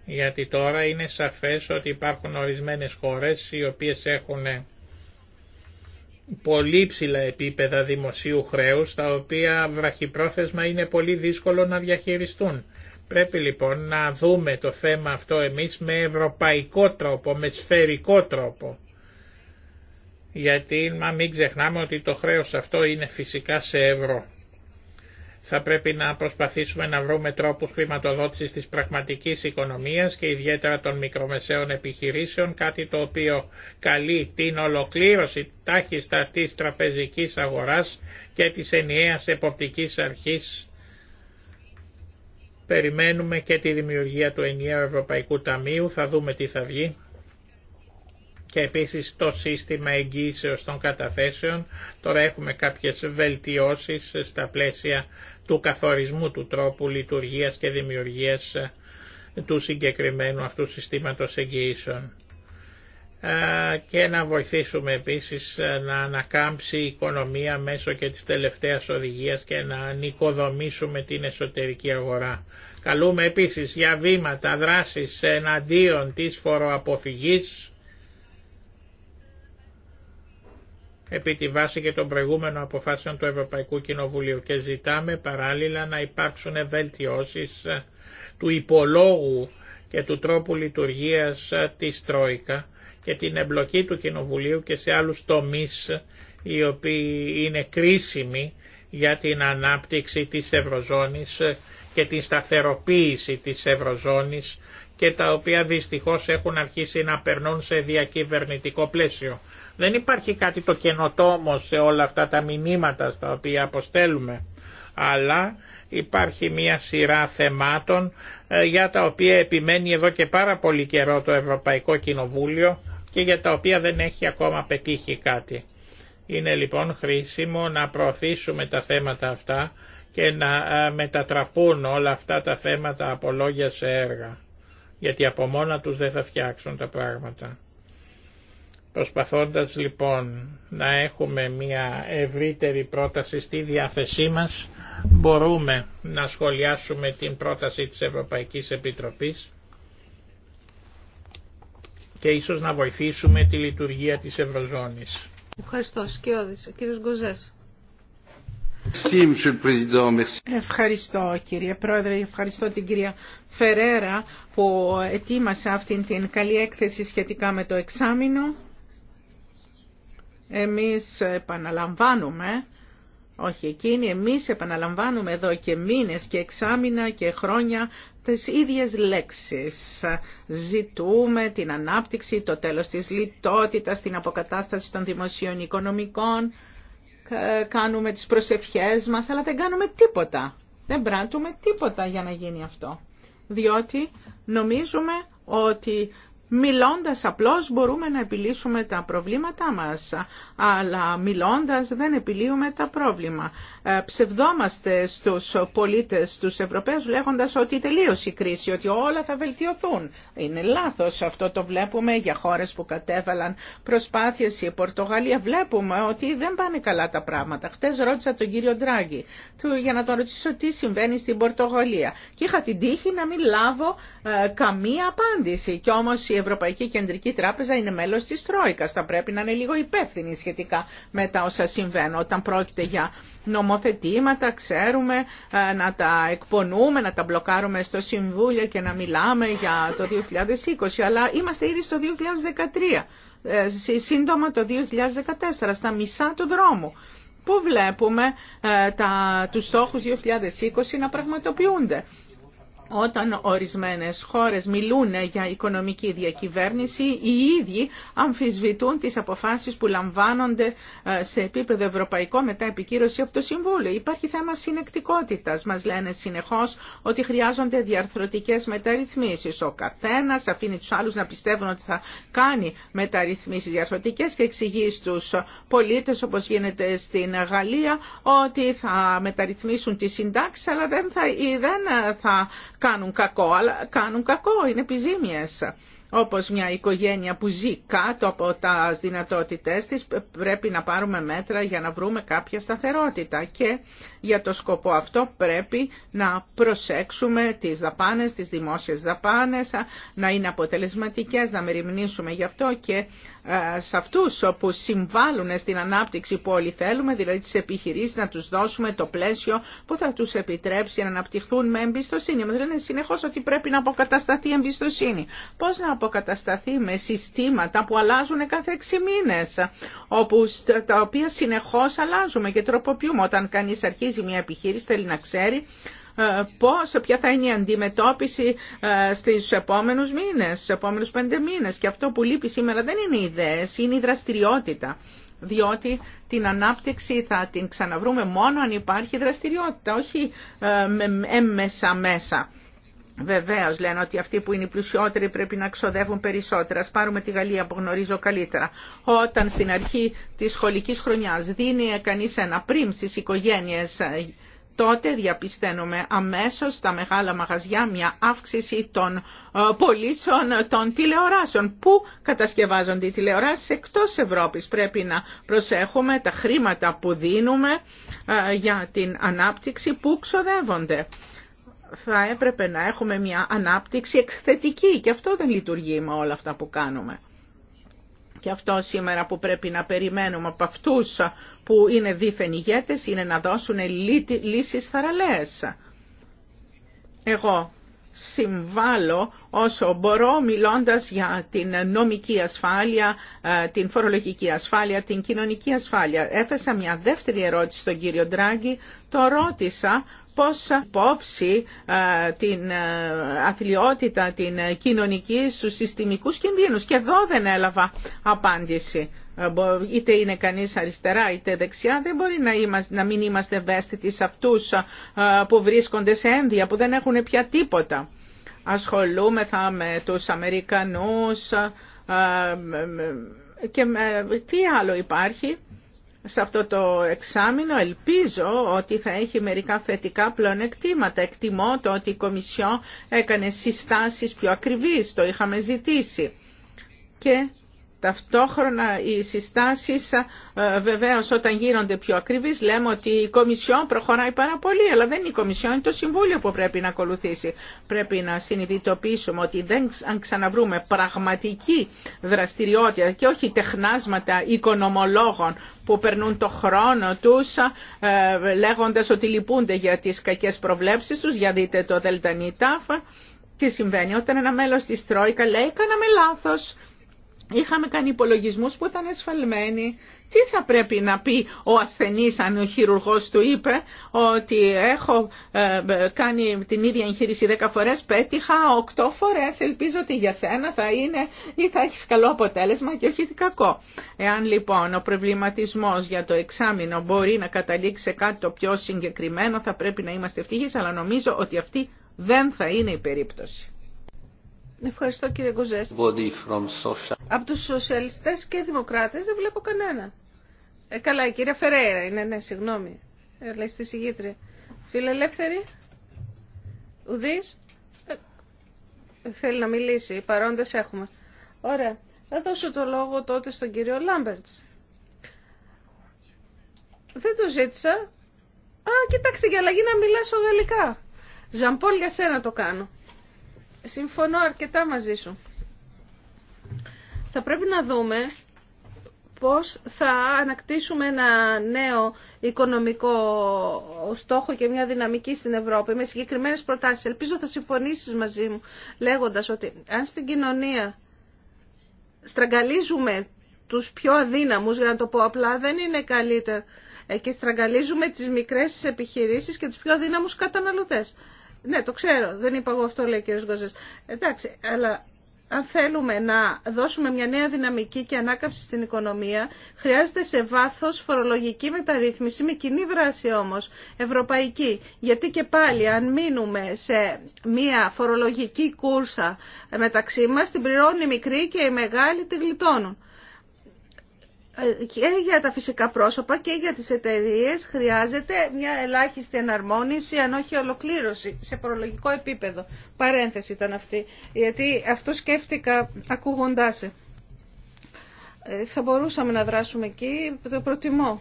Γιατί τώρα είναι σαφές ότι υπάρχουν ορισμένες χώρες οι οποίες έχουν πολύ ψηλά επίπεδα δημοσίου χρέους, τα οποία βραχυπρόθεσμα είναι πολύ δύσκολο να διαχειριστούν. Πρέπει λοιπόν να δούμε το θέμα αυτό εμείς με ευρωπαϊκό τρόπο, με σφαιρικό τρόπο. Γιατί μα μην ξεχνάμε ότι το χρέος αυτό είναι φυσικά σε ευρώ θα πρέπει να προσπαθήσουμε να βρούμε τρόπους χρηματοδότησης της πραγματικής οικονομίας και ιδιαίτερα των μικρομεσαίων επιχειρήσεων, κάτι το οποίο καλεί την ολοκλήρωση τάχιστα της τραπεζικής αγοράς και της ενιαίας εποπτικής αρχής. Περιμένουμε και τη δημιουργία του ενιαίου Ευρωπαϊκού Ταμείου, θα δούμε τι θα βγει και επίσης το σύστημα εγγύησεως των καταθέσεων. Τώρα έχουμε κάποιες βελτιώσεις στα πλαίσια του καθορισμού του τρόπου λειτουργίας και δημιουργίας ε, του συγκεκριμένου αυτού συστήματος εγγυήσεων ε, και να βοηθήσουμε επίσης ε, να ανακάμψει η οικονομία μέσω και της τελευταίας οδηγίας και να νοικοδομήσουμε την εσωτερική αγορά. Καλούμε επίσης για βήματα δράσης εναντίον της φοροαποφυγής επί τη βάση και των προηγούμενων αποφάσεων του Ευρωπαϊκού Κοινοβουλίου και ζητάμε παράλληλα να υπάρξουν βελτιώσεις ε, του υπολόγου και του τρόπου λειτουργίας ε, της Τρόικα και την εμπλοκή του Κοινοβουλίου και σε άλλους τομείς ε, οι οποίοι είναι κρίσιμοι για την ανάπτυξη της Ευρωζώνης και την σταθεροποίηση της Ευρωζώνης και τα οποία δυστυχώς έχουν αρχίσει να περνούν σε διακυβερνητικό πλαίσιο. Δεν υπάρχει κάτι το καινοτόμο σε όλα αυτά τα μηνύματα στα οποία αποστέλουμε, αλλά υπάρχει μια σειρά θεμάτων ε, για τα οποία επιμένει εδώ και πάρα πολύ καιρό το Ευρωπαϊκό Κοινοβούλιο και για τα οποία δεν έχει ακόμα πετύχει κάτι. Είναι λοιπόν χρήσιμο να προωθήσουμε τα θέματα αυτά και να ε, μετατραπούν όλα αυτά τα θέματα από λόγια σε έργα γιατί από μόνα τους δεν θα φτιάξουν τα πράγματα. Προσπαθώντας λοιπόν να έχουμε μια ευρύτερη πρόταση στη διάθεσή μας, μπορούμε να σχολιάσουμε την πρόταση της Ευρωπαϊκής Επιτροπής και ίσως να βοηθήσουμε τη λειτουργία της Ευρωζώνης. Ευχαριστώ. Σκιώδης. Ο κύριος Γκοζές. Ευχαριστώ κύριε Πρόεδρε, ευχαριστώ την κυρία Φερέρα που ετοίμασε αυτήν την καλή έκθεση σχετικά με το εξάμεινο. Εμείς επαναλαμβάνουμε, όχι εκείνη, εμείς επαναλαμβάνουμε εδώ και μήνες και εξάμεινα και χρόνια τις ίδιες λέξεις. Ζητούμε την ανάπτυξη, το τέλος της λιτότητας, την αποκατάσταση των δημοσίων οικονομικών, κάνουμε τις προσευχές μας, αλλά δεν κάνουμε τίποτα. Δεν πράττουμε τίποτα για να γίνει αυτό. Διότι νομίζουμε ότι μιλώντας απλώς μπορούμε να επιλύσουμε τα προβλήματά μας, αλλά μιλώντας δεν επιλύουμε τα πρόβλημα. Ε, ψευδόμαστε στους πολίτες, στους Ευρωπαίους λέγοντας ότι τελείωσε η κρίση, ότι όλα θα βελτιωθούν. Είναι λάθος αυτό το βλέπουμε για χώρες που κατέβαλαν προσπάθειες. Η Πορτογαλία βλέπουμε ότι δεν πάνε καλά τα πράγματα. Χτες ρώτησα τον κύριο Ντράγκη για να τον ρωτήσω τι συμβαίνει στην Πορτογαλία και είχα την τύχη να μην λάβω ε, καμία απάντηση. Και όμως η Ευρωπαϊκή Κεντρική Τράπεζα είναι μέλος της Τρόικας. Θα πρέπει να είναι λίγο υπεύθυνη σχετικά με τα όσα συμβαίνουν όταν πρόκειται για νομοθετήματα, ξέρουμε ε, να τα εκπονούμε, να τα μπλοκάρουμε στο Συμβούλιο και να μιλάμε για το 2020, αλλά είμαστε ήδη στο 2013, ε, σύντομα το 2014, στα μισά του δρόμου. Πού βλέπουμε ε, τα, τους στόχους 2020 να πραγματοποιούνται. Όταν ορισμένες χώρες μιλούν για οικονομική διακυβέρνηση, οι ίδιοι αμφισβητούν τις αποφάσεις που λαμβάνονται ε, σε επίπεδο ευρωπαϊκό μετά επικύρωση από το Συμβούλιο. Υπάρχει θέμα συνεκτικότητας. Μας λένε συνεχώς ότι χρειάζονται διαρθρωτικές μεταρρυθμίσεις. Ο καθένας αφήνει τους άλλους να πιστεύουν ότι θα κάνει μεταρρυθμίσεις διαρθρωτικές και εξηγεί στους πολίτες, όπως γίνεται στην Γαλλία, ότι θα μεταρρυθμίσουν τις συντάξεις, αλλά δεν θα, ή δεν θα κάνουν κακό, αλλά κάνουν κακό, είναι επιζήμιες όπως μια οικογένεια που ζει κάτω από τα δυνατότητές της, πρέπει να πάρουμε μέτρα για να βρούμε κάποια σταθερότητα και για το σκοπό αυτό πρέπει να προσέξουμε τις δαπάνες, τις δημόσιες δαπάνες, να είναι αποτελεσματικές, να μεριμνήσουμε γι' αυτό και σε αυτούς που συμβάλλουν στην ανάπτυξη που όλοι θέλουμε, δηλαδή τις επιχειρήσεις, να τους δώσουμε το πλαίσιο που θα τους επιτρέψει να αναπτυχθούν με εμπιστοσύνη. Μας λένε συνεχώς ότι πρέπει να αποκατασταθεί εμπιστοσύνη. Πώς να αποκατασταθεί με συστήματα που αλλάζουν κάθε έξι μήνες, όπου, τα οποία συνεχώς αλλάζουμε και τροποποιούμε. Όταν κανείς αρχίζει μια επιχείρηση θέλει να ξέρει ε, πώς, ποια θα είναι η αντιμετώπιση ε, στις επόμενους μήνες, στους επόμενους πέντε μήνες. Και αυτό που λείπει σήμερα δεν είναι οι ιδέες, είναι η δραστηριότητα. Διότι την ανάπτυξη θα την ξαναβρούμε μόνο αν υπάρχει δραστηριότητα, ε, μέσα έμμεσα-μέσα. Βεβαίω λένε ότι αυτοί που είναι οι πλουσιότεροι πρέπει να ξοδεύουν περισσότερα. Σπάρουμε τη Γαλλία που γνωρίζω καλύτερα. Όταν στην αρχή τη σχολική χρονιά δίνει κανεί ένα πριμ στι οικογένειε, ε, τότε διαπιστένουμε αμέσως στα μεγάλα μαγαζιά μια αύξηση των ε, πωλήσεων των τηλεοράσεων. Πού κατασκευάζονται οι τηλεοράσεις εκτός Ευρώπης. Πρέπει να προσέχουμε τα χρήματα που κατασκευαζονται οι τηλεοράσει εκτό Ευρώπη πρεπει να προσεχουμε τα χρηματα που δινουμε ε, για την ανάπτυξη που ξοδεύονται θα έπρεπε να έχουμε μια ανάπτυξη εξθετική και αυτό δεν λειτουργεί με όλα αυτά που κάνουμε. Και αυτό σήμερα που πρέπει να περιμένουμε από αυτούς που είναι δίθεν ηγέτες είναι να δώσουν λύσεις θαραλέες. Εγώ συμβάλλω όσο μπορώ μιλώντας για την νομική ασφάλεια, ε, την φορολογική ασφάλεια, την κοινωνική ασφάλεια. Έθεσα μια δεύτερη ερώτηση στον κύριο Ντράγκη, το ρώτησα πώς υπόψη την αθλειότητα, την κοινωνική στους συστημικούς κινδύνους. Και εδώ δεν έλαβα απάντηση. Είτε είναι κανείς αριστερά είτε δεξιά, δεν μπορεί να, να μην είμαστε ευαίσθητοι σε αυτούς που βρίσκονται σε ένδια, που δεν έχουν πια τίποτα. Ασχολούμεθα με τους Αμερικανούς και ε, τι άλλο υπάρχει σε αυτό το εξάμεινο ελπίζω ότι θα έχει μερικά θετικά πλεονεκτήματα. Εκτιμώ το ότι η Κομισιό έκανε συστάσεις πιο ακριβείς, το είχαμε ζητήσει. Και Ταυτόχρονα οι συστάσεις ε, βεβαίως όταν γίνονται πιο ακριβείς λέμε ότι η Κομισιόν προχωράει πάρα πολύ αλλά δεν είναι η Κομισιόν, είναι το Συμβούλιο που πρέπει να ακολουθήσει. Πρέπει να συνειδητοποιήσουμε ότι δεν, αν ξαναβρούμε πραγματική δραστηριότητα και όχι τεχνάσματα οικονομολόγων που περνούν το χρόνο τους ε, λέγοντας ότι λυπούνται για τις κακές προβλέψεις τους, για δείτε το ΤΑΦ τι συμβαίνει όταν ένα μέλος της Τρόικα λέει «κάναμε λάθος», Είχαμε κάνει υπολογισμού που ήταν εσφαλμένοι. Τι θα πρέπει να πει ο ασθενή αν ο χειρουργό του είπε ότι έχω ε, ε, κάνει την ίδια εγχείρηση 10 φορέ, πέτυχα 8 φορέ, ελπίζω ότι για σένα θα είναι ή θα έχει καλό αποτέλεσμα και όχι κακό. Εάν λοιπόν ο προβληματισμό για το εξάμεινο μπορεί να καταλήξει σε κάτι το πιο συγκεκριμένο, θα πρέπει να είμαστε ευτυχεί, αλλά νομίζω ότι αυτή δεν θα είναι η περίπτωση. Ευχαριστώ κύριε Γκοζές. Από τους σοσιαλιστές και δημοκράτες δεν βλέπω κανένα. Ε, καλά, η κυρία Φερέιρα είναι, ναι, συγγνώμη. Ε, λέει στη συγγήτρια. Φιλελεύθερη, ουδής, ε, θέλει να μιλήσει, Οι παρόντες έχουμε. Ωραία, θα δώσω το λόγο τότε στον κύριο Λάμπερτς. Δεν το ζήτησα. Α, κοιτάξτε για αλλαγή να μιλάσω γαλλικά. Ζαμπόλ για σένα το κάνω. Συμφωνώ αρκετά μαζί σου. Θα πρέπει να δούμε πώς θα ανακτήσουμε ένα νέο οικονομικό στόχο και μια δυναμική στην Ευρώπη με συγκεκριμένες προτάσεις. Ελπίζω θα συμφωνήσεις μαζί μου λέγοντας ότι αν στην κοινωνία στραγγαλίζουμε τους πιο αδύναμους, για να το πω απλά, δεν είναι καλύτερο. Ε, και στραγγαλίζουμε τις μικρές επιχειρήσεις και τους πιο αδύναμους καταναλωτές. Ναι, το ξέρω, δεν είπα εγώ αυτό, λέει ο κ. Γκοζέ. Εντάξει, αλλά αν θέλουμε να δώσουμε μια νέα δυναμική και ανάκαμψη στην οικονομία, χρειάζεται σε βάθο φορολογική μεταρρύθμιση, με κοινή δράση όμως, ευρωπαϊκή. Γιατί και πάλι αν μείνουμε σε μια φορολογική κούρσα μεταξύ μα, την πληρώνουν οι μικρή και οι μεγάλοι τη γλιτώνουν και για τα φυσικά πρόσωπα και για τις εταιρείε χρειάζεται μια ελάχιστη εναρμόνιση αν όχι ολοκλήρωση σε προλογικό επίπεδο. Παρένθεση ήταν αυτή, γιατί αυτό σκέφτηκα ακούγοντάς. Ε, θα μπορούσαμε να δράσουμε εκεί, το προτιμώ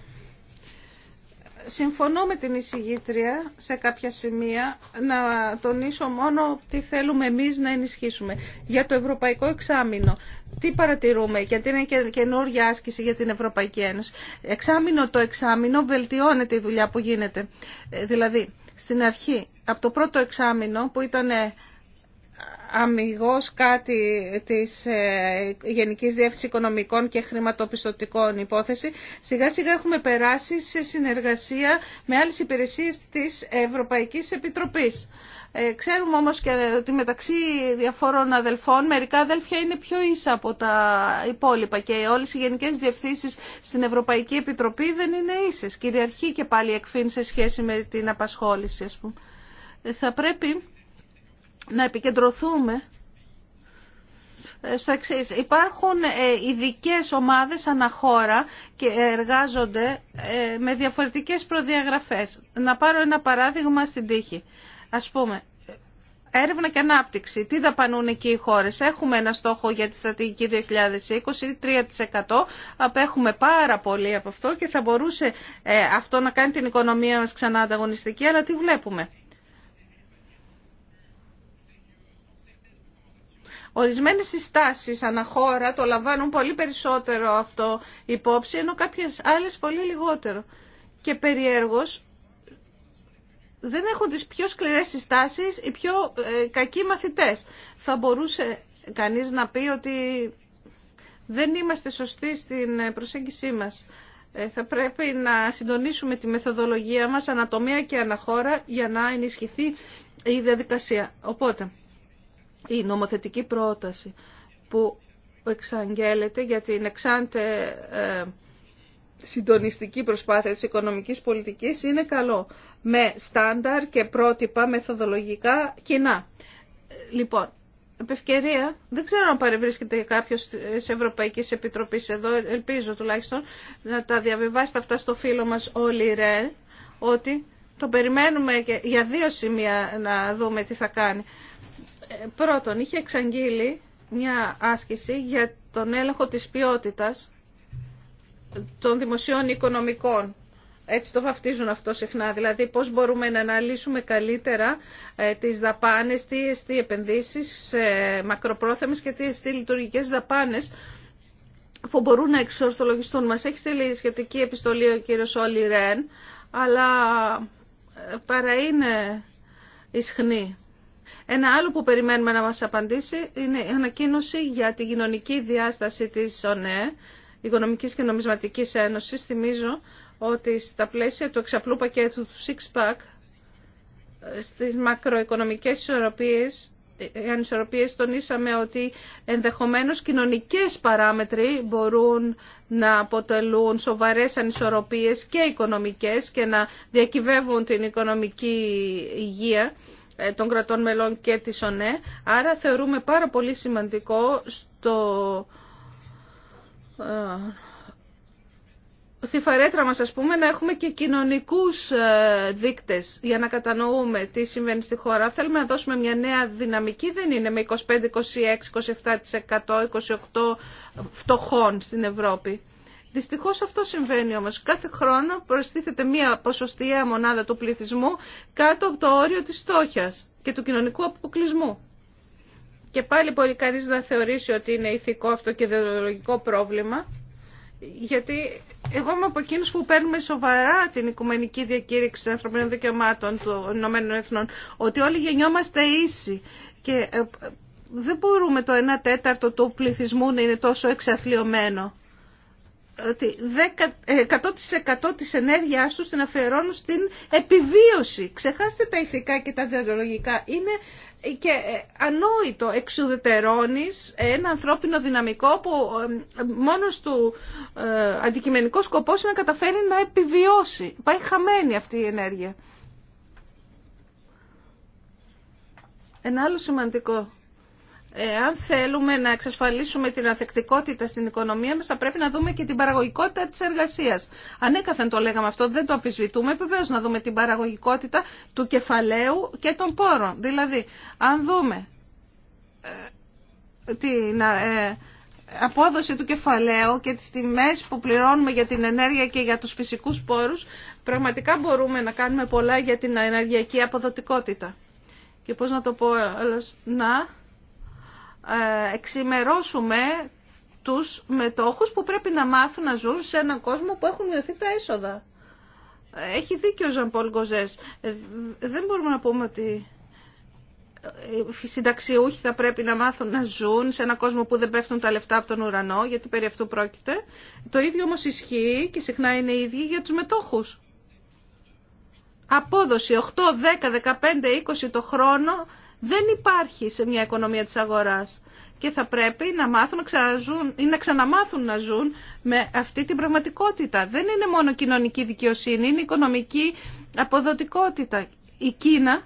συμφωνώ με την εισηγήτρια σε κάποια σημεία να τονίσω μόνο τι θέλουμε εμείς να ενισχύσουμε. Για το ευρωπαϊκό εξάμεινο, τι παρατηρούμε, γιατί είναι και καινούργια άσκηση για την Ευρωπαϊκή Ένωση. Εξάμεινο το εξάμεινο βελτιώνεται η δουλειά που γίνεται. Ε, δηλαδή, στην αρχή, από το πρώτο εξάμεινο που ήταν αμυγός κάτι της ε, Γενικής Διεύθυνσης Οικονομικών και Χρηματοπιστωτικών Υπόθεση. Σιγά σιγά έχουμε περάσει σε συνεργασία με άλλες υπηρεσίες της Ευρωπαϊκής Επιτροπής. Ε, ξέρουμε όμως και ότι μεταξύ διαφόρων αδελφών μερικά αδέλφια είναι πιο ίσα από τα υπόλοιπα και όλες οι γενικές διευθύνσεις στην Ευρωπαϊκή Επιτροπή δεν είναι ίσες. Κυριαρχεί και πάλι εκφύν σε σχέση με την απασχόληση ας ε, Θα πρέπει να επικεντρωθούμε στο εξή. Υπάρχουν ε, ειδικέ ομάδες αναχώρα και εργάζονται ε, με διαφορετικές προδιαγραφές. Να πάρω ένα παράδειγμα στην τύχη. Ας πούμε, έρευνα και ανάπτυξη. Τι δαπανούν εκεί οι χώρες. Έχουμε ένα στόχο για τη στρατηγική 2020, 3%. Απέχουμε πάρα πολύ από αυτό και θα μπορούσε ε, αυτό να κάνει την οικονομία μα ξανά ανταγωνιστική, αλλά τι βλέπουμε. Ορισμένες συστάσεις αναχώρα το λαμβάνουν πολύ περισσότερο αυτό υπόψη, ενώ κάποιες άλλες πολύ λιγότερο. Και περιέργως δεν έχουν τις πιο σκληρές συστάσεις οι πιο ε, κακοί μαθητές. Θα μπορούσε κανείς να πει ότι δεν είμαστε σωστοί στην ε, προσέγγισή μας. Ε, θα πρέπει να συντονίσουμε τη μεθοδολογία μας ανατομία και αναχώρα για να ενισχυθεί η διαδικασία. Οπότε η νομοθετική πρόταση που εξαγγέλλεται για την εξάντε ε, συντονιστική προσπάθεια της οικονομικής πολιτικής είναι καλό, με στάνταρ και πρότυπα μεθοδολογικά κοινά. Λοιπόν, επευκαιρία, δεν ξέρω αν παρευρίσκεται κάποιος τη Ευρωπαϊκή Επιτροπή εδώ, ελπίζω τουλάχιστον να τα διαβιβάσετε αυτά στο φίλο μας όλοι ρε, ότι το περιμένουμε και για δύο σημεία να δούμε τι θα κάνει. Πρώτον, είχε εξαγγείλει μια άσκηση για τον έλεγχο της ποιότητας των δημοσίων οικονομικών. Έτσι το βαφτίζουν αυτό συχνά. Δηλαδή πώς μπορούμε να αναλύσουμε καλύτερα ε, τις δαπάνες, τι εστί επενδύσεις ε, μακροπρόθεμες και τι εστί λειτουργικές δαπάνες που μπορούν να εξορθολογιστούν. Μας έχει στείλει σχετική επιστολή ο κύριος Όλι Ρεν, αλλά ε, παρά είναι ισχνή. Ένα άλλο που περιμένουμε να μας απαντήσει είναι η ανακοίνωση για την κοινωνική διάσταση της ΟΝΕ, Οικονομικής και Νομισματικής Ένωσης. Θυμίζω ότι στα πλαίσια του εξαπλού πακέτου του Six Pack, στις μακροοικονομικές ισορροπίες, οι ανισορροπίες τονίσαμε ότι ενδεχομένως κοινωνικές παράμετροι μπορούν να αποτελούν σοβαρές ανισορροπίες και οικονομικές και να διακυβεύουν την οικονομική υγεία ε, των κρατών μελών και της ΟΝΕ. Άρα θεωρούμε πάρα πολύ σημαντικό στο, ε, στη φαρέτρα μας ας πούμε να έχουμε και κοινωνικούς ε, δείκτες για να κατανοούμε τι συμβαίνει στη χώρα. Θέλουμε να δώσουμε μια νέα δυναμική, δεν είναι με 25, 26, 27%, 28 φτωχών στην Ευρώπη. Δυστυχώ αυτό συμβαίνει όμω, Κάθε χρόνο προστίθεται μία ποσοστιαία μονάδα του πληθυσμού κάτω από το όριο τη στόχιας και του κοινωνικού αποκλεισμού. Και πάλι μπορεί κανεί να θεωρήσει ότι είναι ηθικό αυτό και ιδεολογικό πρόβλημα, γιατί εγώ είμαι από εκείνου που παίρνουμε σοβαρά την Οικουμενική Διακήρυξη Ανθρωπίνων Δικαιωμάτων των Ηνωμένων ότι όλοι γεννιόμαστε ίσοι και ε, ε, δεν μπορούμε το 1 τέταρτο του πληθυσμού να είναι τόσο εξαθλειωμένο ότι 100% ε, της ενέργειάς τους την αφιερώνουν στην επιβίωση. Ξεχάστε τα ηθικά και τα διοντολογικά. Είναι και ε, ανόητο εξουδετερώνεις ένα ανθρώπινο δυναμικό που ε, μόνος του αντικειμενικό σκοπός είναι να καταφέρει να επιβιώσει. Πάει χαμένη αυτή η ενέργεια. Ένα άλλο σημαντικό αν θέλουμε να εξασφαλίσουμε την αθεκτικότητα στην οικονομία μας, θα πρέπει να δούμε και την παραγωγικότητα της εργασίας. Ανέκαθεν το λέγαμε αυτό, δεν το αμφισβητούμε, βέβαια να δούμε την παραγωγικότητα του κεφαλαίου και των πόρων. Δηλαδή, αν δούμε ε, την ε, απόδοση του κεφαλαίου και τις τιμές που πληρώνουμε για την ενέργεια και για τους φυσικούς πόρους, πραγματικά μπορούμε να κάνουμε πολλά για την ενεργειακή αποδοτικότητα. Και πώς να το πω, να ε, εξημερώσουμε τους μετόχους που πρέπει να μάθουν να ζουν σε έναν κόσμο που έχουν μειωθεί τα έσοδα. Έχει δίκιο ο Ζανπόλ Γκοζές. Ε, δεν μπορούμε να πούμε ότι ε, οι συνταξιούχοι θα πρέπει να μάθουν να ζουν σε έναν κόσμο που δεν πέφτουν τα λεφτά από τον ουρανό, γιατί περί αυτού πρόκειται. Το ίδιο όμως ισχύει και συχνά είναι οι ίδιοι για τους μετόχους. Απόδοση 8, 10, 15, 20 το χρόνο δεν υπάρχει σε μια οικονομία της αγοράς και θα πρέπει να μάθουν να ή να ξαναμάθουν να ζουν με αυτή την πραγματικότητα. Δεν είναι μόνο κοινωνική δικαιοσύνη, είναι οικονομική αποδοτικότητα. Η Κίνα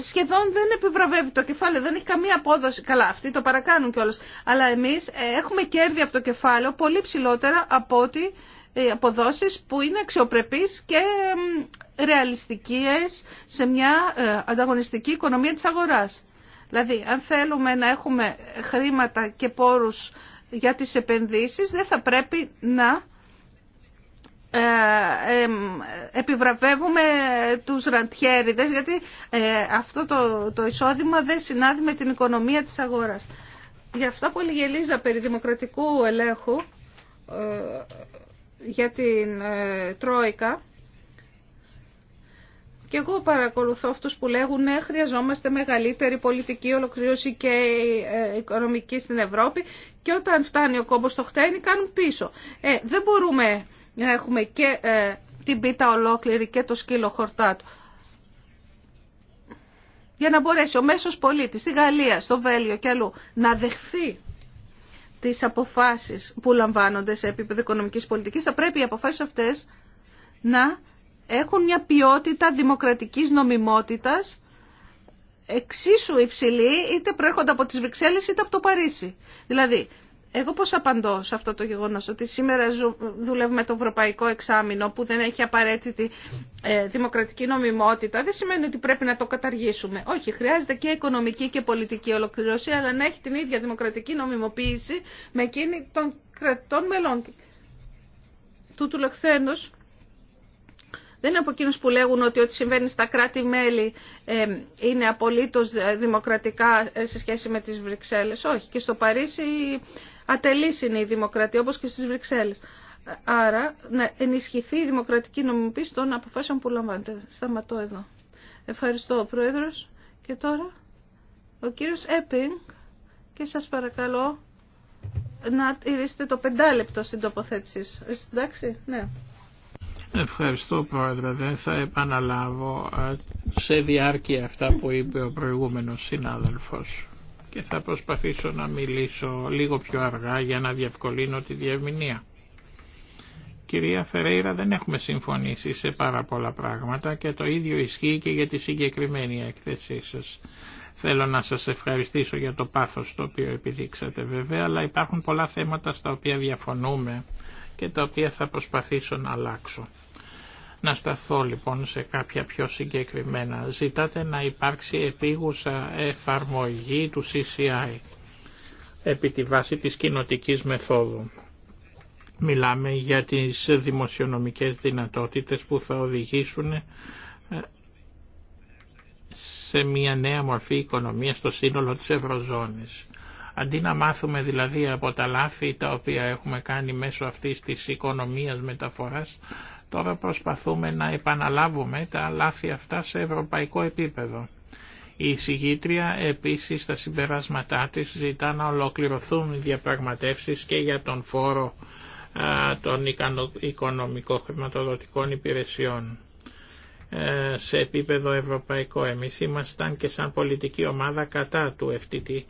σχεδόν δεν επιβραβεύει το κεφάλαιο, δεν έχει καμία απόδοση. Καλά, αυτοί το παρακάνουν κιόλας. Αλλά εμείς έχουμε κέρδη από το κεφάλαιο πολύ ψηλότερα από ότι ε, αποδόσεις που είναι αξιοπρεπείς και ρεαλιστικές σε μια ε, ανταγωνιστική οικονομία της αγοράς. Δηλαδή, αν θέλουμε να έχουμε χρήματα και πόρους για τις επενδύσεις, δεν θα πρέπει να ε, επιβραβεύουμε τους ραντιέριδες, γιατί αυτό το εισόδημα δεν συνάδει με την οικονομία της αγοράς. Γι' αυτό που έλεγε η περί δημοκρατικού ελέγχου, για την ε, Τρόικα και εγώ παρακολουθώ αυτούς που λέγουν ναι, χρειαζόμαστε μεγαλύτερη πολιτική ολοκλήρωση και ε, οικονομική στην Ευρώπη και όταν φτάνει ο κόμπος στο χτένι κάνουν πίσω. Ε, δεν μπορούμε να έχουμε και ε, την πίτα ολόκληρη και το σκύλο χορτάτου. Για να μπορέσει ο μέσος πολίτης στη Γαλλία, στο Βέλιο και αλλού να δεχθεί τις αποφάσεις που λαμβάνονται σε επίπεδο οικονομικής πολιτικής, θα πρέπει οι αποφάσεις αυτές να έχουν μια ποιότητα δημοκρατικής νομιμότητας εξίσου υψηλή είτε προέρχονται από τις Βρυξέλλες είτε από το Παρίσι. Δηλαδή εγώ πώς απαντώ σε αυτό το γεγονός ότι σήμερα δουλεύουμε το ευρωπαϊκό εξάμεινο που δεν έχει απαραίτητη ε, δημοκρατική νομιμότητα. Δεν σημαίνει ότι πρέπει να το καταργήσουμε. Όχι, χρειάζεται και οικονομική και πολιτική ολοκληρωσία αλλά να έχει την ίδια δημοκρατική νομιμοποίηση με εκείνη των κρατών μελών. Τούτου λεχθένους δεν είναι από εκείνους που λέγουν ότι ό,τι συμβαίνει στα κράτη-μέλη ε, είναι απολύτως ε, δημοκρατικά σε σχέση με τις Βρυξέλλες. Όχι. Και στο Παρίσι Ατελής είναι η δημοκρατία, όπως και στις Βρυξέλλες. Άρα, να ενισχυθεί η δημοκρατική νομιμοποίηση των αποφάσεων που λαμβάνεται. Σταματώ εδώ. Ευχαριστώ, ο Πρόεδρος. Και τώρα, ο κύριος Έπινγκ. Και σας παρακαλώ να τηρήσετε το πεντάλεπτο στην τοποθέτησή σας. Ε, εντάξει, ναι. Ευχαριστώ Πρόεδρε. Δεν θα επαναλάβω ε, σε διάρκεια αυτά που είπε ο προηγούμενος συνάδελφος και θα προσπαθήσω να μιλήσω λίγο πιο αργά για να διευκολύνω τη διευμηνία. Κυρία Φερέιρα, δεν έχουμε συμφωνήσει σε πάρα πολλά πράγματα και το ίδιο ισχύει και για τη συγκεκριμένη έκθεσή σας. Θέλω να σας ευχαριστήσω για το πάθος το οποίο επιδείξατε βέβαια, αλλά υπάρχουν πολλά θέματα στα οποία διαφωνούμε και τα οποία θα προσπαθήσω να αλλάξω. Να σταθώ λοιπόν σε κάποια πιο συγκεκριμένα. Ζητάτε να υπάρξει επίγουσα εφαρμογή του CCI επί τη βάση της κοινοτικής μεθόδου. Μιλάμε για τις δημοσιονομικές δυνατότητες που θα οδηγήσουν ε, σε μια νέα μορφή οικονομία στο σύνολο της Ευρωζώνης. Αντί να μάθουμε δηλαδή από τα λάθη τα οποία έχουμε κάνει μέσω αυτής της οικονομίας μεταφοράς, Τώρα προσπαθούμε να επαναλάβουμε τα λάθη αυτά σε ευρωπαϊκό επίπεδο. Η εισηγήτρια επίσης στα συμπεράσματά της ζητά να ολοκληρωθούν οι διαπραγματεύσεις και για τον φόρο των οικονομικών χρηματοδοτικών υπηρεσιών ε, σε επίπεδο ευρωπαϊκό. Εμείς ήμασταν και σαν πολιτική ομάδα κατά του FTT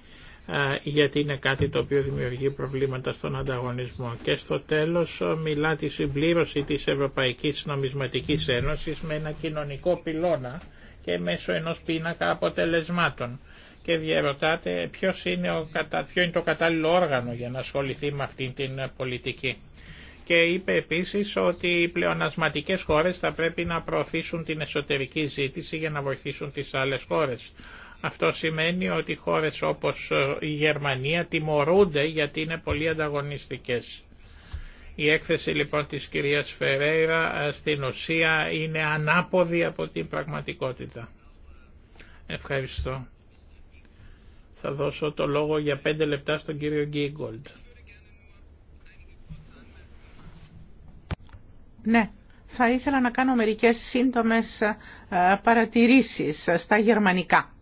ε, γιατί είναι κάτι το οποίο δημιουργεί προβλήματα στον ανταγωνισμό. Και στο τέλος ε, μιλά τη συμπλήρωση της Ευρωπαϊκής Νομισματικής Ένωσης με ένα κοινωνικό πυλώνα και μέσω ενός πίνακα αποτελεσμάτων. Και διαρωτάτε ποιος είναι ποιο είναι το κατάλληλο όργανο για να ασχοληθεί με αυτή την πολιτική. Και είπε επίσης ότι οι πλεονασματικές χώρες θα πρέπει να προωθήσουν την εσωτερική ζήτηση για να βοηθήσουν τις άλλες χώρες. Αυτό σημαίνει ότι χώρες όπως ε, η Γερμανία τιμωρούνται γιατί είναι πολύ ανταγωνιστικές. Η έκθεση λοιπόν της κυρίας Φερέιρα ε, στην ουσία είναι ανάποδη από την πραγματικότητα. Ευχαριστώ. Θα δώσω το λόγο για πέντε λεπτά στον κύριο Γκίγκολτ. Ναι, θα ήθελα να κάνω μερικές σύντομες ε, παρατηρήσεις στα γερμανικά.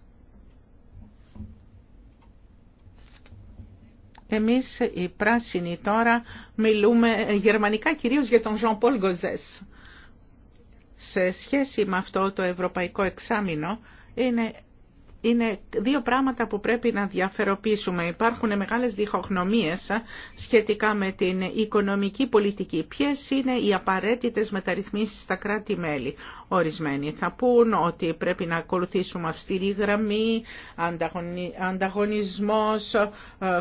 Εμείς οι πράσινοι τώρα μιλούμε γερμανικά κυρίως για τον Ζων Πολ Γκοζές. Σε σχέση με αυτό το ευρωπαϊκό εξάμεινο είναι είναι δύο πράγματα που πρέπει να διαφεροποιήσουμε. Υπάρχουν μεγάλες διχογνωμίες σχετικά με την οικονομική πολιτική. Ποιες είναι οι απαραίτητες μεταρρυθμίσεις στα κράτη-μέλη. Ορισμένοι θα πούν ότι πρέπει να ακολουθήσουμε αυστηρή γραμμή, ανταγωνισμός ε,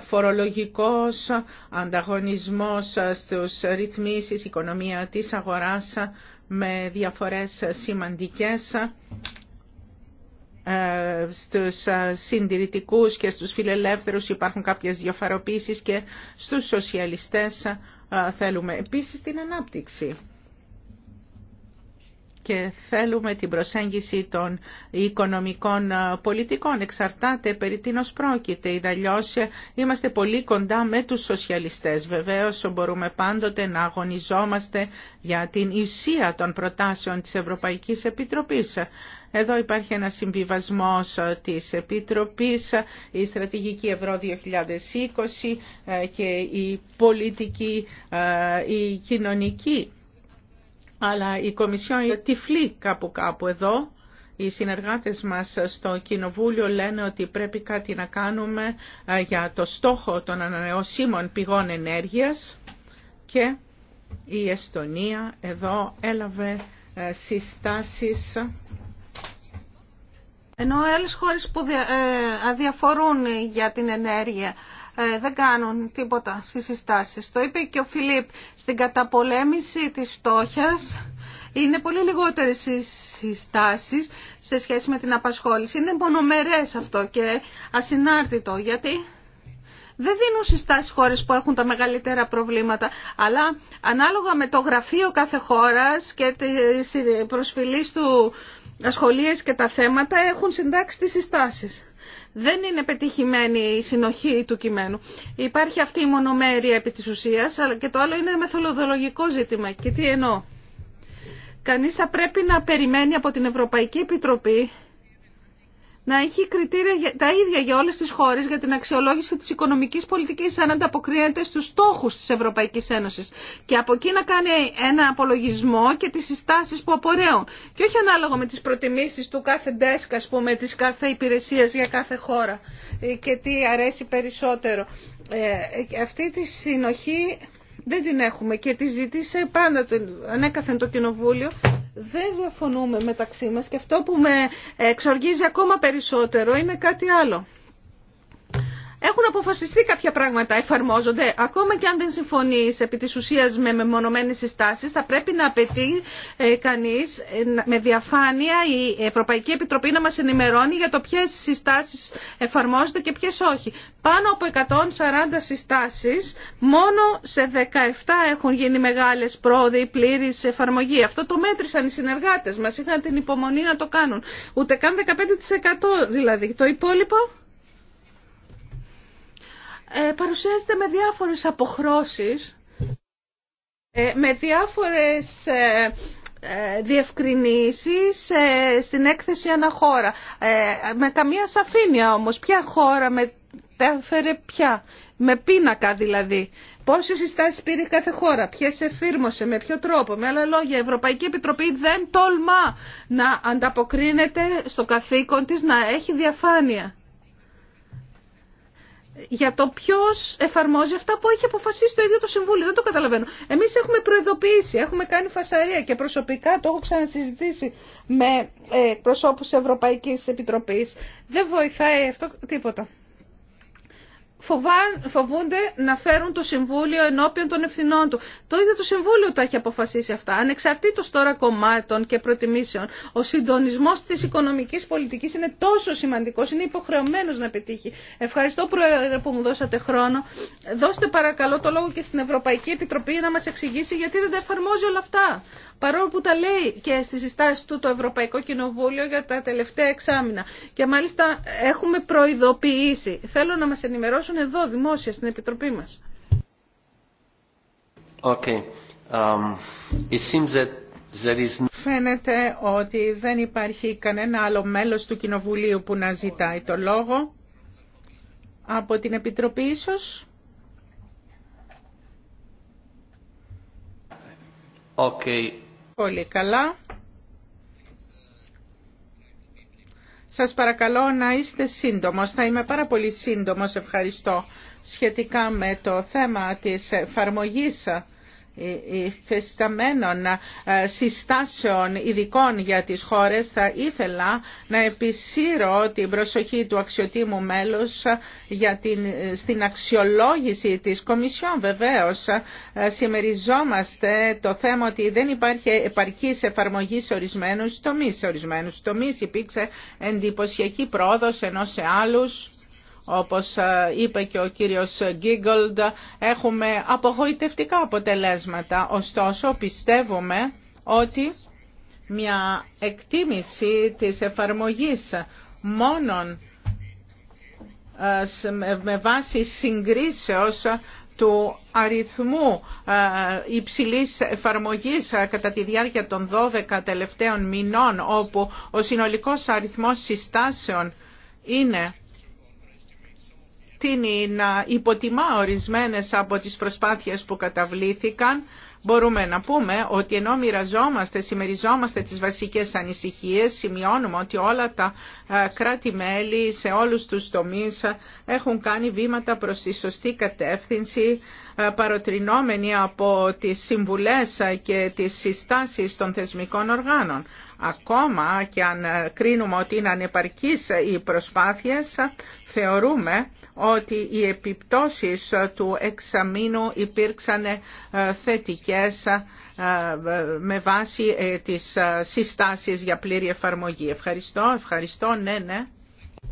φορολογικός, ανταγωνισμός στους ρυθμίσεις, οικονομία της αγοράς με διαφορές σημαντικές ε, στους ε, συντηρητικούς και στους φιλελεύθερους υπάρχουν κάποιες διαφοροποίησεις και στους σοσιαλιστές ε, θέλουμε επίσης την ανάπτυξη. Και θέλουμε την προσέγγιση των οικονομικών πολιτικών. Εξαρτάται περί τίνος πρόκειται. Ιδαλλιώς είμαστε πολύ κοντά με τους σοσιαλιστές. Βεβαίως μπορούμε πάντοτε να αγωνιζόμαστε για την ισία των προτάσεων της Ευρωπαϊκής Επιτροπής. Εδώ υπάρχει ένα συμβιβασμό ε, της Επιτροπής, η Στρατηγική Ευρώ 2020 ε, και η πολιτική, ε, η κοινωνική. Αλλά η Κομισιόν είναι τυφλή κάπου κάπου εδώ. Οι συνεργάτες μας στο Κοινοβούλιο λένε ότι πρέπει κάτι να κάνουμε για το στόχο των ανανεωσίμων πηγών ενέργειας και η Εστονία εδώ έλαβε συστάσεις ενώ άλλες χώρες που ε, αδιαφορούν για την ενέργεια ε, δεν κάνουν τίποτα στις συστάσεις. Το είπε και ο Φιλίπ, στην καταπολέμηση της φτώχειας είναι πολύ λιγότερες οι συστάσεις σε σχέση με την απασχόληση. Είναι μονομερές αυτό και ασυνάρτητο γιατί δεν δίνουν συστάσεις χώρες που έχουν τα μεγαλύτερα προβλήματα, αλλά ανάλογα με το γραφείο κάθε χώρας και τις προσφυλής του Ασχολίες και τα θέματα έχουν συντάξει τις συστάσεις. Δεν είναι πετυχημένη η συνοχή του κειμένου. Υπάρχει αυτή η μονομέρεια επί της ουσίας, αλλά και το άλλο είναι ένα μεθοδολογικό ζήτημα. Και τι εννοώ. Κανείς θα πρέπει να περιμένει από την Ευρωπαϊκή Επιτροπή να έχει κριτήρια τα ίδια για όλες τις χώρες για την αξιολόγηση της οικονομικής πολιτικής αν ανταποκρίνεται στους στόχους της Ευρωπαϊκής Ένωσης και από εκεί να κάνει ένα απολογισμό και τις συστάσεις που απορρέουν και όχι ανάλογα με τις προτιμήσεις του κάθε desk ας πούμε της κάθε υπηρεσίας για κάθε χώρα ε, και τι αρέσει περισσότερο. Ε, ε, αυτή τη συνοχή δεν την έχουμε και τη ζήτησε πάντα ανέκαθεν το Κοινοβούλιο δεν διαφωνούμε μεταξύ μας και αυτό που με εξοργίζει ακόμα περισσότερο είναι κάτι άλλο έχουν αποφασιστεί κάποια πράγματα, εφαρμόζονται. Ακόμα και αν δεν συμφωνεί επί τη ουσία με μεμονωμένε συστάσει, θα πρέπει να απαιτεί ε, κανεί ε, με διαφάνεια η Ευρωπαϊκή Επιτροπή να μα ενημερώνει για το ποιε συστάσει εφαρμόζονται και ποιε όχι. Πάνω από 140 συστάσει, μόνο σε 17 έχουν γίνει μεγάλε πρόοδοι, πλήρη εφαρμογή. Αυτό το μέτρησαν οι συνεργάτε μα. Είχαν την υπομονή να το κάνουν. Ούτε καν 15% δηλαδή. Το υπόλοιπο. Ε, παρουσιάζεται με διάφορες αποχρώσεις, ε, με διάφορες ε, διευκρινήσεις στην έκθεση αναχώρα. Με καμία σαφήνεια όμως, ποια χώρα με μετέφερε ποια, με πίνακα δηλαδή. Πόσε συστάσει πήρε κάθε χώρα, ποιε εφήρμοσε, με ποιο τρόπο. Με άλλα λόγια, η Ευρωπαϊκή Επιτροπή δεν τολμά να ανταποκρίνεται στο καθήκον τη να έχει διαφάνεια για το ποιο εφαρμόζει αυτά που έχει αποφασίσει το ίδιο το Συμβούλιο. Δεν το καταλαβαίνω. Εμεί έχουμε προειδοποιήσει, έχουμε κάνει φασαρία και προσωπικά το έχω ξανασυζητήσει με ε, προσώπου Ευρωπαϊκή Επιτροπή. Δεν βοηθάει αυτό τίποτα φοβά, φοβούνται να φέρουν το Συμβούλιο ενώπιον των ευθυνών του. Το ίδιο το Συμβούλιο τα έχει αποφασίσει αυτά. Ανεξαρτήτως τώρα κομμάτων και προτιμήσεων, ο συντονισμός της οικονομικής πολιτικής είναι τόσο σημαντικός, είναι υποχρεωμένος να πετύχει. Ευχαριστώ Πρόεδρε που μου δώσατε χρόνο. Δώστε παρακαλώ το λόγο και στην Ευρωπαϊκή Επιτροπή να μας εξηγήσει γιατί δεν τα εφαρμόζει όλα αυτά. Παρόλο που τα λέει και στι συστάσεις του το Ευρωπαϊκό Κοινοβούλιο για τα τελευταία εξάμεινα. Και μάλιστα έχουμε προειδοποιήσει. Θέλω να μας δώσουν εδώ δημόσια στην Επιτροπή μας. Okay. Um, it seems that there is... Φαίνεται ότι δεν υπάρχει κανένα άλλο μέλος του Κοινοβουλίου που να ζητάει το λόγο. Από την Επιτροπή ίσως. Okay. Πολύ καλά. Σας παρακαλώ να είστε σύντομος. Θα είμαι πάρα πολύ σύντομος, ευχαριστώ, σχετικά με το θέμα της εφαρμογής φεσταμένων ε, ε, ε, συστάσεων ειδικών για τις χώρες θα ήθελα να επισύρω την προσοχή του αξιοτήμου μέλους για την, στην αξιολόγηση της Κομισιόν βεβαίως συμμεριζόμαστε το θέμα ότι δεν υπάρχει επαρκής εφαρμογή σε ορισμένους τομείς. Σε ορισμένους τομείς υπήρξε εντυπωσιακή πρόοδος ενώ σε άλλους όπως ε, είπε και ο κύριος Γκίγκολντ, έχουμε απογοητευτικά αποτελέσματα. Ωστόσο, πιστεύουμε ότι μια εκτίμηση της εφαρμογής μόνον ε, με βάση συγκρίσεως του αριθμού ε, υψηλής εφαρμογής κατά τη διάρκεια των 12 τελευταίων μηνών, όπου ο συνολικός αριθμός συστάσεων είναι την να υποτιμά ορισμένες από τις προσπάθειες που καταβλήθηκαν. Μπορούμε να πούμε ότι ενώ μοιραζόμαστε, συμμεριζόμαστε τις βασικές ανησυχίες, σημειώνουμε ότι όλα τα ε, κράτη-μέλη σε όλους τους τομείς έχουν κάνει βήματα προς τη σωστή κατεύθυνση, ε, παροτρινόμενοι από τις συμβουλές και τις συστάσεις των θεσμικών οργάνων. Ακόμα και αν κρίνουμε ότι είναι ανεπαρκείς οι προσπάθειες, θεωρούμε ότι οι επιπτώσεις του εξαμήνου υπήρξαν ε, θετικές ε, με βάση ε, τις συστάσεις για πλήρη εφαρμογή. Ευχαριστώ, ευχαριστώ, ναι, ναι.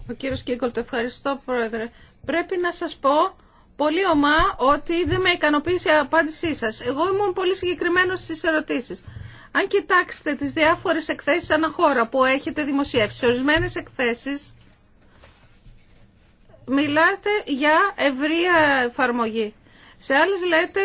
Ο κύριος Κίγκολτ, ευχαριστώ πρόεδρε. Πρέπει να σας πω πολύ ομά ότι δεν με ικανοποίησε η απάντησή σας. Εγώ ήμουν πολύ συγκεκριμένος στις ερωτήσεις. Αν κοιτάξετε τις διάφορες εκθέσεις αναχώρα που έχετε δημοσιεύσει, σε ορισμένες εκθέσεις μιλάτε για ευρεία εφαρμογή. Σε άλλες λέτε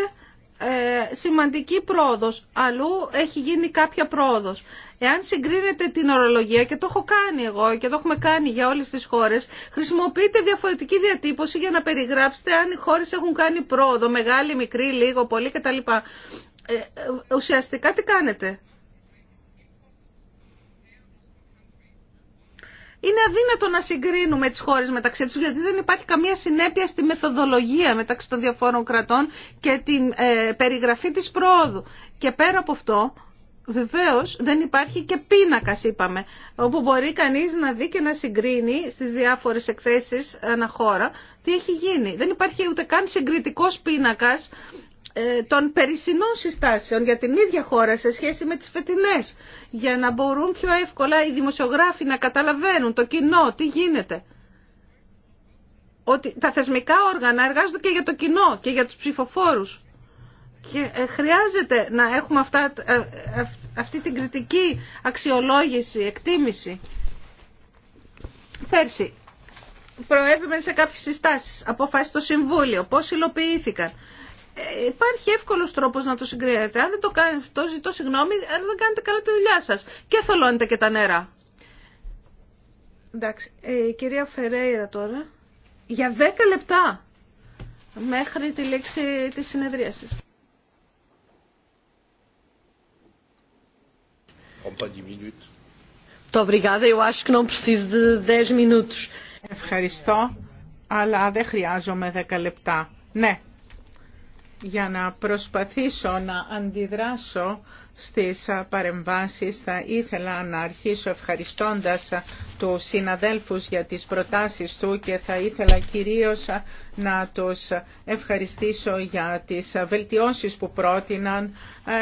ε, σημαντική πρόοδος, αλλού έχει γίνει κάποια πρόοδος. Εάν συγκρίνετε την ορολογία, και το έχω κάνει εγώ και το έχουμε κάνει για όλες τις χώρες, χρησιμοποιείτε διαφορετική διατύπωση για να περιγράψετε αν οι χώρες έχουν κάνει πρόοδο, μεγάλη, μικρή, λίγο, πολύ κτλ. Ε, ε, ουσιαστικά τι κάνετε. Είναι αδύνατο να συγκρίνουμε τις χώρες μεταξύ τους γιατί δεν υπάρχει καμία συνέπεια στη μεθοδολογία μεταξύ των διαφόρων κρατών και την ε, περιγραφή της πρόοδου. Και πέρα από αυτό βεβαίως δεν υπάρχει και πίνακας είπαμε όπου μπορεί κανείς να δει και να συγκρίνει στις διάφορες εκθέσεις χώρα τι έχει γίνει. Δεν υπάρχει ούτε καν συγκριτικός πίνακας ε, των περισσινών συστάσεων για την ίδια χώρα σε σχέση με τις φετινές για να μπορούν πιο εύκολα οι δημοσιογράφοι να καταλαβαίνουν το κοινό τι γίνεται ότι τα θεσμικά όργανα εργάζονται και για το κοινό και για τους ψηφοφόρους και ε, χρειάζεται να έχουμε αυτά, ε, αυτή την κριτική αξιολόγηση, εκτίμηση Πέρσι προέβημε σε κάποιες συστάσεις αποφάσεις στο Συμβούλιο πώς υλοποιήθηκαν υπάρχει εύκολο τρόπο να το συγκρίνετε. Αν δεν το κάνετε αυτό, ζητώ συγγνώμη, αλλά δεν κάνετε καλά τη δουλειά σα. Και θολώνετε και τα νερά. Εντάξει, ε, η κυρία Φερέιρα τώρα. Για 10 λεπτά μέχρι τη λέξη της συνεδρίασης. Ευχαριστώ, αλλά δεν χρειάζομαι 10 λεπτά. Ναι, για να προσπαθήσω να αντιδράσω στις παρεμβάσεις θα ήθελα να αρχίσω ευχαριστώντας του συναδέλφους για τις προτάσεις του και θα ήθελα κυρίως να τους ευχαριστήσω για τις βελτιώσεις που πρότειναν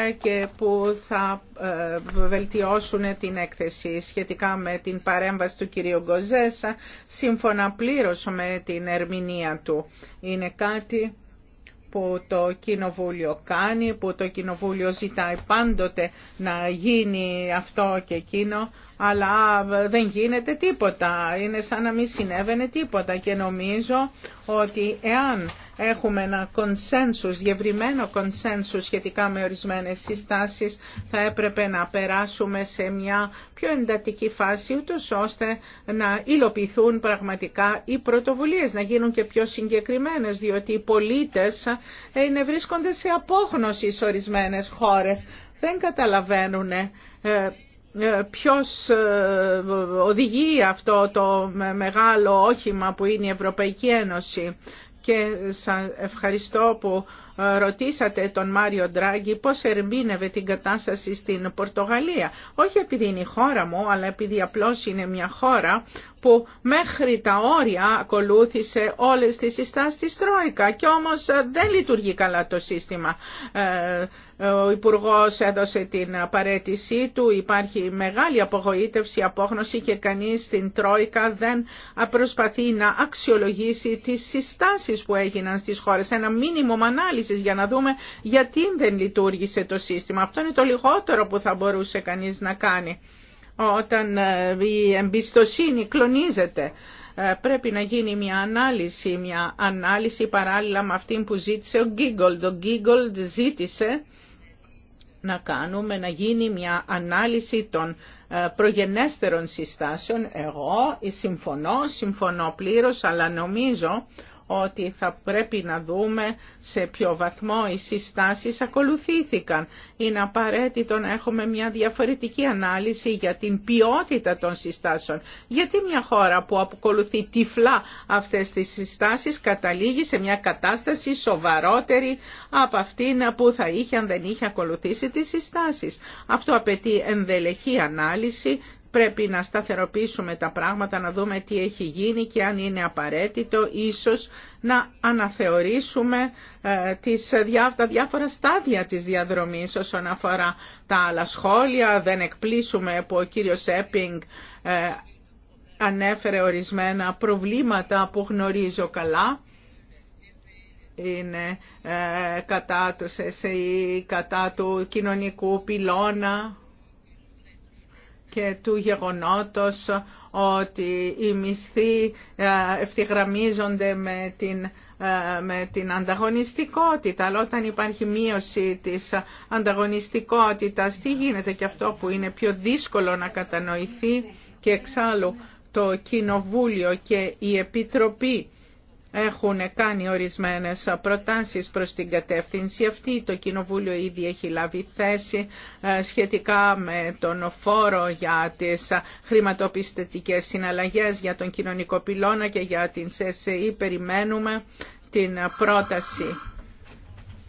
ε, και που θα ε, βελτιώσουν την έκθεση σχετικά με την παρέμβαση του κυρίου Γκοζέσα σύμφωνα πλήρως με την ερμηνεία του. Είναι κάτι που το Κοινοβούλιο κάνει, που το Κοινοβούλιο ζητάει πάντοτε να γίνει αυτό και εκείνο, αλλά δεν γίνεται τίποτα. Είναι σαν να μην συνέβαινε τίποτα και νομίζω ότι εάν έχουμε ένα κονσένσους, γευρημένο κονσένσους σχετικά με ορισμένες συστάσεις, θα έπρεπε να περάσουμε σε μια πιο εντατική φάση, ούτως ώστε να υλοποιηθούν πραγματικά οι πρωτοβουλίες, να γίνουν και πιο συγκεκριμένες, διότι οι πολίτες ε, είναι, βρίσκονται σε απόγνωση σε ορισμένες χώρες. Δεν καταλαβαίνουν ε, ε, ποιος οδηγεί αυτό το μεγάλο όχημα που είναι η Ευρωπαϊκή Ένωση και σας ευχαριστώ που ρωτήσατε τον Μάριο Ντράγκη πώς ερμήνευε την κατάσταση στην Πορτογαλία. Όχι επειδή είναι η χώρα μου, αλλά επειδή απλώς είναι μια χώρα που μέχρι τα όρια ακολούθησε όλες τις συστάσεις της Τρόικα και όμως δεν λειτουργεί καλά το σύστημα. Ε, ο Υπουργός έδωσε την παρέτησή του, υπάρχει μεγάλη απογοήτευση, απόγνωση και κανείς στην Τρόικα δεν προσπαθεί να αξιολογήσει τις συστάσεις που έγιναν στις χώρες. Ένα μήνυμο ανάλυση για να δούμε γιατί δεν λειτουργήσε το σύστημα. Αυτό είναι το λιγότερο που θα μπορούσε κανείς να κάνει όταν ε, η εμπιστοσύνη κλονίζεται. Ε, πρέπει να γίνει μια ανάλυση, μια ανάλυση παράλληλα με αυτή που ζήτησε ο Γκίγκολ. Ο Γκίγκολ ζήτησε να κάνουμε, να γίνει μια ανάλυση των ε, προγενέστερων συστάσεων. Εγώ συμφωνώ, συμφωνώ πλήρως, αλλά νομίζω ότι θα πρέπει να δούμε σε ποιο βαθμό οι συστάσεις ακολουθήθηκαν. Είναι απαραίτητο να έχουμε μια διαφορετική ανάλυση για την ποιότητα των συστάσεων. Γιατί μια χώρα που ακολουθεί τυφλά αυτές τις συστάσεις καταλήγει σε μια κατάσταση σοβαρότερη από αυτήν που θα είχε αν δεν είχε ακολουθήσει τις συστάσεις. Αυτό απαιτεί ενδελεχή ανάλυση πρέπει να σταθεροποιήσουμε τα πράγματα, να δούμε τι έχει γίνει και αν είναι απαραίτητο ίσως να αναθεωρήσουμε ε, τις ε, τα διάφορα στάδια της διαδρομής όσον αφορά τα άλλα σχόλια. Δεν εκπλήσουμε που ο κύριος Έπινγκ ε, ανέφερε ορισμένα προβλήματα που γνωρίζω καλά είναι κατά του ΣΕΣΕΗ, κατά του κοινωνικού πυλώνα και του γεγονότος ότι οι μισθοί ε, ευθυγραμμίζονται με την, ε, με την ανταγωνιστικότητα. Αλλά όταν υπάρχει μείωση της ανταγωνιστικότητας, τι γίνεται και αυτό που είναι πιο δύσκολο να κατανοηθεί και εξάλλου το Κοινοβούλιο και η Επιτροπή έχουν κάνει ορισμένες προτάσεις προς την κατεύθυνση αυτή. Το Κοινοβούλιο ήδη έχει λάβει θέση ε, σχετικά με τον φόρο για τις ε, χρηματοπιστωτικές συναλλαγές, για τον κοινωνικό πυλώνα και για την ΣΕΣΕΗ. Περιμένουμε την πρόταση.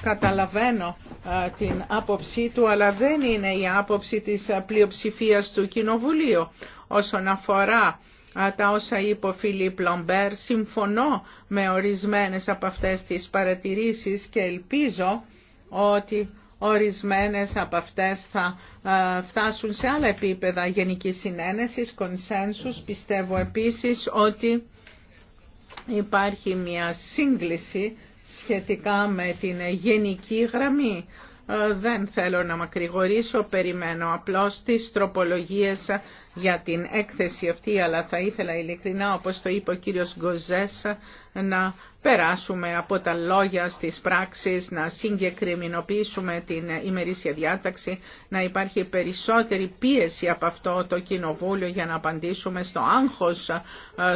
Καταλαβαίνω ε, την άποψή του, αλλά δεν είναι η άποψη της πλειοψηφίας του Κοινοβουλίου όσον αφορά τα όσα είπε ο Φίλιπ Λομπέρ. Συμφωνώ με ορισμένες από αυτές τις παρατηρήσεις και ελπίζω ότι ορισμένες από αυτές θα φτάσουν σε άλλα επίπεδα γενικής συνένεσης, κονσένσους. Πιστεύω επίσης ότι υπάρχει μια σύγκληση σχετικά με την γενική γραμμή. Δεν θέλω να μακρηγορήσω, περιμένω απλώς τις τροπολογίες για την έκθεση αυτή, αλλά θα ήθελα ειλικρινά, όπως το είπε ο κύριος Γκοζές, να περάσουμε από τα λόγια στις πράξεις, να συγκεκριμενοποιήσουμε την ημερήσια διάταξη, να υπάρχει περισσότερη πίεση από αυτό το κοινοβούλιο για να απαντήσουμε στο άγχος ε,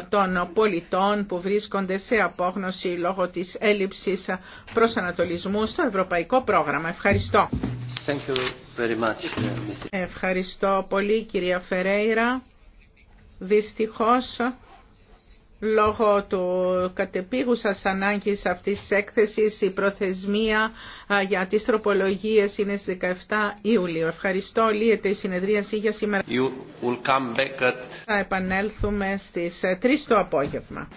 των πολιτών που βρίσκονται σε απόγνωση λόγω της έλλειψης προσανατολισμού στο ευρωπαϊκό πρόγραμμα. Ευχαριστώ. Thank Uh, Ευχαριστώ πολύ κυρία Φερέιρα. Δυστυχώς, λόγω του κατεπίγουσας ανάγκης αυτής της έκθεσης, η προθεσμία για τις τροπολογίες είναι στις 17 Ιουλίου. Ευχαριστώ. Λύεται η συνεδρίαση για σήμερα. Θα επανέλθουμε στις 3 ε, το απόγευμα.